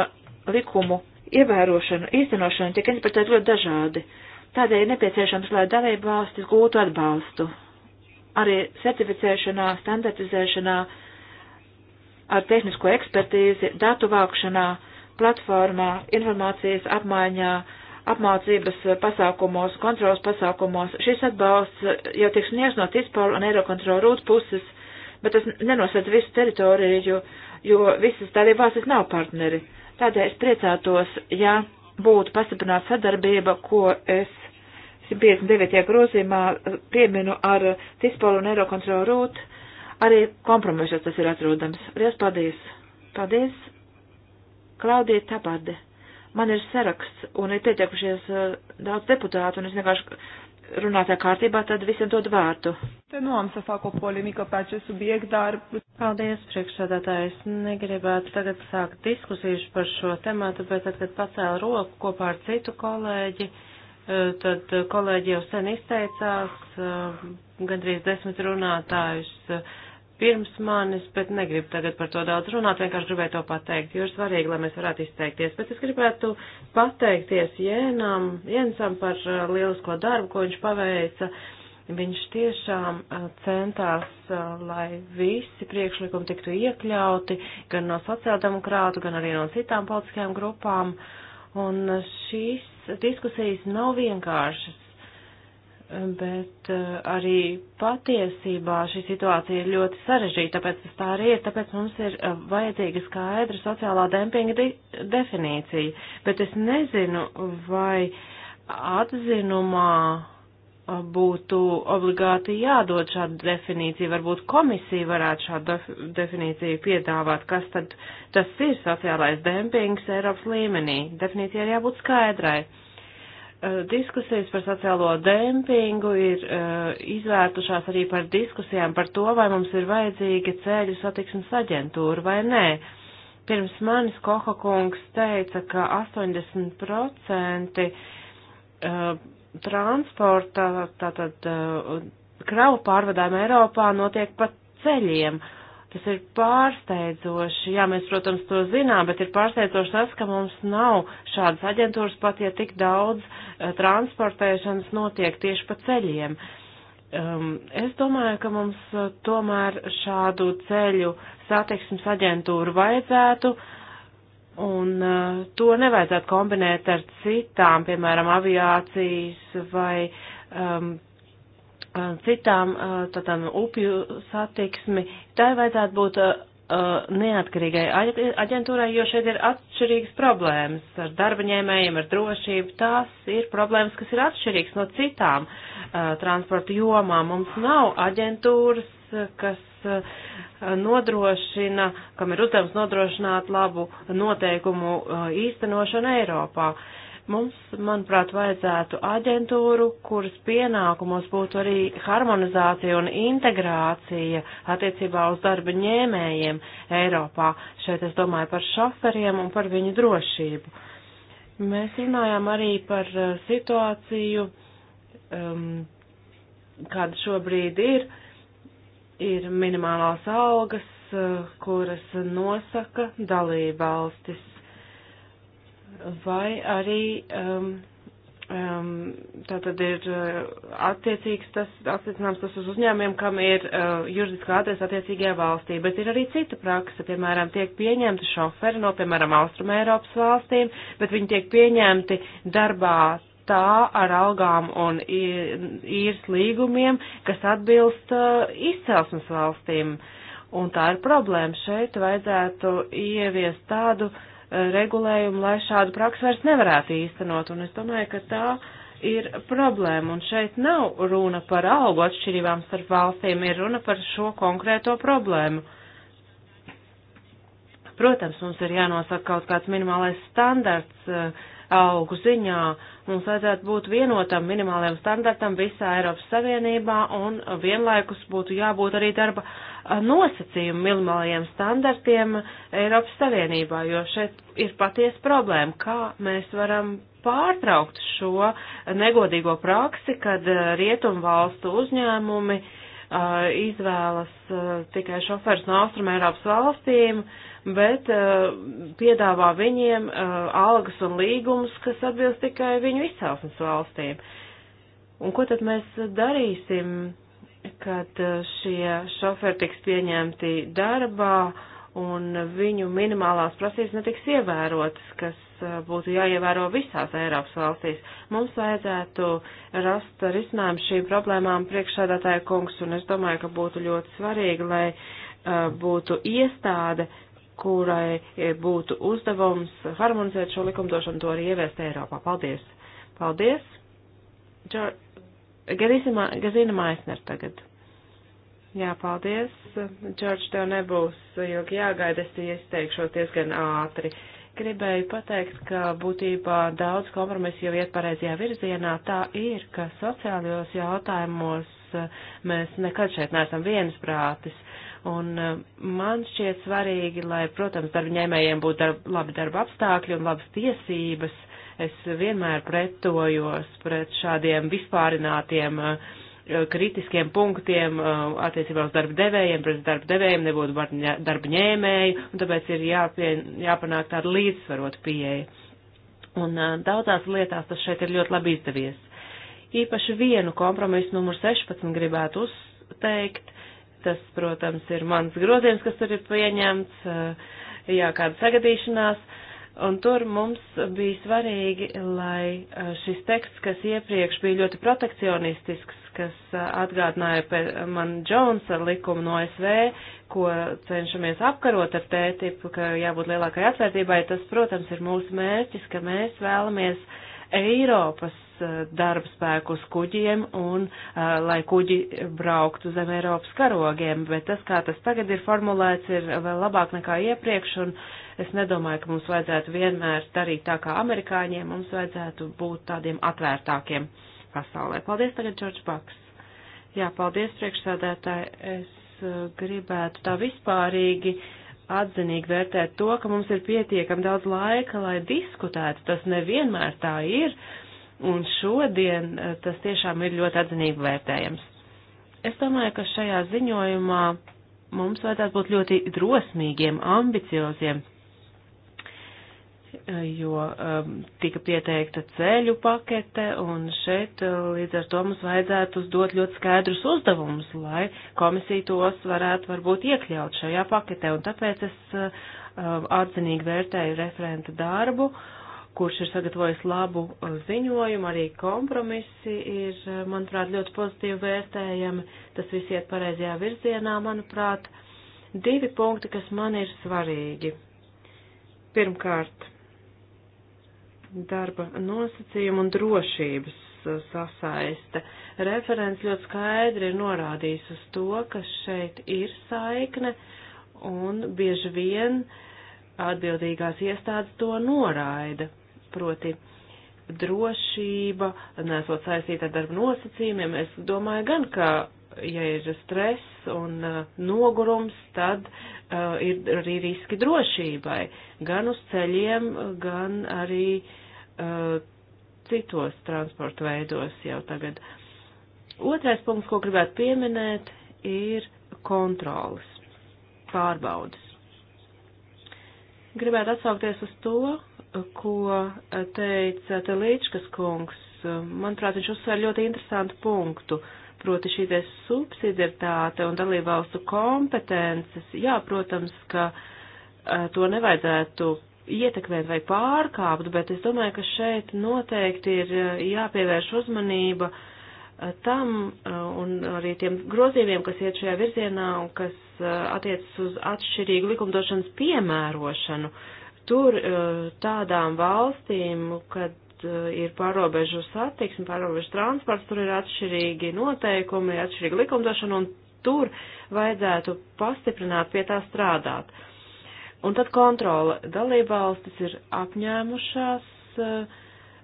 [SPEAKER 1] likumu ievērošanu, īstenošanu tiek interpretēt ļoti dažādi. Tādēļ ir nepieciešams, lai dalība valstis gūtu atbalstu. Arī certificēšanā, standartizēšanā, ar tehnisko ekspertīzi, datu vākšanā, platformā, informācijas apmaiņā, apmācības pasākumos, kontrolas pasākumos. Šis atbalsts jau tiek sniegts no TISPOL un Eirokontrola rūt puses, bet tas nenosedz visu teritoriju, jo, jo visas dalībvalstis nav partneri. Tādēļ es priecātos, ja būtu pastiprināta sadarbība, ko es 159. grozījumā pieminu ar TISPOL un Eirokontrola rūt, arī kompromisos tas ir atrodams. Lielas paldies! Paldies! Klaudija Tabarde. Man ir saraksts, un ir pieteikušies uh, daudz deputātu, un es vienkārši runātā kārtībā tad visiem dod vārtu. Te nu am să fac o polemică pe acest subiect, dar... Paldies, priekšsēdētāji. Es negribētu tagad sākt diskusijas par šo tematu, bet tad, kad pacēlu roku kopā ar citu kolēģi, eh, tad eh, kolēģi jau sen izteicās, eh, gandrīz desmit runātājus pirms manis, bet negribu tagad par to daudz runāt, vienkārši gribēju to pateikt, jo ir svarīgi, lai mēs varētu izteikties. Bet es gribētu pateikties Jēnam, Jēnsam par uh, lielisko darbu, ko viņš paveica. Viņš tiešām uh, centās, uh, lai visi priekšlikumi tiktu iekļauti, gan no sociāldemokrātu, gan arī no citām politiskajām grupām. Un šīs diskusijas nav vienkāršas bet eh, arī patiesībā šī situācija ir ļoti sarežģīta, tāpēc tas tā arī ir, tāpēc mums ir eh, vajadzīga skaidra sociālā dempinga de definīcija. Bet es nezinu, vai atzinumā eh, būtu obligāti jādod šāda definīcija, varbūt komisija varētu šādu definīciju piedāvāt, kas tad tas ir sociālais dempings Eiropas līmenī. Definīcija ir jābūt skaidrai. Eh, diskusijas par sociālo dempingu ir uh, izvērtušās arī par diskusijām par to, vai mums ir vajadzīga ceļu satiksmes aģentūra vai nē. Pirms manis Koha kungs teica, ka 80% uh, eh, transporta, tātad uh, kravu pārvadājuma Eiropā notiek pa ceļiem. Uh, Tas ir pārsteidzoši. Jā, mēs, protams, to zinām, bet ir pārsteidzoši tas, ka mums nav šādas aģentūras pat, ja tik daudz uh, transportēšanas notiek tieši pa ceļiem. Um, es domāju, ka mums uh, tomēr šādu ceļu satiksmes aģentūru vajadzētu, un uh, to nevajadzētu kombinēt ar citām, piemēram, aviācijas vai um, Uh, citām uh, tādām upju satiksmi. Tā vajadzētu būt uh, neatkarīgai aģentūrai, jo šeit ir atšķirīgas problēmas ar darbaņēmējiem, ar drošību. Tās ir problēmas, kas ir atšķirīgas no citām uh, transporta jomām. Mums nav aģentūras, kas uh, nodrošina, kam ir uzdevums nodrošināt labu noteikumu uh, īstenošanu Eiropā. Uh, Mums, manuprāt, vajadzētu aģentūru, kuras pienākumos būtu arī harmonizācija un integrācija attiecībā uz darba ņēmējiem Eiropā. Šeit es domāju par šoferiem un par viņu drošību. Mēs runājām arī par uh, situāciju, um, kāda šobrīd ir. Ir minimālās algas, uh, kuras nosaka dalībvalstis vai arī um, um, tā tad ir uh, attiecīgs tas, attiecināms tas uz uzņēmiem, kam ir uh, juridiskā adrese attiecīgajā valstī, bet ir arī cita praksa, piemēram, tiek pieņemti šoferi no, piemēram, Austrum Eiropas valstīm, bet viņi tiek pieņemti darbā tā ar algām un īres līgumiem, kas atbilst uh, izcelsmes valstīm. Un tā ir problēma. Šeit vajadzētu ieviest tādu uh, regulējumu, lai šādu praksu vairs nevarētu īstenot. Un es domāju, ka tā ir problēma. Un šeit nav runa par algu atšķirībām starp valstīm, ir runa par šo konkrēto problēmu. Protams, mums ir jānosaka kaut kāds minimālais standarts eh, algu ziņā. Mums vajadzētu būt vienotam minimālajam standartam visā Eiropas Savienībā un vienlaikus būtu jābūt arī darba nosacījumu minimālajiem standartiem Eiropas Savienībā, jo šeit ir patiesa problēma, kā mēs varam pārtraukt šo negodīgo praksi, kad uh, rietumu valstu uzņēmumi uh, izvēlas uh, tikai šoferus no Austrum Eiropas valstīm, bet piedāvā viņiem algas un līgumus, kas atbilst tikai viņu izcelsmes valstīm. Un ko tad mēs darīsim? kad eh, šie šoferi tiks pieņemti darbā un viņu minimālās prasības netiks ievērotas, kas eh, būtu jāievēro visās Eiropas valstīs. Mums vajadzētu rast risinājumu šīm problēmām priekšādātāja kungs, un es domāju, ka būtu ļoti svarīgi, lai uh, būtu iestāde, kurai būtu uzdevums harmonizēt šo likumdošanu, to arī ieviest Eiropā. Paldies! Paldies! Džor Gazina Maisner tagad. Jā, paldies. Čorč, tev nebūs ilgi jāgaida, es izteikšos diezgan ātri. Gribēju pateikt, ka būtībā daudz kompromisu jau iet pareizajā virzienā. Tā ir, ka sociālajos jautājumos eh, mēs nekad šeit neesam viensprātis. Un eh, man šķiet svarīgi, lai, protams, darba ņēmējiem būtu darb, labi darba apstākļi un labas tiesības Es vienmēr pretojos pret šādiem vispārinātiem eh, kritiskiem punktiem eh, attiecībā uz darba devējiem, pret darba devējiem nebūtu darba ņēmēji, un tāpēc ir jāpien, jāpanāk tāda līdzsvarota pieeja. Un eh, daudzās lietās tas šeit ir ļoti labi izdevies. Īpaši vienu kompromisu numur 16 gribētu uzteikt. Tas, protams, ir mans grozījums, kas tur ir pieņemts, jā, kāda sagadīšanās. Un tur mums bija svarīgi, lai šis teksts, kas iepriekš bija ļoti protekcionistisks, kas atgādināja man Džonsa likumu no SV, ko cenšamies apkarot ar tētipu, ka jābūt lielākai atvērtībai, tas, protams, ir mūsu mērķis, ka mēs vēlamies Eiropas Eh, darba spēku uz kuģiem un eh, lai kuģi brauktu zem Eiropas karogiem, bet tas, kā tas tagad ir formulēts, ir vēl labāk nekā iepriekš, un es nedomāju, ka mums vajadzētu vienmēr darīt tā kā amerikāņiem, mums vajadzētu būt tādiem atvērtākiem pasaulē. Paldies tagad, Džordž Baks. Jā, paldies priekšsādētāji. Es eh, gribētu tā vispārīgi atzinīgi vērtēt to, ka mums ir pietiekami daudz laika, lai diskutētu. Tas nevienmēr tā ir. Uh, Un šodien e, tas tiešām ir ļoti atzinīgi vērtējams. Es domāju, ka šajā ziņojumā mums vajadzētu būt ļoti drosmīgiem, ambicioziem, e, jo um, tika pieteikta ceļu pakete, un šeit līdz ar to mums vajadzētu uzdot ļoti skaidrus uzdevumus, lai komisija tos varētu varbūt iekļaut šajā paketē, un tāpēc es um, atzinīgi vērtēju referenta darbu. Uh, kurš ir sagatavojis labu uh, ziņojumu, arī kompromisi ir, uh, manuprāt, ļoti pozitīvi vērtējami. Tas viss iet pareizajā virzienā, manuprāt. Divi punkti, kas man ir svarīgi. Pirmkārt, darba nosacījuma un drošības uh, sasaiste. Referents ļoti skaidri ir norādījis uz to, ka šeit ir saikne un bieži vien uh, atbildīgās iestādes to noraida. Proti, drošība, nesot saistīta ar darba nosacījumiem, es domāju gan, ka, ja ir stress un uh, nogurums, tad uh, ir arī riski drošībai, gan uz ceļiem, gan arī uh, citos transporta veidos jau tagad. Otrais punkts, ko gribētu pieminēt, ir kontrolas, pārbaudas. Gribētu atsaukties uz to, ko eh, teica Telīčkas kungs. Manuprāt, viņš uzsver ļoti interesantu punktu, proti šī te subsidiaritāte un dalībvalstu kompetences. Jā, protams, ka eh, to nevajadzētu ietekmēt vai pārkāpt, bet es domāju, ka šeit noteikti ir eh, jāpievērš uzmanība uh, Eh, tam eh, un arī tiem grozījumiem, kas iet šajā virzienā un kas eh, attiecas uz atšķirīgu likumdošanas piemērošanu. Tur tādām valstīm, kad ir pārobežu satiksme, pārobežu transports, tur ir atšķirīgi noteikumi, atšķirīga likumdošana un tur vajadzētu pastiprināt pie tā strādāt. Un tad kontrola dalībvalstis ir apņēmušās uh,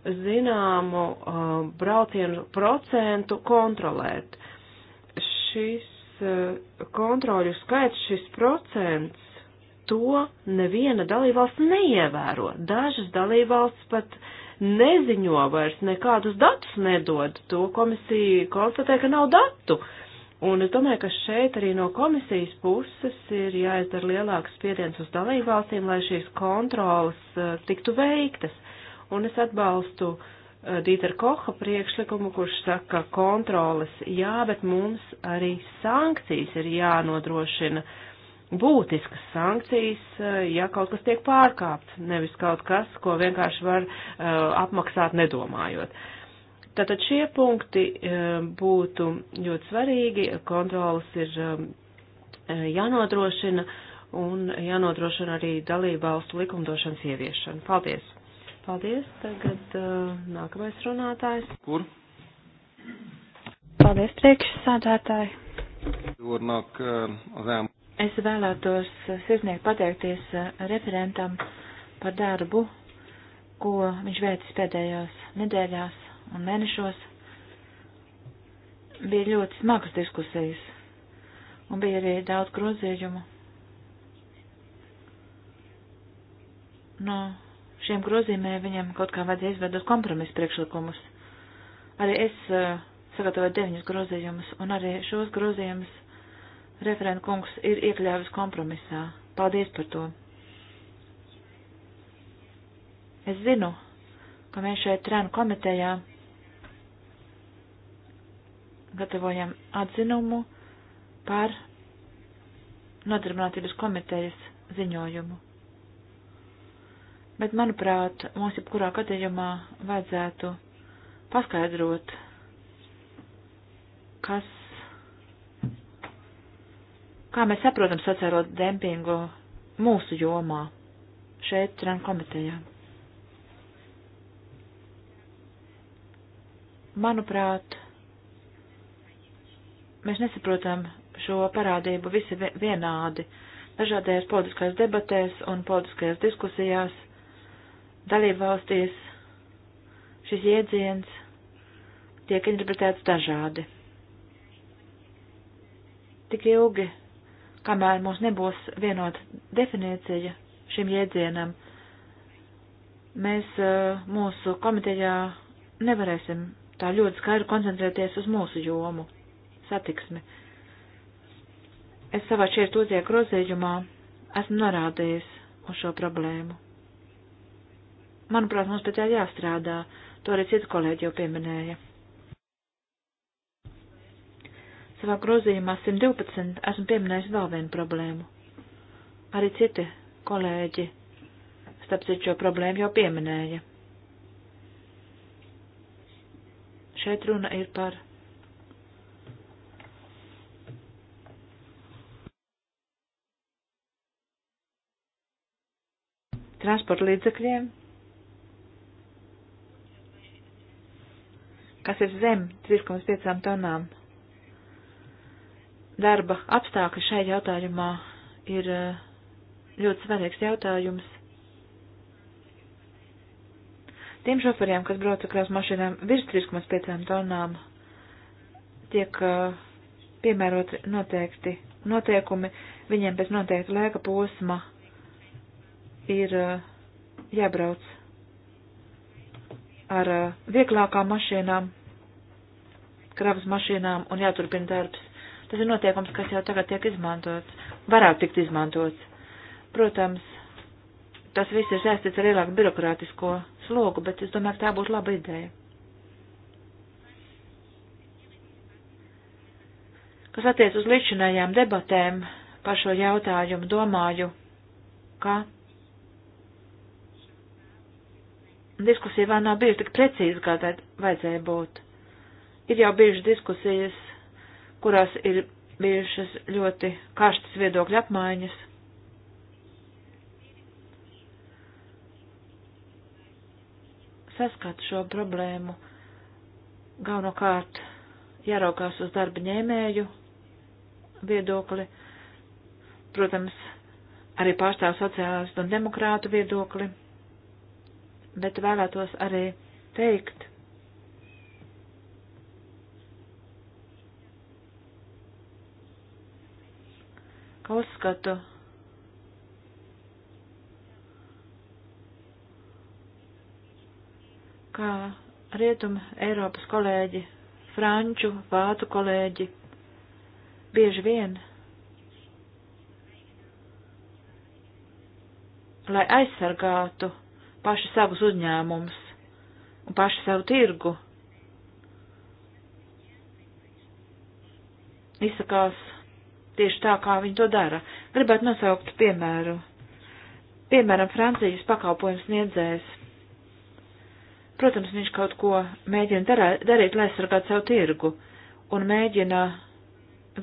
[SPEAKER 1] zināmu uh, braucienu procentu kontrolēt. Šis uh, kontroļu skaits, šis procents, to neviena dalībvalsts neievēro. Dažas dalībvalsts pat neziņo vairs nekādus datus nedod. To komisija konstatē, ka nav datu. Un es domāju, ka šeit arī no komisijas puses ir jāizdara lielāks spiediens uz dalībvalstīm, lai šīs kontrolas uh, tiktu veiktas un es atbalstu eh, Dītera Koha priekšlikumu, kurš saka kontrolas jā, bet mums arī sankcijas ir jānodrošina, būtiskas sankcijas, eh, ja kaut kas tiek pārkāpts, nevis kaut kas, ko vienkārši var uh, apmaksāt nedomājot. Tātad šie punkti uh, būtu ļoti svarīgi, kontrolas ir uh, jānodrošina un jānodrošina arī dalībvalstu likumdošanas ieviešana. Paldies! Paldies. Tagad uh, nākamais runātājs. Kur? Paldies, priekšsādātāji. Jūrnāk, uh, es vēlētos uh, sirsnieki pateikties uh, referentam par darbu, ko viņš veicis pēdējās nedēļās un mēnešos. Bija ļoti smagas diskusijas, un bija arī daudz grozījumu. No nu, Šiem grozījumiem viņam kaut kā vajadzēja izveidot kompromisu priekšlikumus. Arī es uh, sagatavoju deviņus grozījumus, un arī šos grozījumus referenta kungs ir iekļāvis kompromisā. Paldies par to! Es zinu, ka mēs šeit trēnu komitejā gatavojam atzinumu par nodarbinātības komitejas ziņojumu. Bet, manuprāt, mums jebkurā gadījumā vajadzētu paskaidrot, kas, kā mēs saprotam sociālo dempingu mūsu jomā šeit Trump komitejā. Manuprāt, mēs nesaprotam šo parādību visi vienādi dažādajās politiskajās debatēs un politiskajās diskusijās dalībvalstīs šis jēdziens tiek interpretēts dažādi. Tik ilgi, kamēr mums nebūs vienota definīcija šim jēdzienam, mēs eh, mūsu komitejā nevarēsim tā ļoti skaidri koncentrēties uz mūsu jomu - satiksmi. Es savā šeit otrajā grozījumā esmu norādījis uz šo problēmu. Manuprāt, mums pēc tā jāstrādā. To arī citi kolēģi jau pieminēja. Savā grozījumā 112 esmu pieminējis vēl vienu problēmu. Arī citi kolēģi starp citu šo problēmu jau pieminēja. Šeit runa ir par transporta līdzekļiem, kas ir zem 3,5 tonām. Darba apstākļi šai jautājumā ir eh, ļoti svarīgs jautājums. Tiem šoferiem, kas brauc ar krāsu mašīnām virs 3,5 tonām, tiek eh, piemēroti noteikti noteikumi, viņiem bez noteikta laika posma ir eh, jābrauc ar eh, vieglākām mašīnām, kravas mašīnām un jāturpina darbs. Tas ir notiekums, kas jau tagad tiek izmantots, varētu tikt izmantots. Protams, tas viss ir saistīts ar lielāku birokrātisko slogu, bet es domāju, ka tā būtu laba ideja. Kas attiec uz līdzinājām debatēm par šo jautājumu, domāju, ka diskusija vēl nav bijusi tik precīza, kā tai vajadzēja būt. Ir jau bijušas diskusijas, kurās ir bijušas ļoti karstas viedokļa apmaiņas. Saskatu šo problēmu galvenokārt jāraukās uz darba ņēmēju viedokli, protams, arī pārstāv sociālistu un demokrātu viedokli bet vēlētos arī teikt, ka uzskatu, kā Rietum Eiropas kolēģi, Franču, Vācu kolēģi, bieži vien, lai aizsargātu paši savus uzņēmumus un paši savu tirgu. Izsakās tieši tā, kā viņi to dara. Gribētu nosaukt piemēru. Piemēram, Francijas pakalpojums sniedzējs. Protams, viņš kaut ko mēģina darā, darīt, lai aizsargātu savu tirgu, un mēģina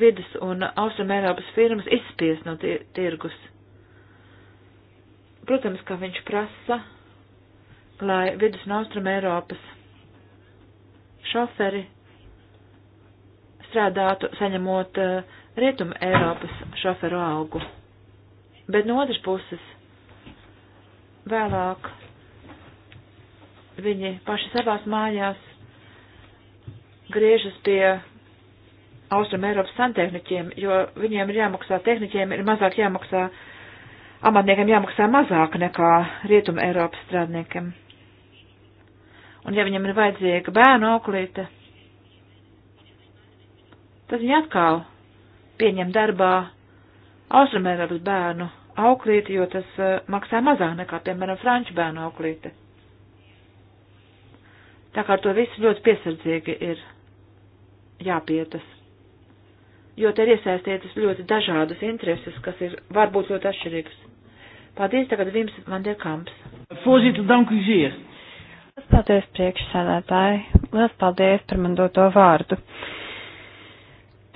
[SPEAKER 1] vidus un austrumēropas firmas izspiest no tirgus. Protams, kā viņš prasa lai vidus un austrum Eiropas šoferi strādātu saņemot uh, rietumu Eiropas šoferu augu. Bet no otras puses, vēlāk viņi paši savās mājās griežas pie Austrum Eiropas santehniķiem, jo viņiem ir jāmaksā, tehniķiem ir mazāk jāmaksā, amatniekiem jāmaksā mazāk nekā Rietum Eiropas strādniekiem un ja viņam ir vajadzīga bērnu auklīte, tad viņi atkal pieņem darbā austrumērabas bērnu auklīti, jo tas uh, maksā mazāk nekā, piemēram, franču bērnu auklīti. Tā kā ar to visu ļoti piesardzīgi ir jāpietas, jo te ir iesaistītas ļoti dažādas intereses, kas ir varbūt ļoti atšķirīgas. Paldies, tagad Vims Vanderkamps. Voorzitter, dank u zeer. Paldies priekšsēdētāji. Lielas paldies par man doto vārdu.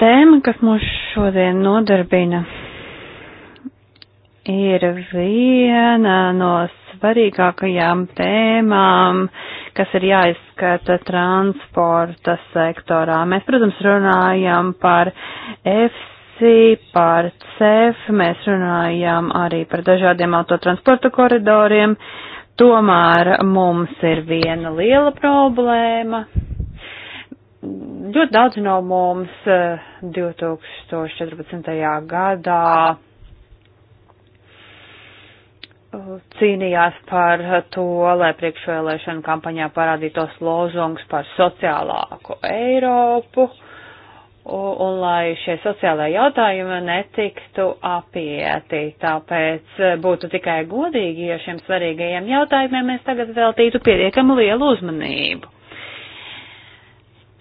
[SPEAKER 1] Tēma, kas mūs šodien nodarbina, ir viena no svarīgākajām tēmām, kas ir jāizskata transporta sektorā. Mēs, protams, runājam par EFSI, par CEF, mēs runājam arī par dažādiem autotransporta koridoriem. Uh, Tomēr mums ir viena liela problēma. Ļoti daudz no mums 2014. Eh, gadā eh, cīnījās par to, lai priekšvēlēšana kampaņā parādītos lozungs par sociālāku Eiropu. Uh, un, un lai šie sociālai jautājumi netiktu apieti. Tāpēc e, būtu tikai godīgi, ja šiem svarīgajiem jautājumiem mēs tagad veltītu pietiekamu lielu uzmanību.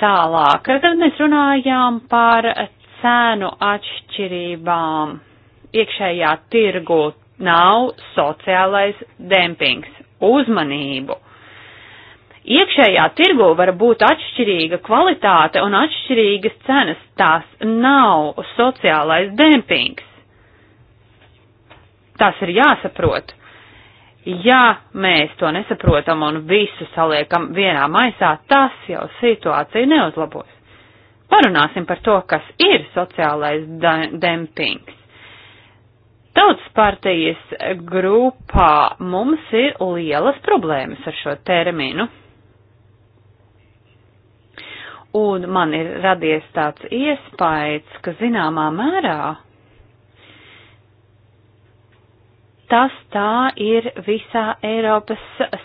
[SPEAKER 1] Tālāk, tad mēs runājām par cēnu atšķirībām. Iekšējā tirgu nav sociālais dempings. Uzmanību! iekšējā tirgu var būt atšķirīga kvalitāte un atšķirīgas cenas. Tās nav sociālais dempings. Tas ir jāsaprot. Ja mēs to nesaprotam un visu saliekam vienā maisā, tas jau situāciju neuzlabos. Parunāsim par to, kas ir sociālais dempings. Tautas partijas grupā mums ir lielas problēmas ar šo terminu. Un man ir radies tāds iespējas, ka zināmā mērā tas tā ir visā Eiropas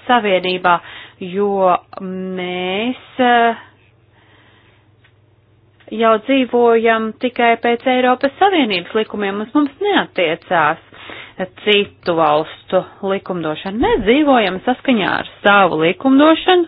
[SPEAKER 1] Savienībā, jo mēs eh, jau dzīvojam tikai pēc Eiropas Savienības likumiem, uz mums neatiecās citu valstu likumdošana. Mēs dzīvojam saskaņā ar savu likumdošanu,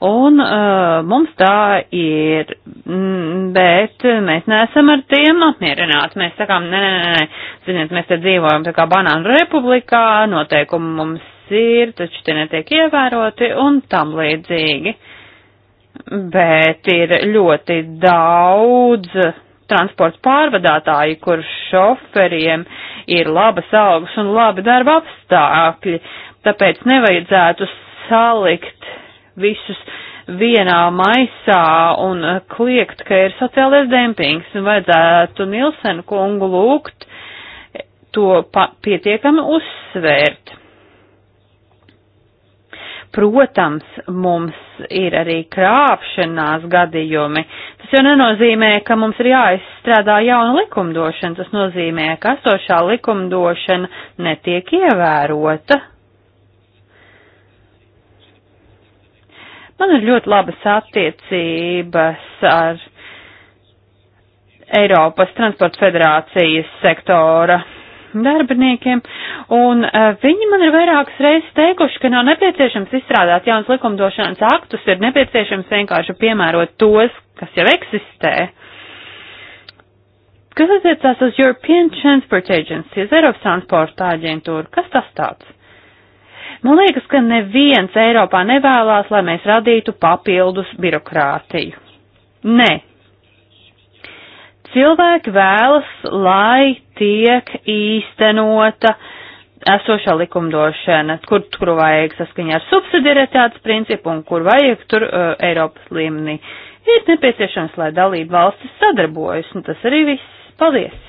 [SPEAKER 1] Un uh, mums tā ir, mm, bet mēs neesam ar tiem apmierināti. Mēs sakām, nē, nē, nē, ziniet, mēs te dzīvojam tā kā banānu republikā, noteikumi mums ir, taču tie netiek ievēroti un tam līdzīgi. Bet ir ļoti daudz transporta pārvadātāji, kur šoferiem ir labas algas un labi darba apstākļi, tāpēc nevajadzētu salikt visus vienā maisā un eh, kliegt, ka ir sociālais dempings, un nu, vajadzētu Nilsenu kungu lūgt to pietiekami uzsvērt. Protams, mums ir arī krāpšanās gadījumi. Tas jau nenozīmē, ka mums ir jāizstrādā jauna likumdošana, tas nozīmē, ka esošā likumdošana netiek ievērota. Man ir ļoti labas attiecības ar Eiropas Transporta Federācijas sektora darbiniekiem, un uh, viņi man ir vairākas reizes teikuši, ka nav nepieciešams izstrādāt jaunas likumdošanas aktus, ir nepieciešams vienkārši piemērot tos, kas jau eksistē. Kas attiecās uz European Transport Agency, uz Eiropas transporta aģentūru? Kas tas tāds? Man liekas, ka neviens Eiropā nevēlās, lai mēs radītu papildus birokrātiju. Nē. Cilvēki vēlas, lai tiek īstenota esošā likumdošana, kur, kur vajag saskaņā ar subsidiaritātes principu un kur vajag tur uh, Eiropas līmenī. Ir nepieciešams, lai dalība valstis sadarbojas, un tas arī viss. Paldies!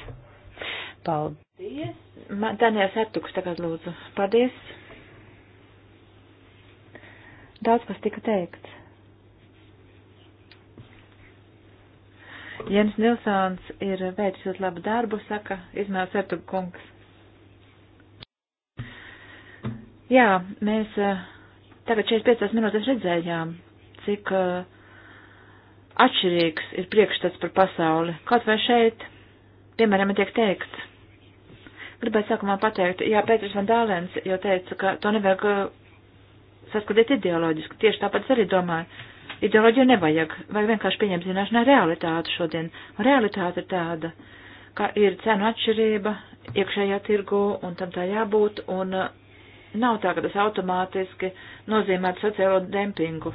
[SPEAKER 1] Paldies! Man, Daniels Ertuks tagad lūdzu. Paldies! Daudz kas tika teikts. Jens Nilsons ir veicis ļoti labu darbu, saka Izmēls Ertuga kungs. Jā, mēs eh, tagad 45 minūtēs redzējām, cik eh, atšķirīgs ir priekšstats par pasauli. Kaut vai šeit, piemēram, tiek teikts. Gribētu sākumā pateikt, jā, Pēters Van Dālens jau teica, ka to nevajag eh, saskatiet ideoloģiski. Tieši tāpat es arī domāju. Ideoloģiju nevajag, vajag vienkārši pieņemt zināšanā realitāti šodien. Un realitāte ir tāda, ka ir cenu atšķirība iekšējā tirgu un tam tā jābūt, un uh, nav tā, ka tas automātiski nozīmētu sociālo dempingu.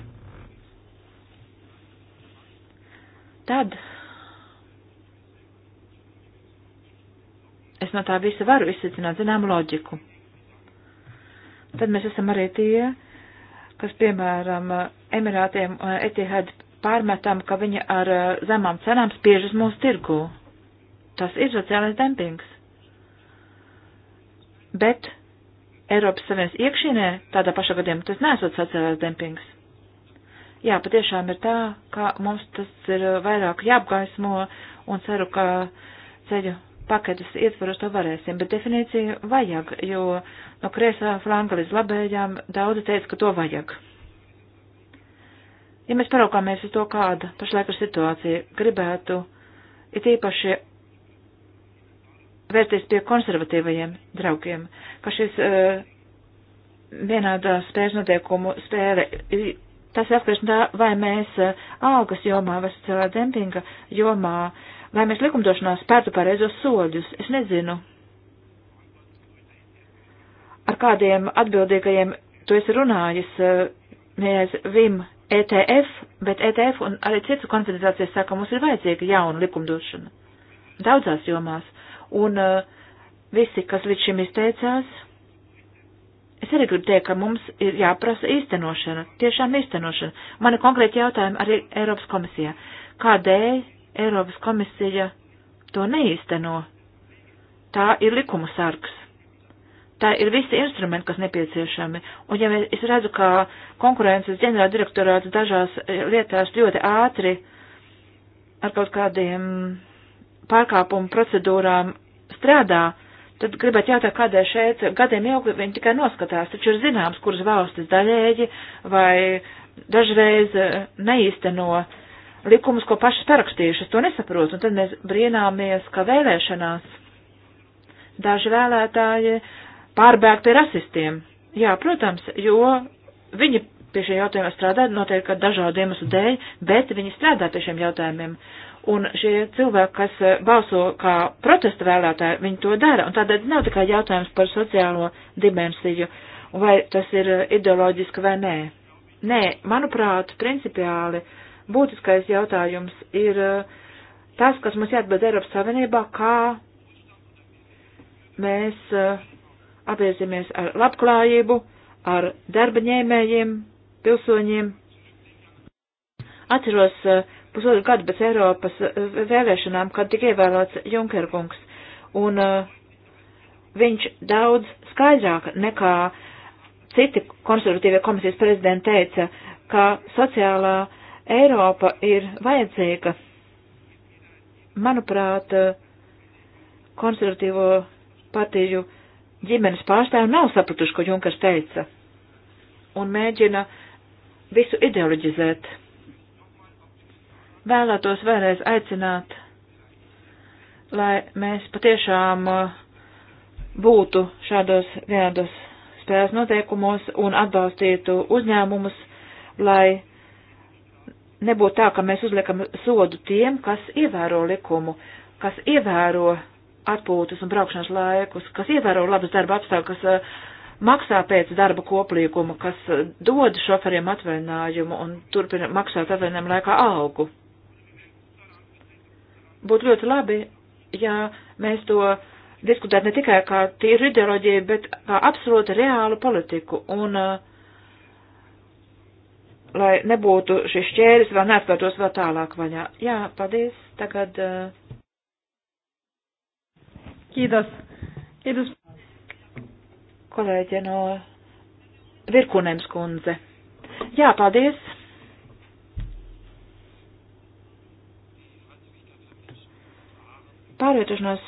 [SPEAKER 1] Tad es no tā visa varu izsicināt zināmu loģiku. Tad mēs esam arī tie, kas, piemēram, Emirātiem un eh, Etihad pārmetam, ka viņi ar eh, zemām cenām spiež uz mūsu tirgu. Tas ir sociālais dempings. Bet Eiropas Savienības iekšienē tādā pašā gadījumā tas nesot sociālais dempings. Jā, patiešām ir tā, ka mums tas ir eh, vairāk jāapgaismo un ceru, ka ceļu paketes ietvaros to varēsim, bet definīciju vajag, jo no kreisā flanga līdz labējām daudzi teica, ka to vajag. Ja mēs paraukāmies uz to, kāda pašlaik ir situācija, gribētu it īpaši vērsties pie konservatīvajiem draugiem, ka šis uh, vienādā spējas noteikumu spēle, tas atkarīgs no tā, vai mēs uh, algas jomā vai sociālā dempinga jomā uh, Vai mēs likumdošanā spērtu pareizos soļus? Es nezinu. Ar kādiem atbildīgajiem tu esi runājis, eh, mēs VIM ETF, bet ETF un arī citu konfederācijas saka, mums ir vajadzīga jauna likumdošana. Daudzās jomās. Un uh, visi, kas līdz šim izteicās, es arī gribu teikt, ka mums ir jāprasa īstenošana, tiešām īstenošana. Man ir konkrēti jautājumi arī Eiropas komisijā. Kādēļ Eiropas komisija to neīsteno. Tā ir likuma sargs. Tā ir visi instrumenti, kas nepieciešami. Un ja mēs, es redzu, ka konkurences ģenerāla direktorāts dažās e, lietās ļoti ātri ar kaut kādiem pārkāpumu procedūrām strādā, tad gribētu jautāt, kādēļ šeit gadiem ilgi viņi tikai noskatās, taču ir zināms, kuras valstis daļēji vai dažreiz e, neīsteno likumus, ko paši parakstījuši. Es to nesaprotu. Un tad mēs brīnāmies, ka vēlēšanās daži vēlētāji pārbēg pie rasistiem. Jā, protams, jo viņi pie šiem jautājumiem strādā noteikti dažādu iemeslu dēļ, bet viņi strādā pie šiem jautājumiem. Un šie cilvēki, kas eh, balso kā protesta vēlētāji, viņi to dara. Un tādēļ nav tikai jautājums par sociālo dimensiju, vai tas ir eh, ideoloģiski vai nē. Nē, manuprāt, principiāli uh, būtiskais jautājums ir eh, tas, kas mums jāatbild Eiropas Savienībā, kā mēs eh, apiezīmies ar labklājību, ar darba ņēmējiem, pilsoņiem. Atceros eh, pusotru gadu pēc Eiropas vēlēšanām, kad tika ievēlēts Junkerkungs, un viņš daudz skaidrāk nekā citi konservatīvie komisijas prezidenti teica, ka sociālā uh, Eiropa ir vajadzīga. Manuprāt, konservatīvo partiju ģimenes pārstāvi nav sapratuši, ko Junkers teica, un mēģina visu ideoloģizēt. Vēlētos vēlreiz aicināt, lai mēs patiešām uh, būtu šādos vienādos spēles noteikumos un atbalstītu uzņēmumus, lai nebūtu tā, ka mēs uzliekam sodu tiem, kas ievēro likumu, kas ievēro atpūtas un braukšanas laikus, kas ievēro labas darba apstākļus, kas uh, maksā pēc darba koplīguma, kas uh, dod šoferiem atvaļinājumu un turpina maksāt atvaļinājumu laikā algu. Būtu ļoti labi, ja mēs to diskutētu ne tikai kā tīru ideoloģiju, bet kā absolūti reālu politiku. Un uh, lai nebūtu šis šķēris, vēl neatkārtos vēl tālāk vaļā. Jā, paldies. Tagad. Uh... Kīdas. Kīdas. Kolēģe no Virkunēms kundze. Jā, paldies. Pārvietošanās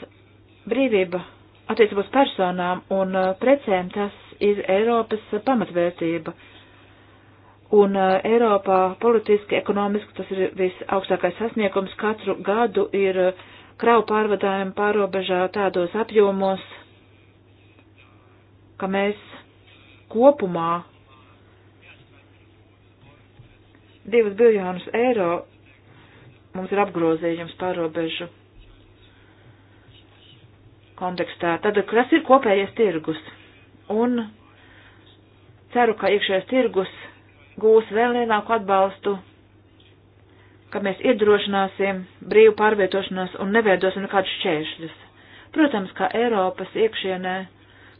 [SPEAKER 1] brīvība attiecībos personām un uh, precēm tas ir Eiropas pamatvērtība. Un uh, Eiropā politiski, ekonomiski tas ir visaugstākais sasniegums. Katru gadu ir uh, kravu pārvadājumi pārobežā tādos apjomos, ka mēs kopumā divus biljonus eiro mums ir apgrozījums pārobežu kontekstā. Tad, kas ir kopējais tirgus? Un ceru, ka iekšējais tirgus gūs vēl lielāku atbalstu, ka mēs iedrošināsim brīvu pārvietošanos un neveidosim nekādus šķēršļus. Protams, ka Eiropas iekšienē,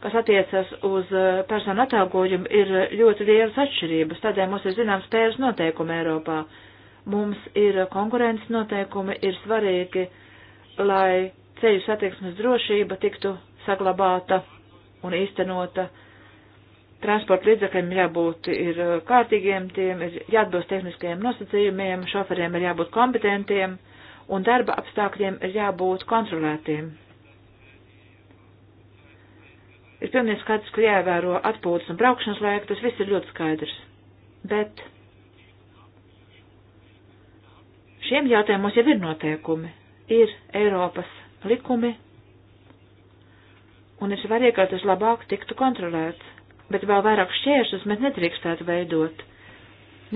[SPEAKER 1] kas attiecas uz eh, personu atalgojumu, ir ļoti lielas atšķirības, tādēļ mums ir zināms spēles noteikumi Eiropā. Mums ir konkurences noteikumi, ir svarīgi, lai ceļu satiksmes drošība tiktu saglabāta un īstenota transporta līdzekļiem jābūt ir uh, kārtīgiem, tiem ir jāatbilst tehniskajiem nosacījumiem, šoferiem ir jābūt kompetentiem un darba apstākļiem ir jābūt kontrolētiem. Ir pilnīgi skaidrs, ka jāievēro atpūtas un braukšanas laika, tas viss ir ļoti skaidrs. Bet šiem jautājumos jau ir noteikumi, ir Eiropas likumi, un ir svarīgi, ka tas labāk tiktu kontrolēts bet vēl vairāk šķēršļus mēs nedrīkstētu veidot.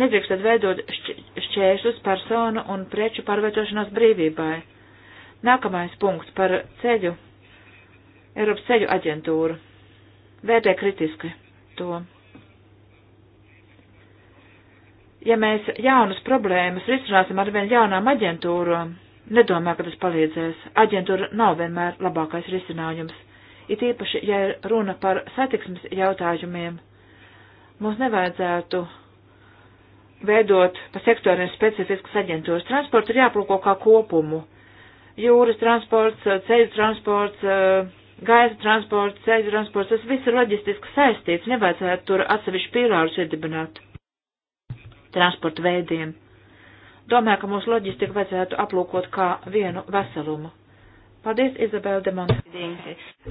[SPEAKER 1] Nedrīkstētu veidot šķēršļus personu un preču pārvietošanās brīvībai. Nākamais punkts par ceļu, Eiropas ceļu aģentūru. Vērtē kritiski to. Ja mēs jaunas problēmas risināsim ar vien jaunām aģentūrām, nedomā, ka tas palīdzēs. Aģentūra nav vienmēr labākais risinājums it īpaši, ja ir runa par satiksmes jautājumiem. Mums nevajadzētu veidot pa sektoriem specifiskas aģentūras. Transports ir jāplūko kā kopumu. Jūras transports, ceļu transports, eh, gaisa transports, ceļu transports, tas viss ir loģistiski saistīts, nevajadzētu tur atsevišķi pīlārus iedibināt transporta veidiem. Domāju, ka mūsu loģistiku vajadzētu aplūkot kā vienu veselumu. Paldies, Izabela Demonte.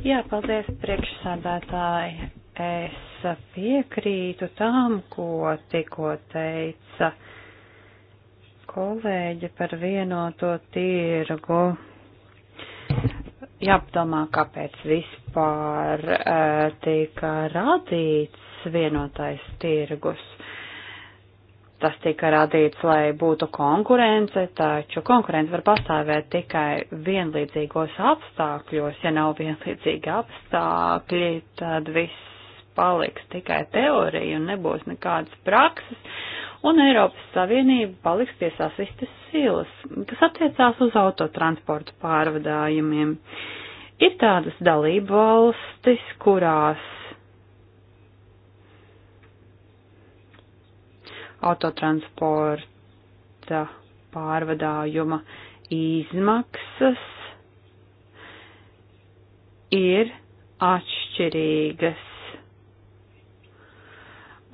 [SPEAKER 1] Jā, paldies, priekšsādātāji. Es piekrītu tam, ko tikko teica kolēģi par vienoto tirgu. Jāpadomā, kāpēc vispār eh, tika radīts vienotais tirgus. Uh, Tas tika radīts, lai būtu konkurence, taču konkurence var pastāvēt tikai vienlīdzīgos apstākļos. Ja nav vienlīdzīgi apstākļi, tad viss paliks tikai teorija un nebūs nekādas prakses, un Eiropas Savienība paliks pie sasistas silas, kas attiecās uz autotransportu pārvadājumiem. Ir tādas dalība valstis, kurās autotransporta pārvadājuma izmaksas ir atšķirīgas.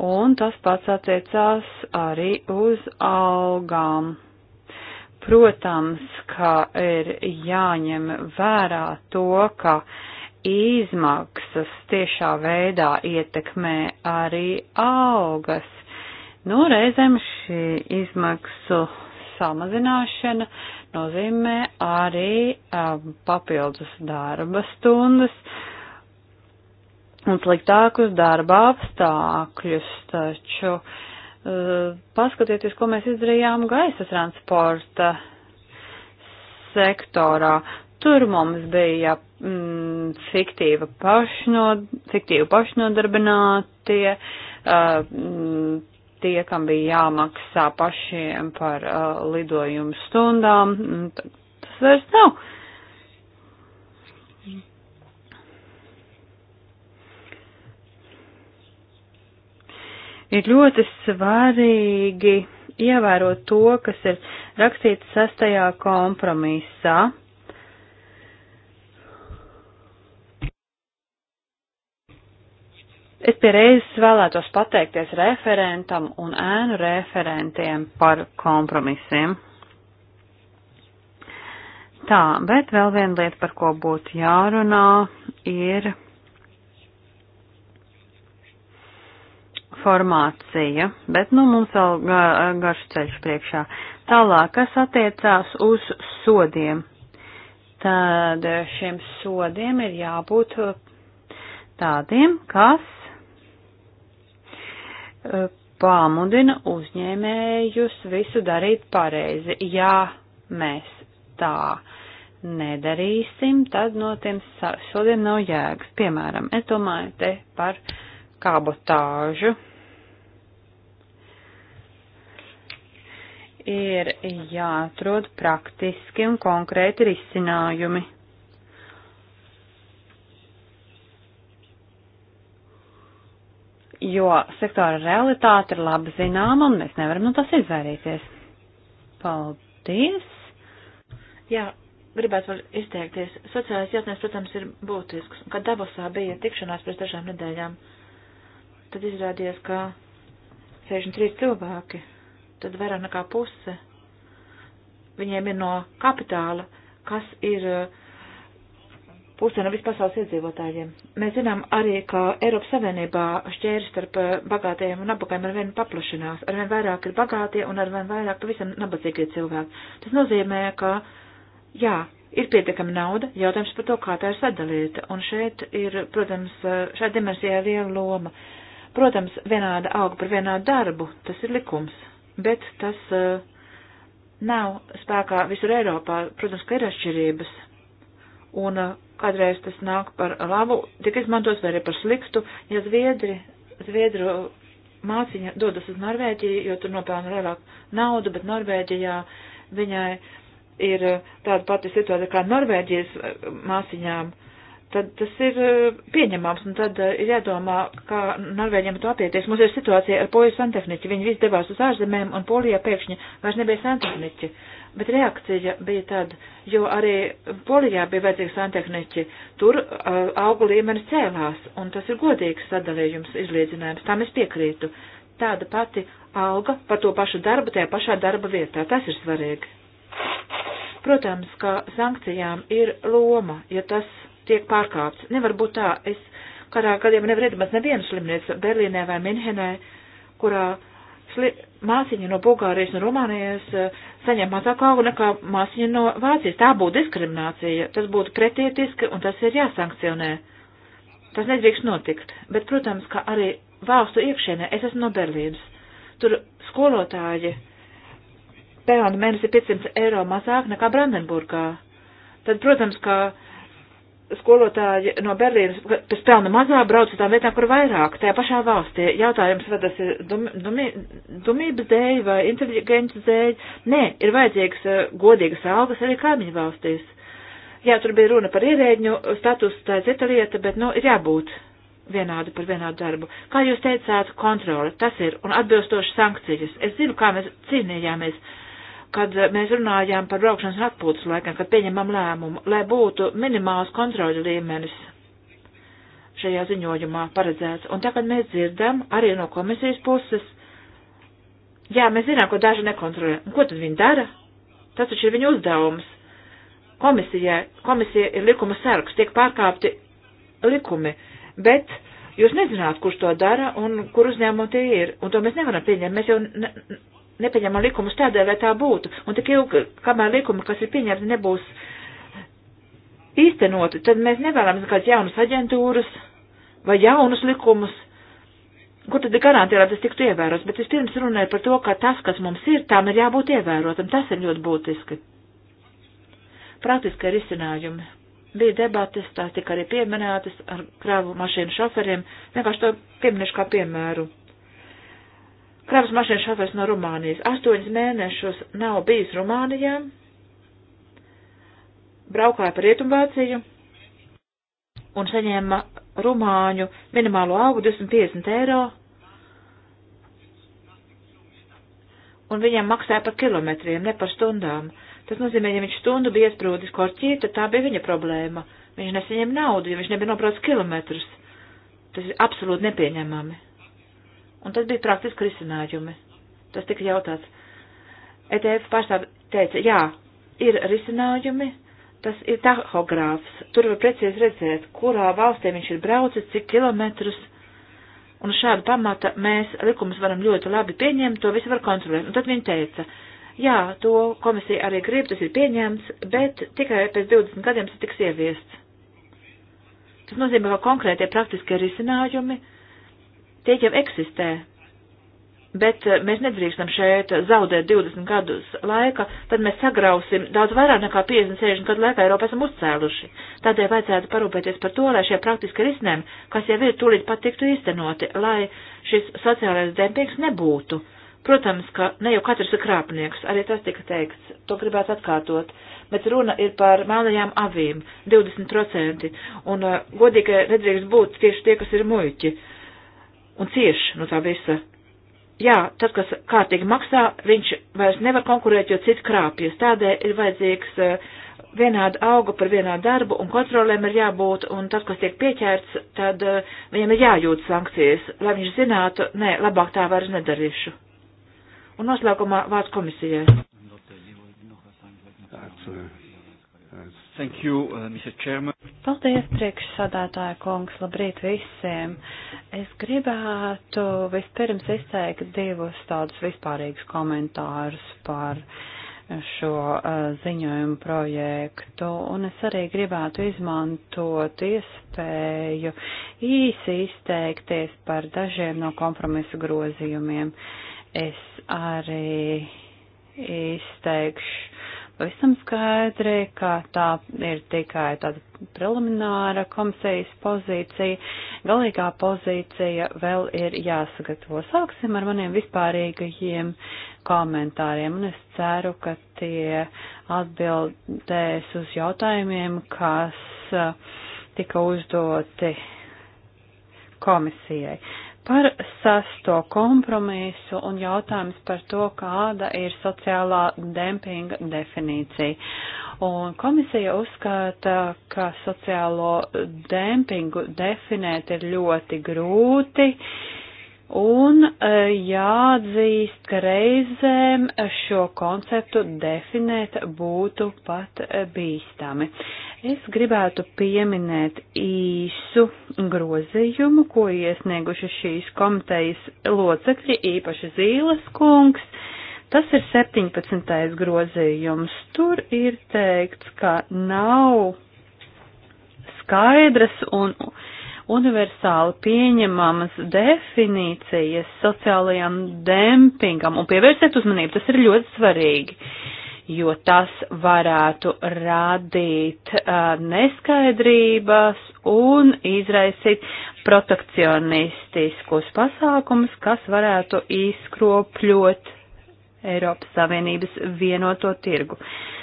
[SPEAKER 1] Un tas pats attiecās arī uz algām. Protams, ka ir jāņem vērā to, ka izmaksas tiešā veidā ietekmē arī algas Nu, reizēm šī izmaksu samazināšana nozīmē arī um, papildus darba stundas un sliktākus darba apstākļus, taču uh, paskatieties, ko mēs izdarījām gaisa transporta sektorā. Tur mums bija mm, fiktīva, pašnod, fiktīva pašnodarbinātie, uh, mm, tie, kam bija jāmaksā pašiem par uh, lidojumu stundām, mm, tas vairs nav. Ir ļoti svarīgi ievērot to, kas ir rakstīts sastajā kompromisā Es pie reizes vēlētos pateikties referentam un ēnu referentiem par kompromisiem. Tā, bet vēl viena lieta, par ko būtu jārunā, ir formācija, bet nu mums vēl garš ceļš priekšā. Tālāk, kas attiecās uz sodiem, tad šiem sodiem ir jābūt tādiem, kas Eh, pāmudina uzņēmējus visu darīt pareizi. Ja mēs tā nedarīsim, tad no tiem sodiem nav jēgas. Piemēram, es domāju te par kabotāžu. Ir jāatrod praktiski un konkrēti risinājumi. jo sektora realitāte ir labi zināma un mēs nevaram no tas izvairīties. Paldies! Jā, gribētu vēl izteikties. Sociālais jautājums, protams, ir būtisks. Kad Davosā bija tikšanās pēc dažām nedēļām, tad izrādījās, ka 63 cilvēki, tad vairāk nekā puse, viņiem ir no kapitāla, kas ir uh, pusē no vispasaules iedzīvotājiem. Mēs zinām arī, ka Eiropas Savienībā šķēri starp eh, bagātajiem un nabagajiem arvien paplašinās. Arvien vairāk ir bagātie un arvien vairāk pavisam nabadzīgie cilvēki. Tas nozīmē, ka, jā, ir pietiekami nauda, jautājums par to, kā tā ir sadalīta. Un šeit ir, protams, eh, šai dimensijai liela loma. Protams, vienāda auga par vienādu darbu, tas ir likums, bet tas eh, nav spēkā visur Eiropā. Protams, ka ir atšķirības. Un kādreiz tas nāk par labu, tik izmantos vai arī par sliktu, ja zviedri, zviedru māciņa dodas uz Norvēģiju, jo tur nopelna lielāku naudu, bet Norvēģijā viņai ir uh, tāda pati situācija kā Norvēģijas uh, māsiņām, tad tas ir uh, pieņemams, un tad ir jādomā, kā Norvēģiem to apieties. Mums ir situācija ar poliju santehniķi, viņi visi devās uz ārzemēm, un polijā pēkšņi vairs nebija santehniķi. Uh, Bet reakcija bija tāda, jo arī Polijā bija vajadzīgi santehniķi. Tur uh, augu līmenis cēlās, un tas ir godīgs sadalījums, izlīdzinājums. Tam es piekrītu. Tāda pati auga par to pašu darbu tajā pašā darba vietā. Tas ir svarīgi. Protams, ka sankcijām ir loma, ja tas tiek pārkāpts. Nevar būt tā. Es karā gadiem nevar iedomāties nevienu slimnīcu Berlīnē vai Minhenē, kurā sli, māsiņa no Bulgārijas un Rumānijas eh, saņem mazāk algu nekā māsiņa no Vācijas. Tā būtu diskriminācija, tas būtu pretietiski un tas ir jāsankcionē. Tas nedrīkst notikt. Bet, protams, ka arī valstu iekšienē es esmu no Berlīnas. Tur skolotāji pelna mēnesi 500 eiro mazāk nekā Brandenburgā. Tad, protams, ka skolotāji no Berlīnas pēc pelna nu mazā brauc uz tām vietām, kur vairāk, tajā pašā valstī. Jautājums, vai tas ir dum, dumi, dumības dēļ vai inteliģences dēļ? Nē, ir vajadzīgs eh, godīgas algas arī kaimiņu valstīs. Jā, tur bija runa par ierēģņu statusu, tā ir cita lieta, bet, nu, ir jābūt vienādu par vienādu darbu. Kā jūs teicāt, kontrole, tas ir, un atbilstoši sankcijas. Es zinu, kā mēs cīnījāmies kad eh, mēs runājām par braukšanas atpūtas laikam, kad pieņemam lēmumu, lai būtu minimāls kontroļu līmenis šajā ziņojumā paredzēts. Un tagad mēs dzirdam arī no komisijas puses, jā, mēs zinām, ko daži nekontrolē. Un ko tad viņi dara? Tas taču ir viņu uzdevums. Komisija, komisija ir likuma sargs, tiek pārkāpti likumi, bet jūs nezināt, kurš to dara un kur uzņēmumi tie ir. Un to mēs nevaram pieņemt. Mēs jau ne, nepieņemam likumus tādēļ, lai tā būtu. Un tik ilgi, kamēr likumi, kas ir pieņemti, nebūs īstenoti, tad mēs nevēlamies kādas jaunas aģentūras vai jaunus likumus. Kur tad ir garantija, lai tas tiktu ievērots? Bet vispirms runāju par to, ka tas, kas mums ir, tām ir jābūt ievērotam. Tas ir ļoti būtiski. Praktiskie risinājumi. Bija debates, tās tika arī pieminētas ar krāvu mašīnu šoferiem. Vienkārši to pieminēšu kā piemēru kravas mašīnas šofers no Rumānijas. Astoņus mēnešus nav bijis Rumānijā, braukāja pa Rietumvāciju un saņēma rumāņu minimālo algu 250 eiro, un viņam maksāja par kilometriem, ne par stundām. Tas nozīmē, ja viņš stundu bija iesprūdis korķī, tad tā bija viņa problēma. Viņš nesaņēma naudu, jo viņš nebija nobraucis kilometrus. Tas ir absolūti nepieņemami. Un tad bija praktiski risinājumi. Tas tika jautāts. ETF pārstāv teica, jā, ir risinājumi, tas ir tahogrāfs. Tur var precīzi redzēt, kurā valstī viņš ir braucis, cik kilometrus. Un šādu pamata mēs likumus varam ļoti labi pieņemt, to visu var kontrolēt. Un tad viņa teica, jā, to komisija arī grib, tas ir pieņemts, bet tikai pēc 20 gadiem tas tiks ieviests. Tas nozīmē, ka konkrētie praktiskie risinājumi Tie jau eksistē. Bet eh, mēs nedrīkstam šeit zaudēt 20 gadus laika, tad mēs sagrausim daudz vairāk nekā 50-60 gadu laikā Eiropā esam uzcēluši. Tādēļ vajadzētu parūpēties par to, lai šie praktiski risinājumi, kas jau ir tūlīt pat tiktu īstenoti, lai šis sociālais dempings nebūtu. Protams, ka ne jau katrs ir krāpnieks, arī tas tika teikts, to gribētu atkārtot, bet runa ir par melnajām avīm, 20%, un uh, godīgi nedrīkst būt tieši tie, kas ir muļķi. Uh, un cieš no tā visa. Jā, tas, kas kārtīgi maksā, viņš vairs nevar konkurēt, jo cits krāpjas. Tādēļ ir vajadzīgs eh, vienāda auga par vienādu darbu, un kontrolēm ir jābūt, un tas, kas tiek pieķērts, tad eh, viņam ir jājūt sankcijas, lai viņš zinātu, nē, labāk tā vairs nedarīšu. Un noslēgumā vārds komisijai. That's, uh, that's Thank you, uh, Mr. Chairman. Paldies, priekšsādātāja kungs. Labrīt visiem. Es gribētu vispirms izteikt divus tādus vispārīgus komentārus par šo uh, ziņojumu projektu, un es arī gribētu izmantot iespēju īsi izteikties par dažiem no kompromisu grozījumiem. Es arī izteikšu pavisam skaidri, ka tā ir tikai tāda prelimināra komisijas pozīcija. Galīgā pozīcija vēl ir jāsagatavo. Sāksim ar maniem vispārīgajiem komentāriem, un es ceru, ka tie atbildēs uz jautājumiem, kas uh, tika uzdoti komisijai. Par sesto kompromisu un jautājums par to, kāda ir sociālā dempinga definīcija. Un komisija uzskata, ka sociālo dempingu definēt ir ļoti grūti. Uh, Un e, jāatzīst, ka reizēm šo konceptu definēt būtu pat e, bīstami. Es gribētu pieminēt īsu grozījumu, ko iesnieguši šīs komitejas locekļi, īpaši Zīles kungs. Tas ir 17. grozījums. Tur ir teikts, ka nav skaidras un. Uh, universāli pieņemamas definīcijas sociālajam dempingam un pievērsiet uzmanību, tas ir ļoti svarīgi, jo tas varētu radīt uh, neskaidrības un izraisīt protekcionistiskus pasākumus, kas varētu izkropļot Eiropas Savienības vienoto tirgu. Uh,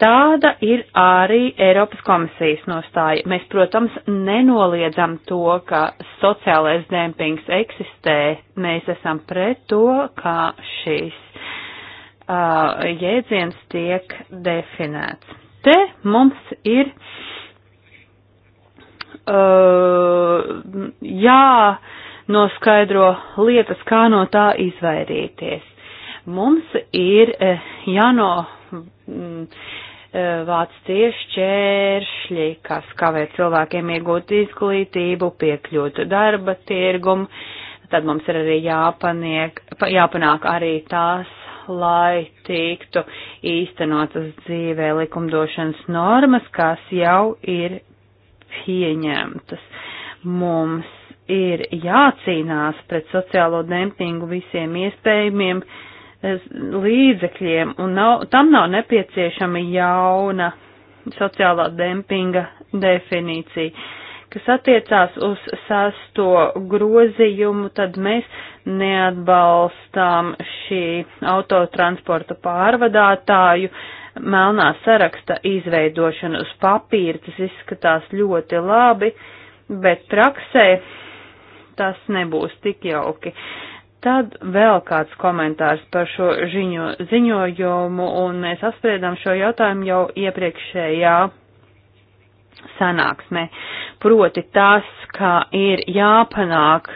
[SPEAKER 1] Tāda ir arī Eiropas komisijas nostāja. Mēs, protams, nenoliedzam to, ka sociālais dempings eksistē. Mēs esam pret to, kā šīs uh, jēdziens tiek definēts. Te mums ir uh, jānoskaidro lietas, kā no tā izvairīties. Mums ir uh, jāno. Mm, Eh, vāc tieši čēršļi, kas kavē cilvēkiem iegūt izglītību, piekļūt darba tirgumu. Tad mums ir arī jāpaniek, jāpanāk arī tās, lai tiktu īstenotas dzīvē likumdošanas normas, kas jau ir pieņemtas. Mums ir jācīnās pret sociālo dempingu visiem iespējamiem uh, līdzekļiem, un nav, tam nav nepieciešama jauna sociālā dempinga definīcija. Kas attiecās uz sasto grozījumu, tad mēs neatbalstām šī autotransporta pārvadātāju melnā saraksta izveidošanu uz papīra. Tas izskatās ļoti labi, bet praksē tas nebūs tik jauki. Uh, Tad vēl kāds komentārs par šo ziņo, ziņojumu, un mēs apspriedām šo jautājumu jau iepriekšējā sanāksmē. Proti tas, ka ir jāpanāk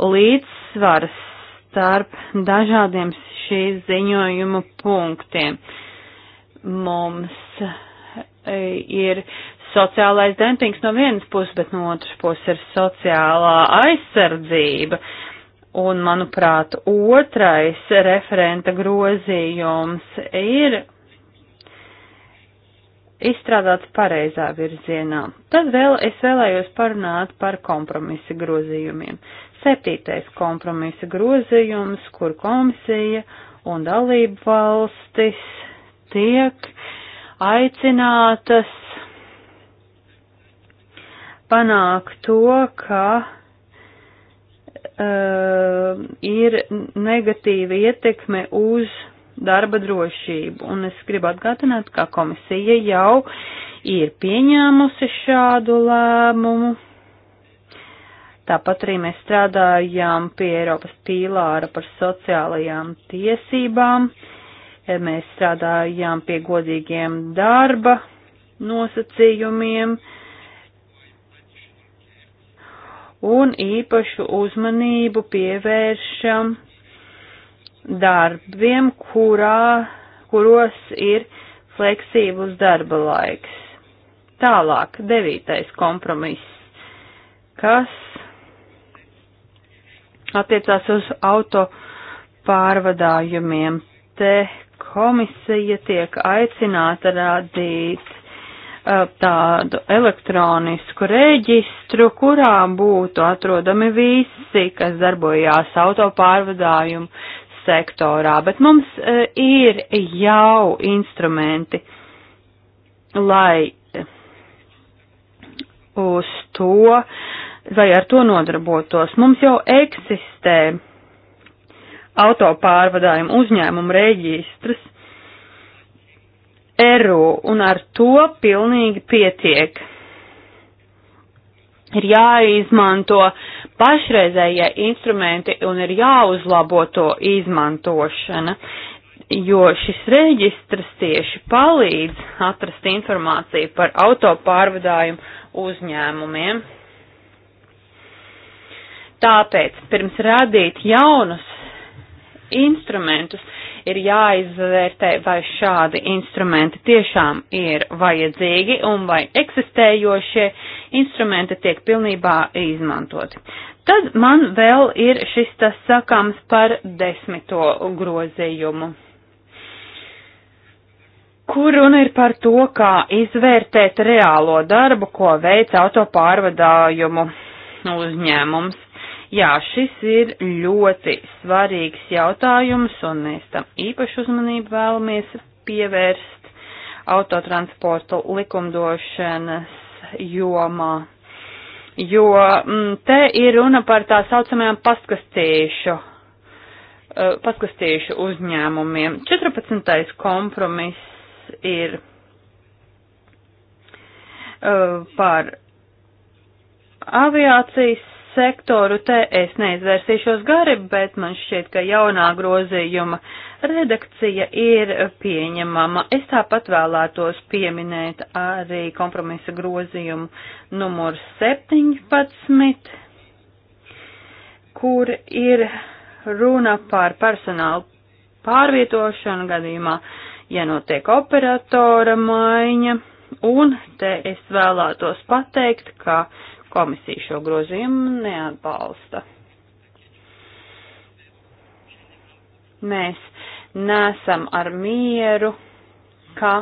[SPEAKER 1] līdzsvars starp dažādiem šīs ziņojumu punktiem. Mums e, ir sociālais dempings no vienas puses, bet no otras puses ir sociālā aizsardzība. Uh, Un, manuprāt, otrais referenta grozījums ir izstrādāts pareizā virzienā. Tad vēl es vēlējos parunāt par kompromisa grozījumiem. Septītais kompromisa grozījums, kur komisija un dalību valstis tiek aicinātas panākt to, ka uh, ir negatīva ietekme uz darba drošību. Un es gribu atgādināt, ka komisija jau ir pieņēmusi šādu lēmumu. Tāpat arī mēs strādājām pie Eiropas pīlāra par sociālajām tiesībām. Mēs strādājām pie godīgiem darba nosacījumiem. Uh, un īpašu uzmanību pievēršam darbiem, kurā, kuros ir fleksīvs darba laiks. Tālāk, devītais kompromiss, kas attiecās uz auto pārvadājumiem. Te komisija tiek aicināta radīt Uh, tādu elektronisku reģistru, kurā būtu atrodami visi, kas darbojās autopārvadājumu sektorā, bet mums uh, ir jau instrumenti, lai uz to vai ar to nodarbotos. Mums jau eksistē autopārvadājumu uzņēmumu reģistrs, eiro, un ar to pilnīgi pietiek. Ir jāizmanto pašreizējie instrumenti un ir jāuzlabo to izmantošana, jo šis reģistrs tieši palīdz atrast informāciju par autopārvadājumu uzņēmumiem. Tāpēc pirms radīt jaunus instrumentus ir jāizvērtē, vai šādi instrumenti tiešām ir vajadzīgi un vai eksistējošie instrumenti tiek pilnībā izmantoti. Tad man vēl ir šis tas sakāms par desmito grozījumu kur runa ir par to, kā izvērtēt reālo darbu, ko veic autopārvadājumu uzņēmums. Jā, šis ir ļoti svarīgs jautājums, un mēs tam īpašu uzmanību vēlamies pievērst autotransporta likumdošanas jomā. Jo m, mm, te ir runa par tā saucamajām pastkastīšu, eh, pastkastīšu uzņēmumiem. 14. kompromiss ir eh, par aviācijas sektoru te es neizvērsīšos gari, bet man šķiet, ka jaunā grozījuma redakcija ir pieņemama. Es tāpat vēlētos pieminēt arī kompromisa grozījumu numur 17, kur ir runa par personālu pārvietošanu gadījumā, ja notiek operatora maiņa. Un te es vēlētos pateikt, ka komisija šo grozījumu neatbalsta. Mēs nesam ar mieru, ka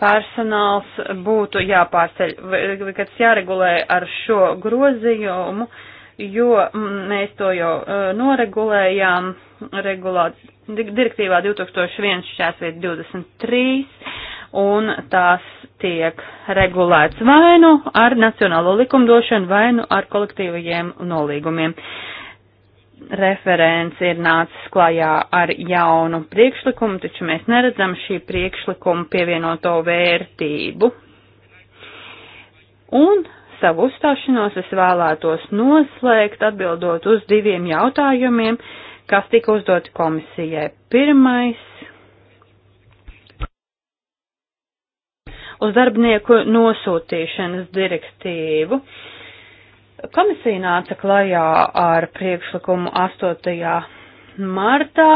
[SPEAKER 1] personāls būtu jāpārceļ, vai kad jāregulē ar šo grozījumu, jo mēs to jau e, noregulējām regulā, direktīvā 2001 šķērsviet 23 un tās tiek regulēts vainu ar nacionālo likumdošanu, vainu ar kolektīvajiem nolīgumiem. Referents ir nācis klajā ar jaunu priekšlikumu, taču mēs neredzam šī priekšlikuma pievienoto vērtību. Un savu uzstāšanos es vēlētos noslēgt atbildot uz diviem jautājumiem, kas tika uzdoti komisijai. Pirmais uz darbinieku nosūtīšanas direktīvu. Komisija nāca klajā ar priekšlikumu 8. martā,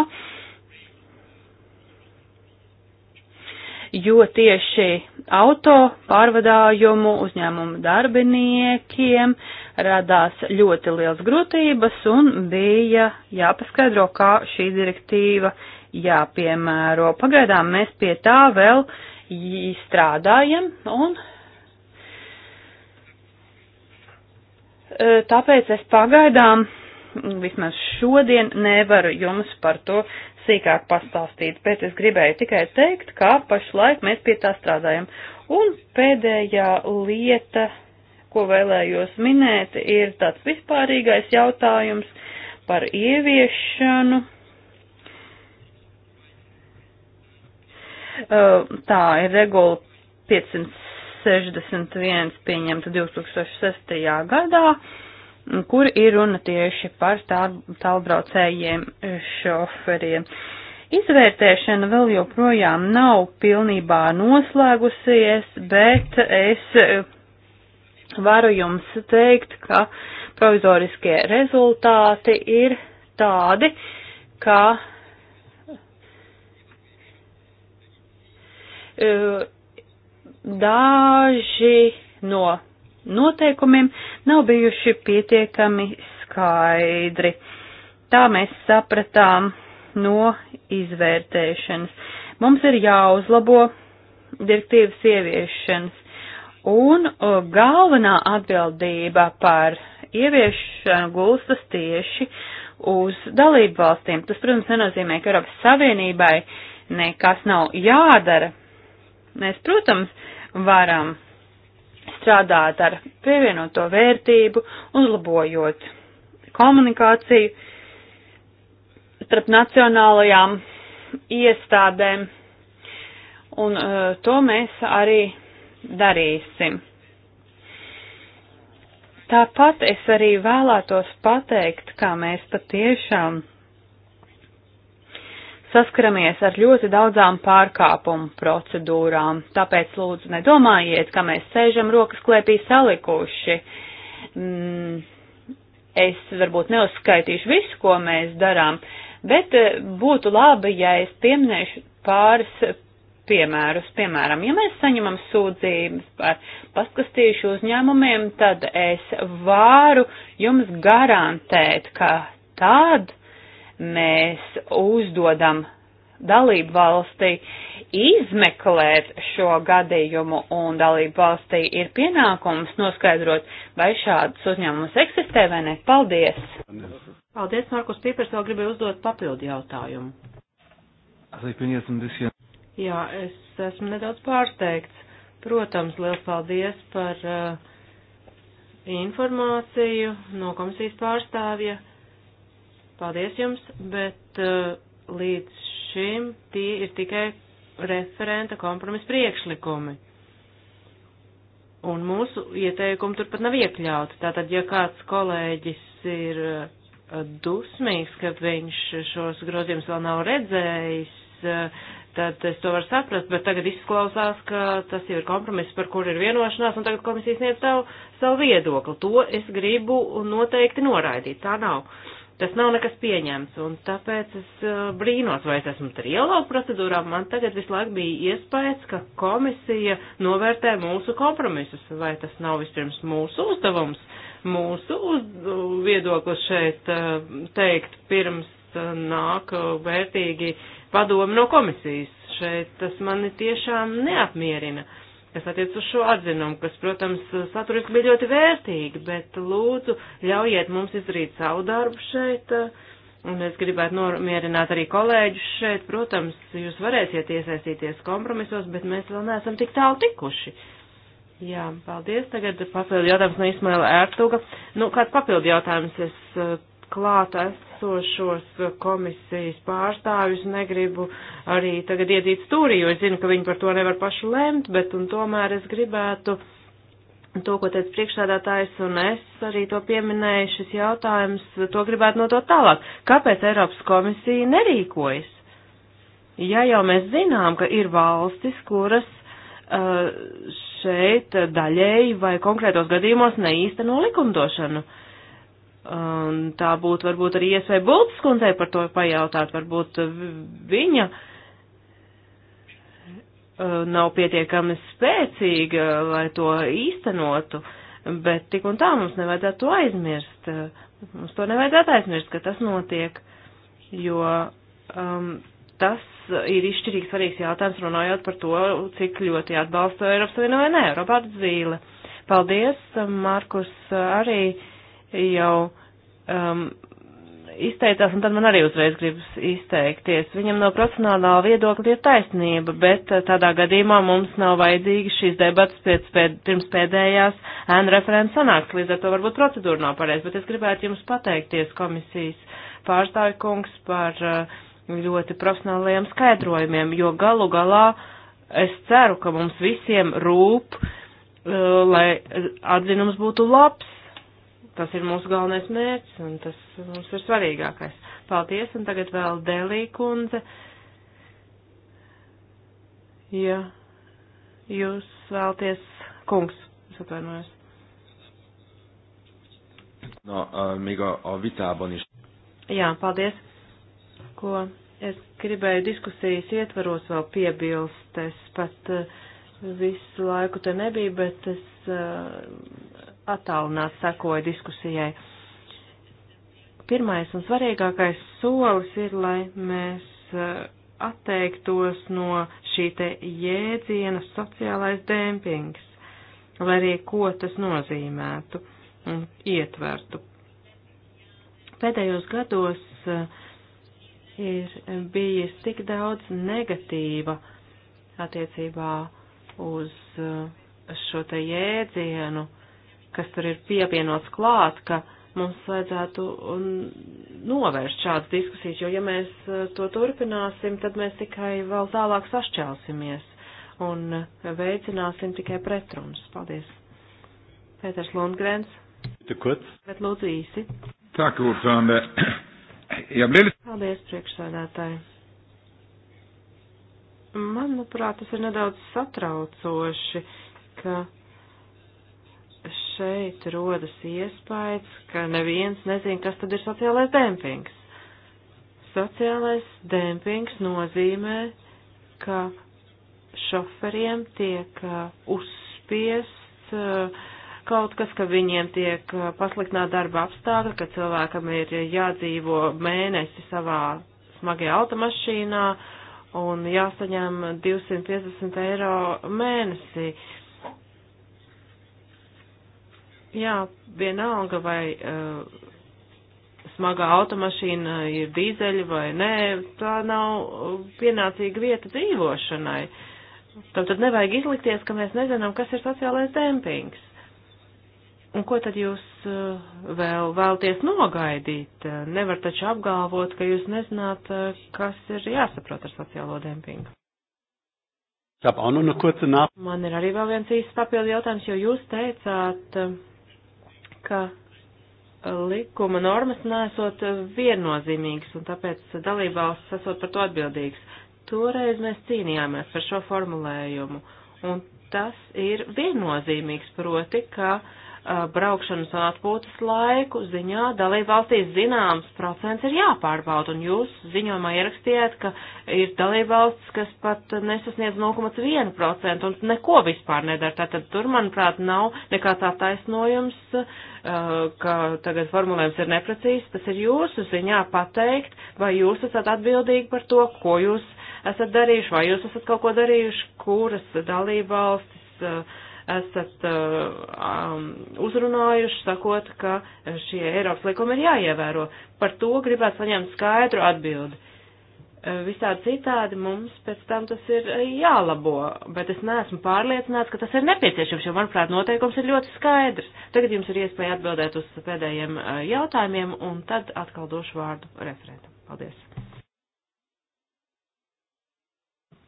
[SPEAKER 1] jo tieši auto pārvadājumu uzņēmumu darbiniekiem radās ļoti liels grūtības un bija jāpaskaidro, kā šī direktīva jāpiemēro. Pagaidām mēs pie tā vēl uh, strādājam un e, tāpēc es pagaidām vismaz šodien nevaru jums par to sīkāk pastāstīt, bet es gribēju tikai teikt, ka pašlaik mēs pie tā strādājam. Un pēdējā lieta, ko vēlējos minēt, ir tāds vispārīgais jautājums par ieviešanu Tā ir regula 561 pieņemta 2006. gadā, kur ir runa tieši par tālbraucējiem šoferiem. Izvērtēšana vēl joprojām nav pilnībā noslēgusies, bet es varu jums teikt, ka provizoriskie rezultāti ir tādi, ka E, daži no noteikumiem nav bijuši pietiekami skaidri. Tā mēs sapratām no izvērtēšanas. Mums ir jāuzlabo direktīvas ieviešanas, un e, galvenā atbildība par ieviešanu gulstas tieši uz dalību valstīm. Tas, protams, nenozīmē, ka Eiropas Savienībai nekas nav jādara, Mēs, protams, varam strādāt ar pievienoto vērtību, uzlabojot komunikāciju starp nacionālajām iestādēm, un uh, to mēs arī darīsim. Tāpat es arī vēlētos pateikt, kā mēs patiešām saskaramies ar ļoti daudzām pārkāpumu procedūrām. Tāpēc lūdzu nedomājiet, ka mēs sēžam rokas klēpī salikuši. Mm, es varbūt neuzskaitīšu visu, ko mēs darām, bet eh, būtu labi, ja es pieminēšu pāris piemērus. Piemēram, ja mēs saņemam sūdzības par paskastījušu uzņēmumiem, tad es varu jums garantēt, ka tāda mēs uzdodam dalību valstī izmeklēt šo gadījumu, un dalību valstī ir pienākums noskaidrot, vai šāds uzņēmums eksistē vai ne. Paldies! Paldies, Markus Pīpers, vēl gribēju uzdot papildu jautājumu. Jā, es esmu nedaudz pārsteigts. Protams, liels paldies par uh, informāciju no komisijas pārstāvja. Uh, Paldies jums, bet uh, līdz šim tie ir tikai referenta kompromisa priekšlikumi. Un mūsu ieteikumi turpat nav iekļauti. Tātad, ja kāds kolēģis ir uh, dusmīgs, ka viņš šos grozījumus vēl nav redzējis, uh, tad es to varu saprast, bet tagad izklausās, ka tas jau ir kompromiss, par kur ir vienošanās, un tagad komisijas sniedz savu, savu viedokli. To es gribu noteikti noraidīt. Tā nav. Uh, Tas nav nekas pieņems, un tāpēc es eh, brīnos, vai es esmu trialogu procedūrā. Man tagad visu laiku bija iespējas, ka komisija novērtē mūsu kompromisus, vai tas nav vispirms mūsu uzdevums, mūsu uz, viedoklis šeit eh, teikt pirms eh, nāk vērtīgi padomi no komisijas. Šeit tas mani tiešām neapmierina. Uh, kas attiec uz šo atzinumu, kas, protams, saturiski bija ļoti vērtīgi, bet lūdzu, ļaujiet mums izdarīt savu darbu šeit, un es gribētu nomierināt arī kolēģus šeit, protams, jūs varēsiet iesaistīties kompromisos, bet mēs vēl neesam tik tālu tikuši. Jā, paldies. Tagad papildu jautājums no Ismaila Ērtuga. Nu, kāds papildu jautājums es klāt esošos komisijas pārstāvjus, negribu arī tagad iedzīt stūrī, jo es zinu, ka viņi par to nevar paši lemt, bet un tomēr es gribētu to, ko teica priekšsādātājs un es arī to pieminēju, šis jautājums, to gribētu no to tālāk. Kāpēc Eiropas komisija nerīkojas? Ja jau mēs zinām, ka ir valstis, kuras uh, šeit daļēji vai konkrētos gadījumos neīsteno likumdošanu. Uh, Un tā būtu varbūt arī iespēja Bultas kundzei par to pajautāt, varbūt viņa uh, nav pietiekami spēcīga, lai to īstenotu, bet tik un tā mums nevajadzētu to aizmirst. Mums to nevajadzētu aizmirst, ka tas notiek, jo um, tas ir izšķirīgs svarīgs jautājums runājot par to, cik ļoti atbalsta Eiropas Savienība vai ne, Roberts Zīle. Paldies, Markus, arī jau um, izteicās, un tad man arī uzreiz gribas izteikties. Viņam no profesionālā viedokļa ir taisnība, bet uh, tādā gadījumā mums nav vajadzīgi šīs debatas pēc, pēc, pirms pēdējās ēnu referents sanāks, līdz ar to varbūt procedūra nav pareiz, bet es gribētu jums pateikties komisijas pārstāvi kungs par uh, ļoti profesionālajiem skaidrojumiem, jo galu galā es ceru, ka mums visiem rūp, uh, lai atzinums būtu labs, Tas ir mūsu galvenais mērķis, un tas mums ir svarīgākais. Paldies, un tagad vēl Delī kundze. Ja jūs vēlties, kungs, es atvainojos. No, eh, még a, a vitában is. Jā, paldies. Ko es gribēju diskusijas ietvaros vēl piebilst, es pat eh, visu laiku te nebiju, bet es eh, attālināt sekoja diskusijai. Pirmais un svarīgākais solis ir, lai mēs eh, atteiktos no šī te jēdziena sociālais dempings, lai arī ko tas nozīmētu un ietvertu. Pēdējos gados eh, ir bijis tik daudz negatīva attiecībā uz eh, šo te jēdzienu, kas tur ir pievienots klāt, ka mums vajadzētu novērst šādas diskusijas, jo ja mēs uh, to turpināsim, tad mēs tikai vēl tālāk sašķelsimies un veicināsim tikai pretrunas. Paldies. Pēters Lundgrens. Bet lūdzu īsi. Tā, Kursāne. Ja blir... Paldies, priekšsēdētāji. Manuprāt, tas ir nedaudz satraucoši, ka šeit rodas iespējas, ka neviens nezin, kas tad ir sociālais dempings. Sociālais dempings nozīmē, ka šoferiem tiek uh, uzspiests uh, kaut kas, ka viņiem tiek uh, pasliktināta darba apstākļa, ka cilvēkam ir jādzīvo mēnesi savā smagajā automašīnā un jāsaņem 250 eiro mēnesī. Uh, Jā, vienalga vai uh, smagā automašīna ir dīzeļa vai nē, tā nav uh, pienācīga vieta dzīvošanai. Tam tad nevajag izlikties, ka mēs nezinām, kas ir sociālais dempings. Un ko tad jūs uh, vēl vēlties nogaidīt? Uh, nevar taču apgalvot, ka jūs nezināt, kas ir jāsaprot ar sociālo dempingu. Nu, Man ir arī vēl viens īsts papildu jautājums, jo jūs teicāt, uh, ka likuma normas nesot viennozīmīgas, un tāpēc dalībvalsts esot par to atbildīgs. Toreiz mēs cīnījāmies par šo formulējumu, un tas ir viennozīmīgs proti, ka uh, Uh, braukšanas un atpūtas laiku ziņā dalību valstīs zināms procents ir jāpārbauda, un jūs ziņojumā ierakstījāt, ka ir dalību valsts, kas pat nesasniedz 0,1% un neko vispār nedara. Tātad tur, manuprāt, nav nekā tā taisnojums, uh, ka tagad formulējums ir neprecīzs, tas ir jūsu ziņā pateikt, vai jūs esat atbildīgi par to, ko jūs esat darījuši, vai jūs esat kaut ko darījuši, kuras dalību valstis uh, esat uh, um, uzrunājuši, sakot, ka šie Eiropas likumi ir jāievēro. Par to gribētu saņemt skaidru atbildi. Uh, visādi citādi mums pēc tam tas ir jālabo, bet es neesmu pārliecināts, ka tas ir nepieciešams, jo, manuprāt, noteikums ir ļoti skaidrs. Tagad jums ir iespēja atbildēt uz pēdējiem uh, jautājumiem, un tad atkal došu vārdu referentam. Paldies!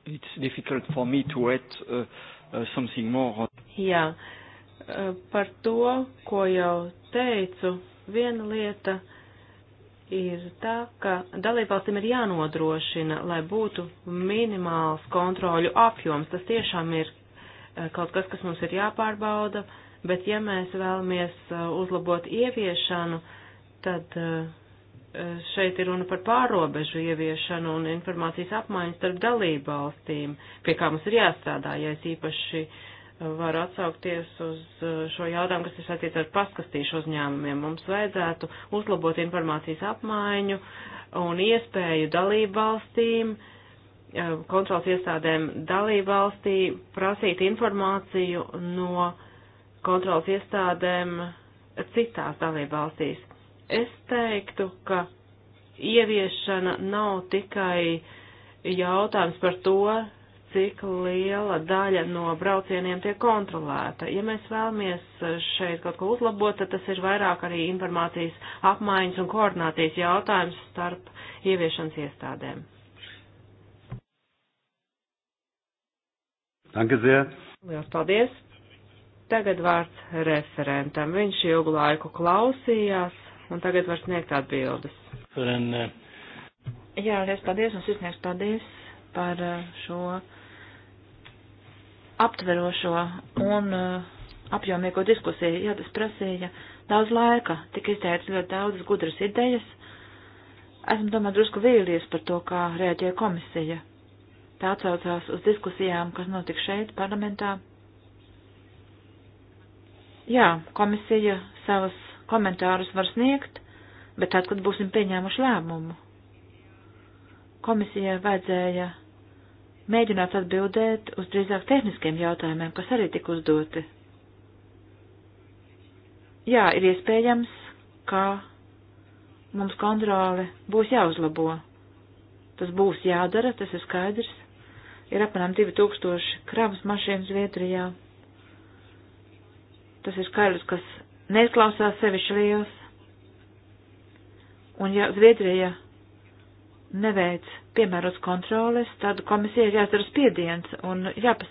[SPEAKER 1] It's difficult for me to add uh, Uh, something more. Jā, uh, par to, ko jau teicu, viena lieta ir tā, ka dalībvalstīm ir jānodrošina, lai būtu minimāls kontroļu apjoms. Tas tiešām ir uh, kaut kas, kas mums ir jāpārbauda, bet ja mēs vēlamies uzlabot ieviešanu, tad uh, šeit ir runa par pārobežu ieviešanu un informācijas apmaiņu starp dalību valstīm, pie kā mums ir jāstrādā, ja es īpaši varu atsaukties uz eh, šo jautājumu, kas ir saistīts ar paskastīšu uzņēmumiem. Mums vajadzētu uzlabot informācijas apmaiņu un iespēju dalību valstīm, eh, kontrols iestādēm dalību valstī prasīt informāciju no kontrols iestādēm citās dalību valstīs Es teiktu, ka ieviešana nav tikai jautājums par to, cik liela daļa no braucieniem tiek kontrolēta. Ja mēs vēlamies šeit kaut ko uzlabot, tad tas ir vairāk arī informācijas apmaiņas un koordinācijas jautājums starp ieviešanas iestādēm. Danke sehr. Lielas paldies. Tagad vārds referentam. Viņš ilgu laiku klausījās un tagad var sniegt atbildes. Eh, Jā, reiz paldies un sirsnieks paldies par eh, šo aptverošo un eh, apjomīgo diskusiju. Jā, tas prasīja daudz laika, tika izteicis ļoti daudzas gudras idejas. Esmu domāju drusku vīlies par to, kā reaģēja komisija. Tā atcaucās uz diskusijām, kas notika šeit, parlamentā. Jā, komisija savas Komentārus var sniegt, bet tad, kad būsim pieņēmuši lēmumu. Komisijai vajadzēja mēģināt atbildēt uz drīzāk tehniskiem jautājumiem, kas arī tika uzdoti. Jā, ir iespējams, ka mums kontrole būs jāuzlabo. Tas būs jādara, tas ir skaidrs. Ir apmēram 2000 kravas mašīnu Zviedrijā. Tas ir skaidrs, kas neizklausās sevišķi liels. Un ja Zviedrija neveic piemērots kontroles, tad komisija ir jāizdara spiediens un jāpas,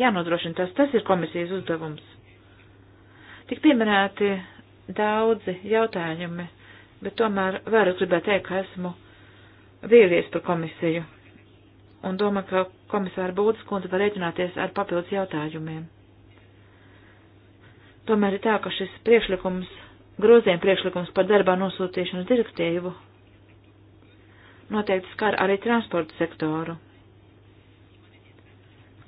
[SPEAKER 1] jānodrošina tas. Tas ir komisijas uzdevums. Tik pieminēti daudzi jautājumi, bet tomēr vēlreiz gribētu teikt, ka esmu vīlies par komisiju un domāju, ka komisāra Būdas kundze var rēķināties ar papildus jautājumiem. Tomēr ir tā, ka šis priekšlikums, groziem priekšlikums par darbā nosūtīšanas direktīvu noteikti skar arī transporta sektoru.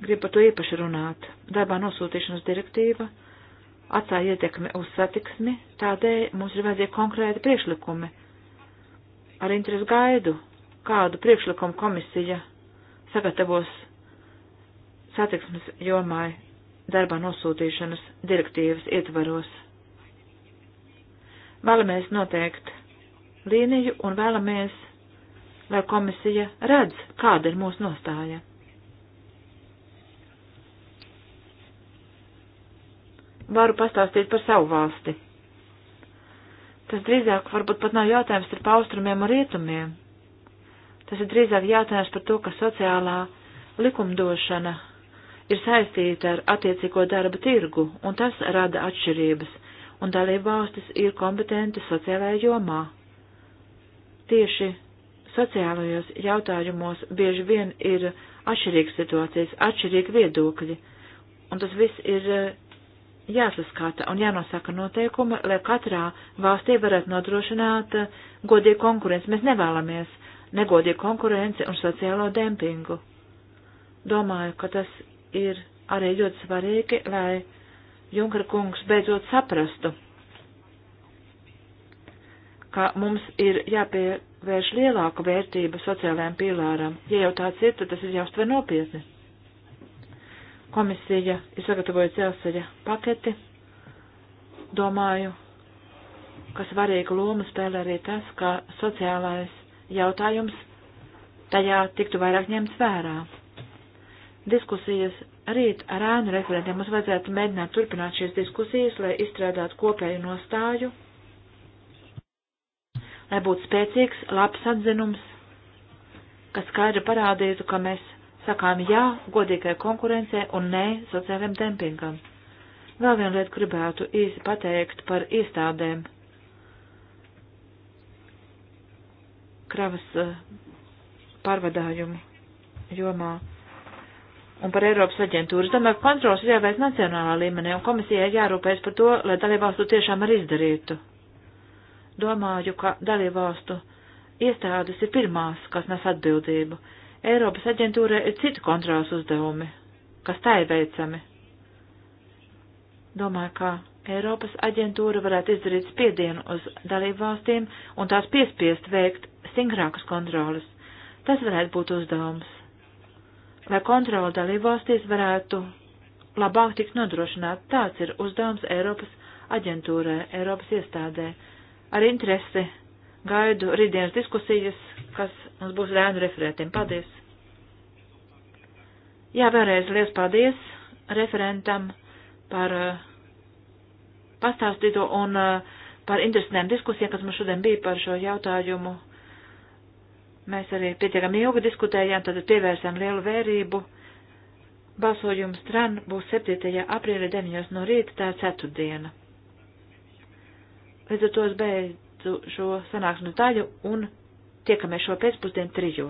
[SPEAKER 1] Gribu par to īpaši runāt. Darbā nosūtīšanas direktīva atstāja ietekmi uz satiksmi, tādēļ mums ir vajadzīgi konkrēti priekšlikumi. Ar interesi gaidu, kādu priekšlikumu komisija sagatavos satiksmes jomai darbā nosūtīšanas direktīvas ietvaros. Vēlamies noteikt līniju un vēlamies, lai komisija redz, kāda ir mūsu nostāja. Varu pastāstīt par savu valsti. Tas drīzāk varbūt pat nav jautājums par paustrumiem un rietumiem. Tas ir drīzāk jautājums par to, ka sociālā likumdošana ir saistīta ar attiecīgo darba tirgu, un tas rada atšķirības, un dalībvalstis ir kompetenti sociālajā jomā. Tieši sociālajos jautājumos bieži vien ir atšķirīgas situācijas, atšķirīgi viedokļi, un tas viss ir e, jāsaskata un jānosaka noteikumi, lai katrā valstī varētu nodrošināt e, godīgu konkurenci. Mēs nevēlamies negodīgu konkurenci un sociālo dempingu. Domāju, ka tas ir arī ļoti svarīgi, lai Junkara kungs beidzot saprastu, ka mums ir jāpievērš lielāka vērtība sociālajām pīlāram. Ja jau tāds ir, tad tas ir jāuztver nopietni. Komisija ir sagatavojusi dzelzceļa paketi. Domāju, ka svarīgu lomu spēlē arī tas, ka sociālais jautājums tajā tiktu vairāk ņemts vērā diskusijas rīt ar ēnu referentiem. Mums vajadzētu mēģināt turpināt šīs diskusijas, lai izstrādātu kopēju nostāju, lai būtu spēcīgs, labs atzinums, kas skaidri parādītu, ka mēs sakām jā godīgai konkurencei un nē sociālajiem dempingam. Vēl viena lieta gribētu īsi pateikt par iestādēm. Kravas eh, pārvadājumu jomā un par Eiropas aģentūru. Es domāju, ka kontrols ir jāveic nacionālā līmenī, un komisijai jārūpējas par to, lai dalībvalstu tiešām arī izdarītu. Domāju, ka dalībvalstu iestādes ir pirmās, kas nes atbildību. Eiropas aģentūrai ir citi kontrols uzdevumi, kas tā ir veicami. Domāju, ka Eiropas aģentūra varētu izdarīt spiedienu uz dalībvalstīm un tās piespiest veikt stingrākas kontrolas. Tas varētu būt uzdevums lai kontrola dalībvalstīs varētu labāk tikt nodrošināt. Tāds ir uzdevums Eiropas aģentūrē, Eiropas iestādē. Ar interesi gaidu rītdienas diskusijas, kas mums būs rēnu referētiem. Paldies! Jā, vēlreiz liels paldies referentam par uh, pastāstīto un uh, par interesantiem diskusijām, kas mums šodien bija par šo jautājumu. Mēs arī pietiekami ilgi diskutējām, tad pievērsām lielu vērību. Balsojums tran būs 7. aprīļa 9. no rīta, tā ir ceturtdiena. Līdz ar to es beidzu šo sanāksmu daļu un tiekamies šo pēcpusdienu trijos.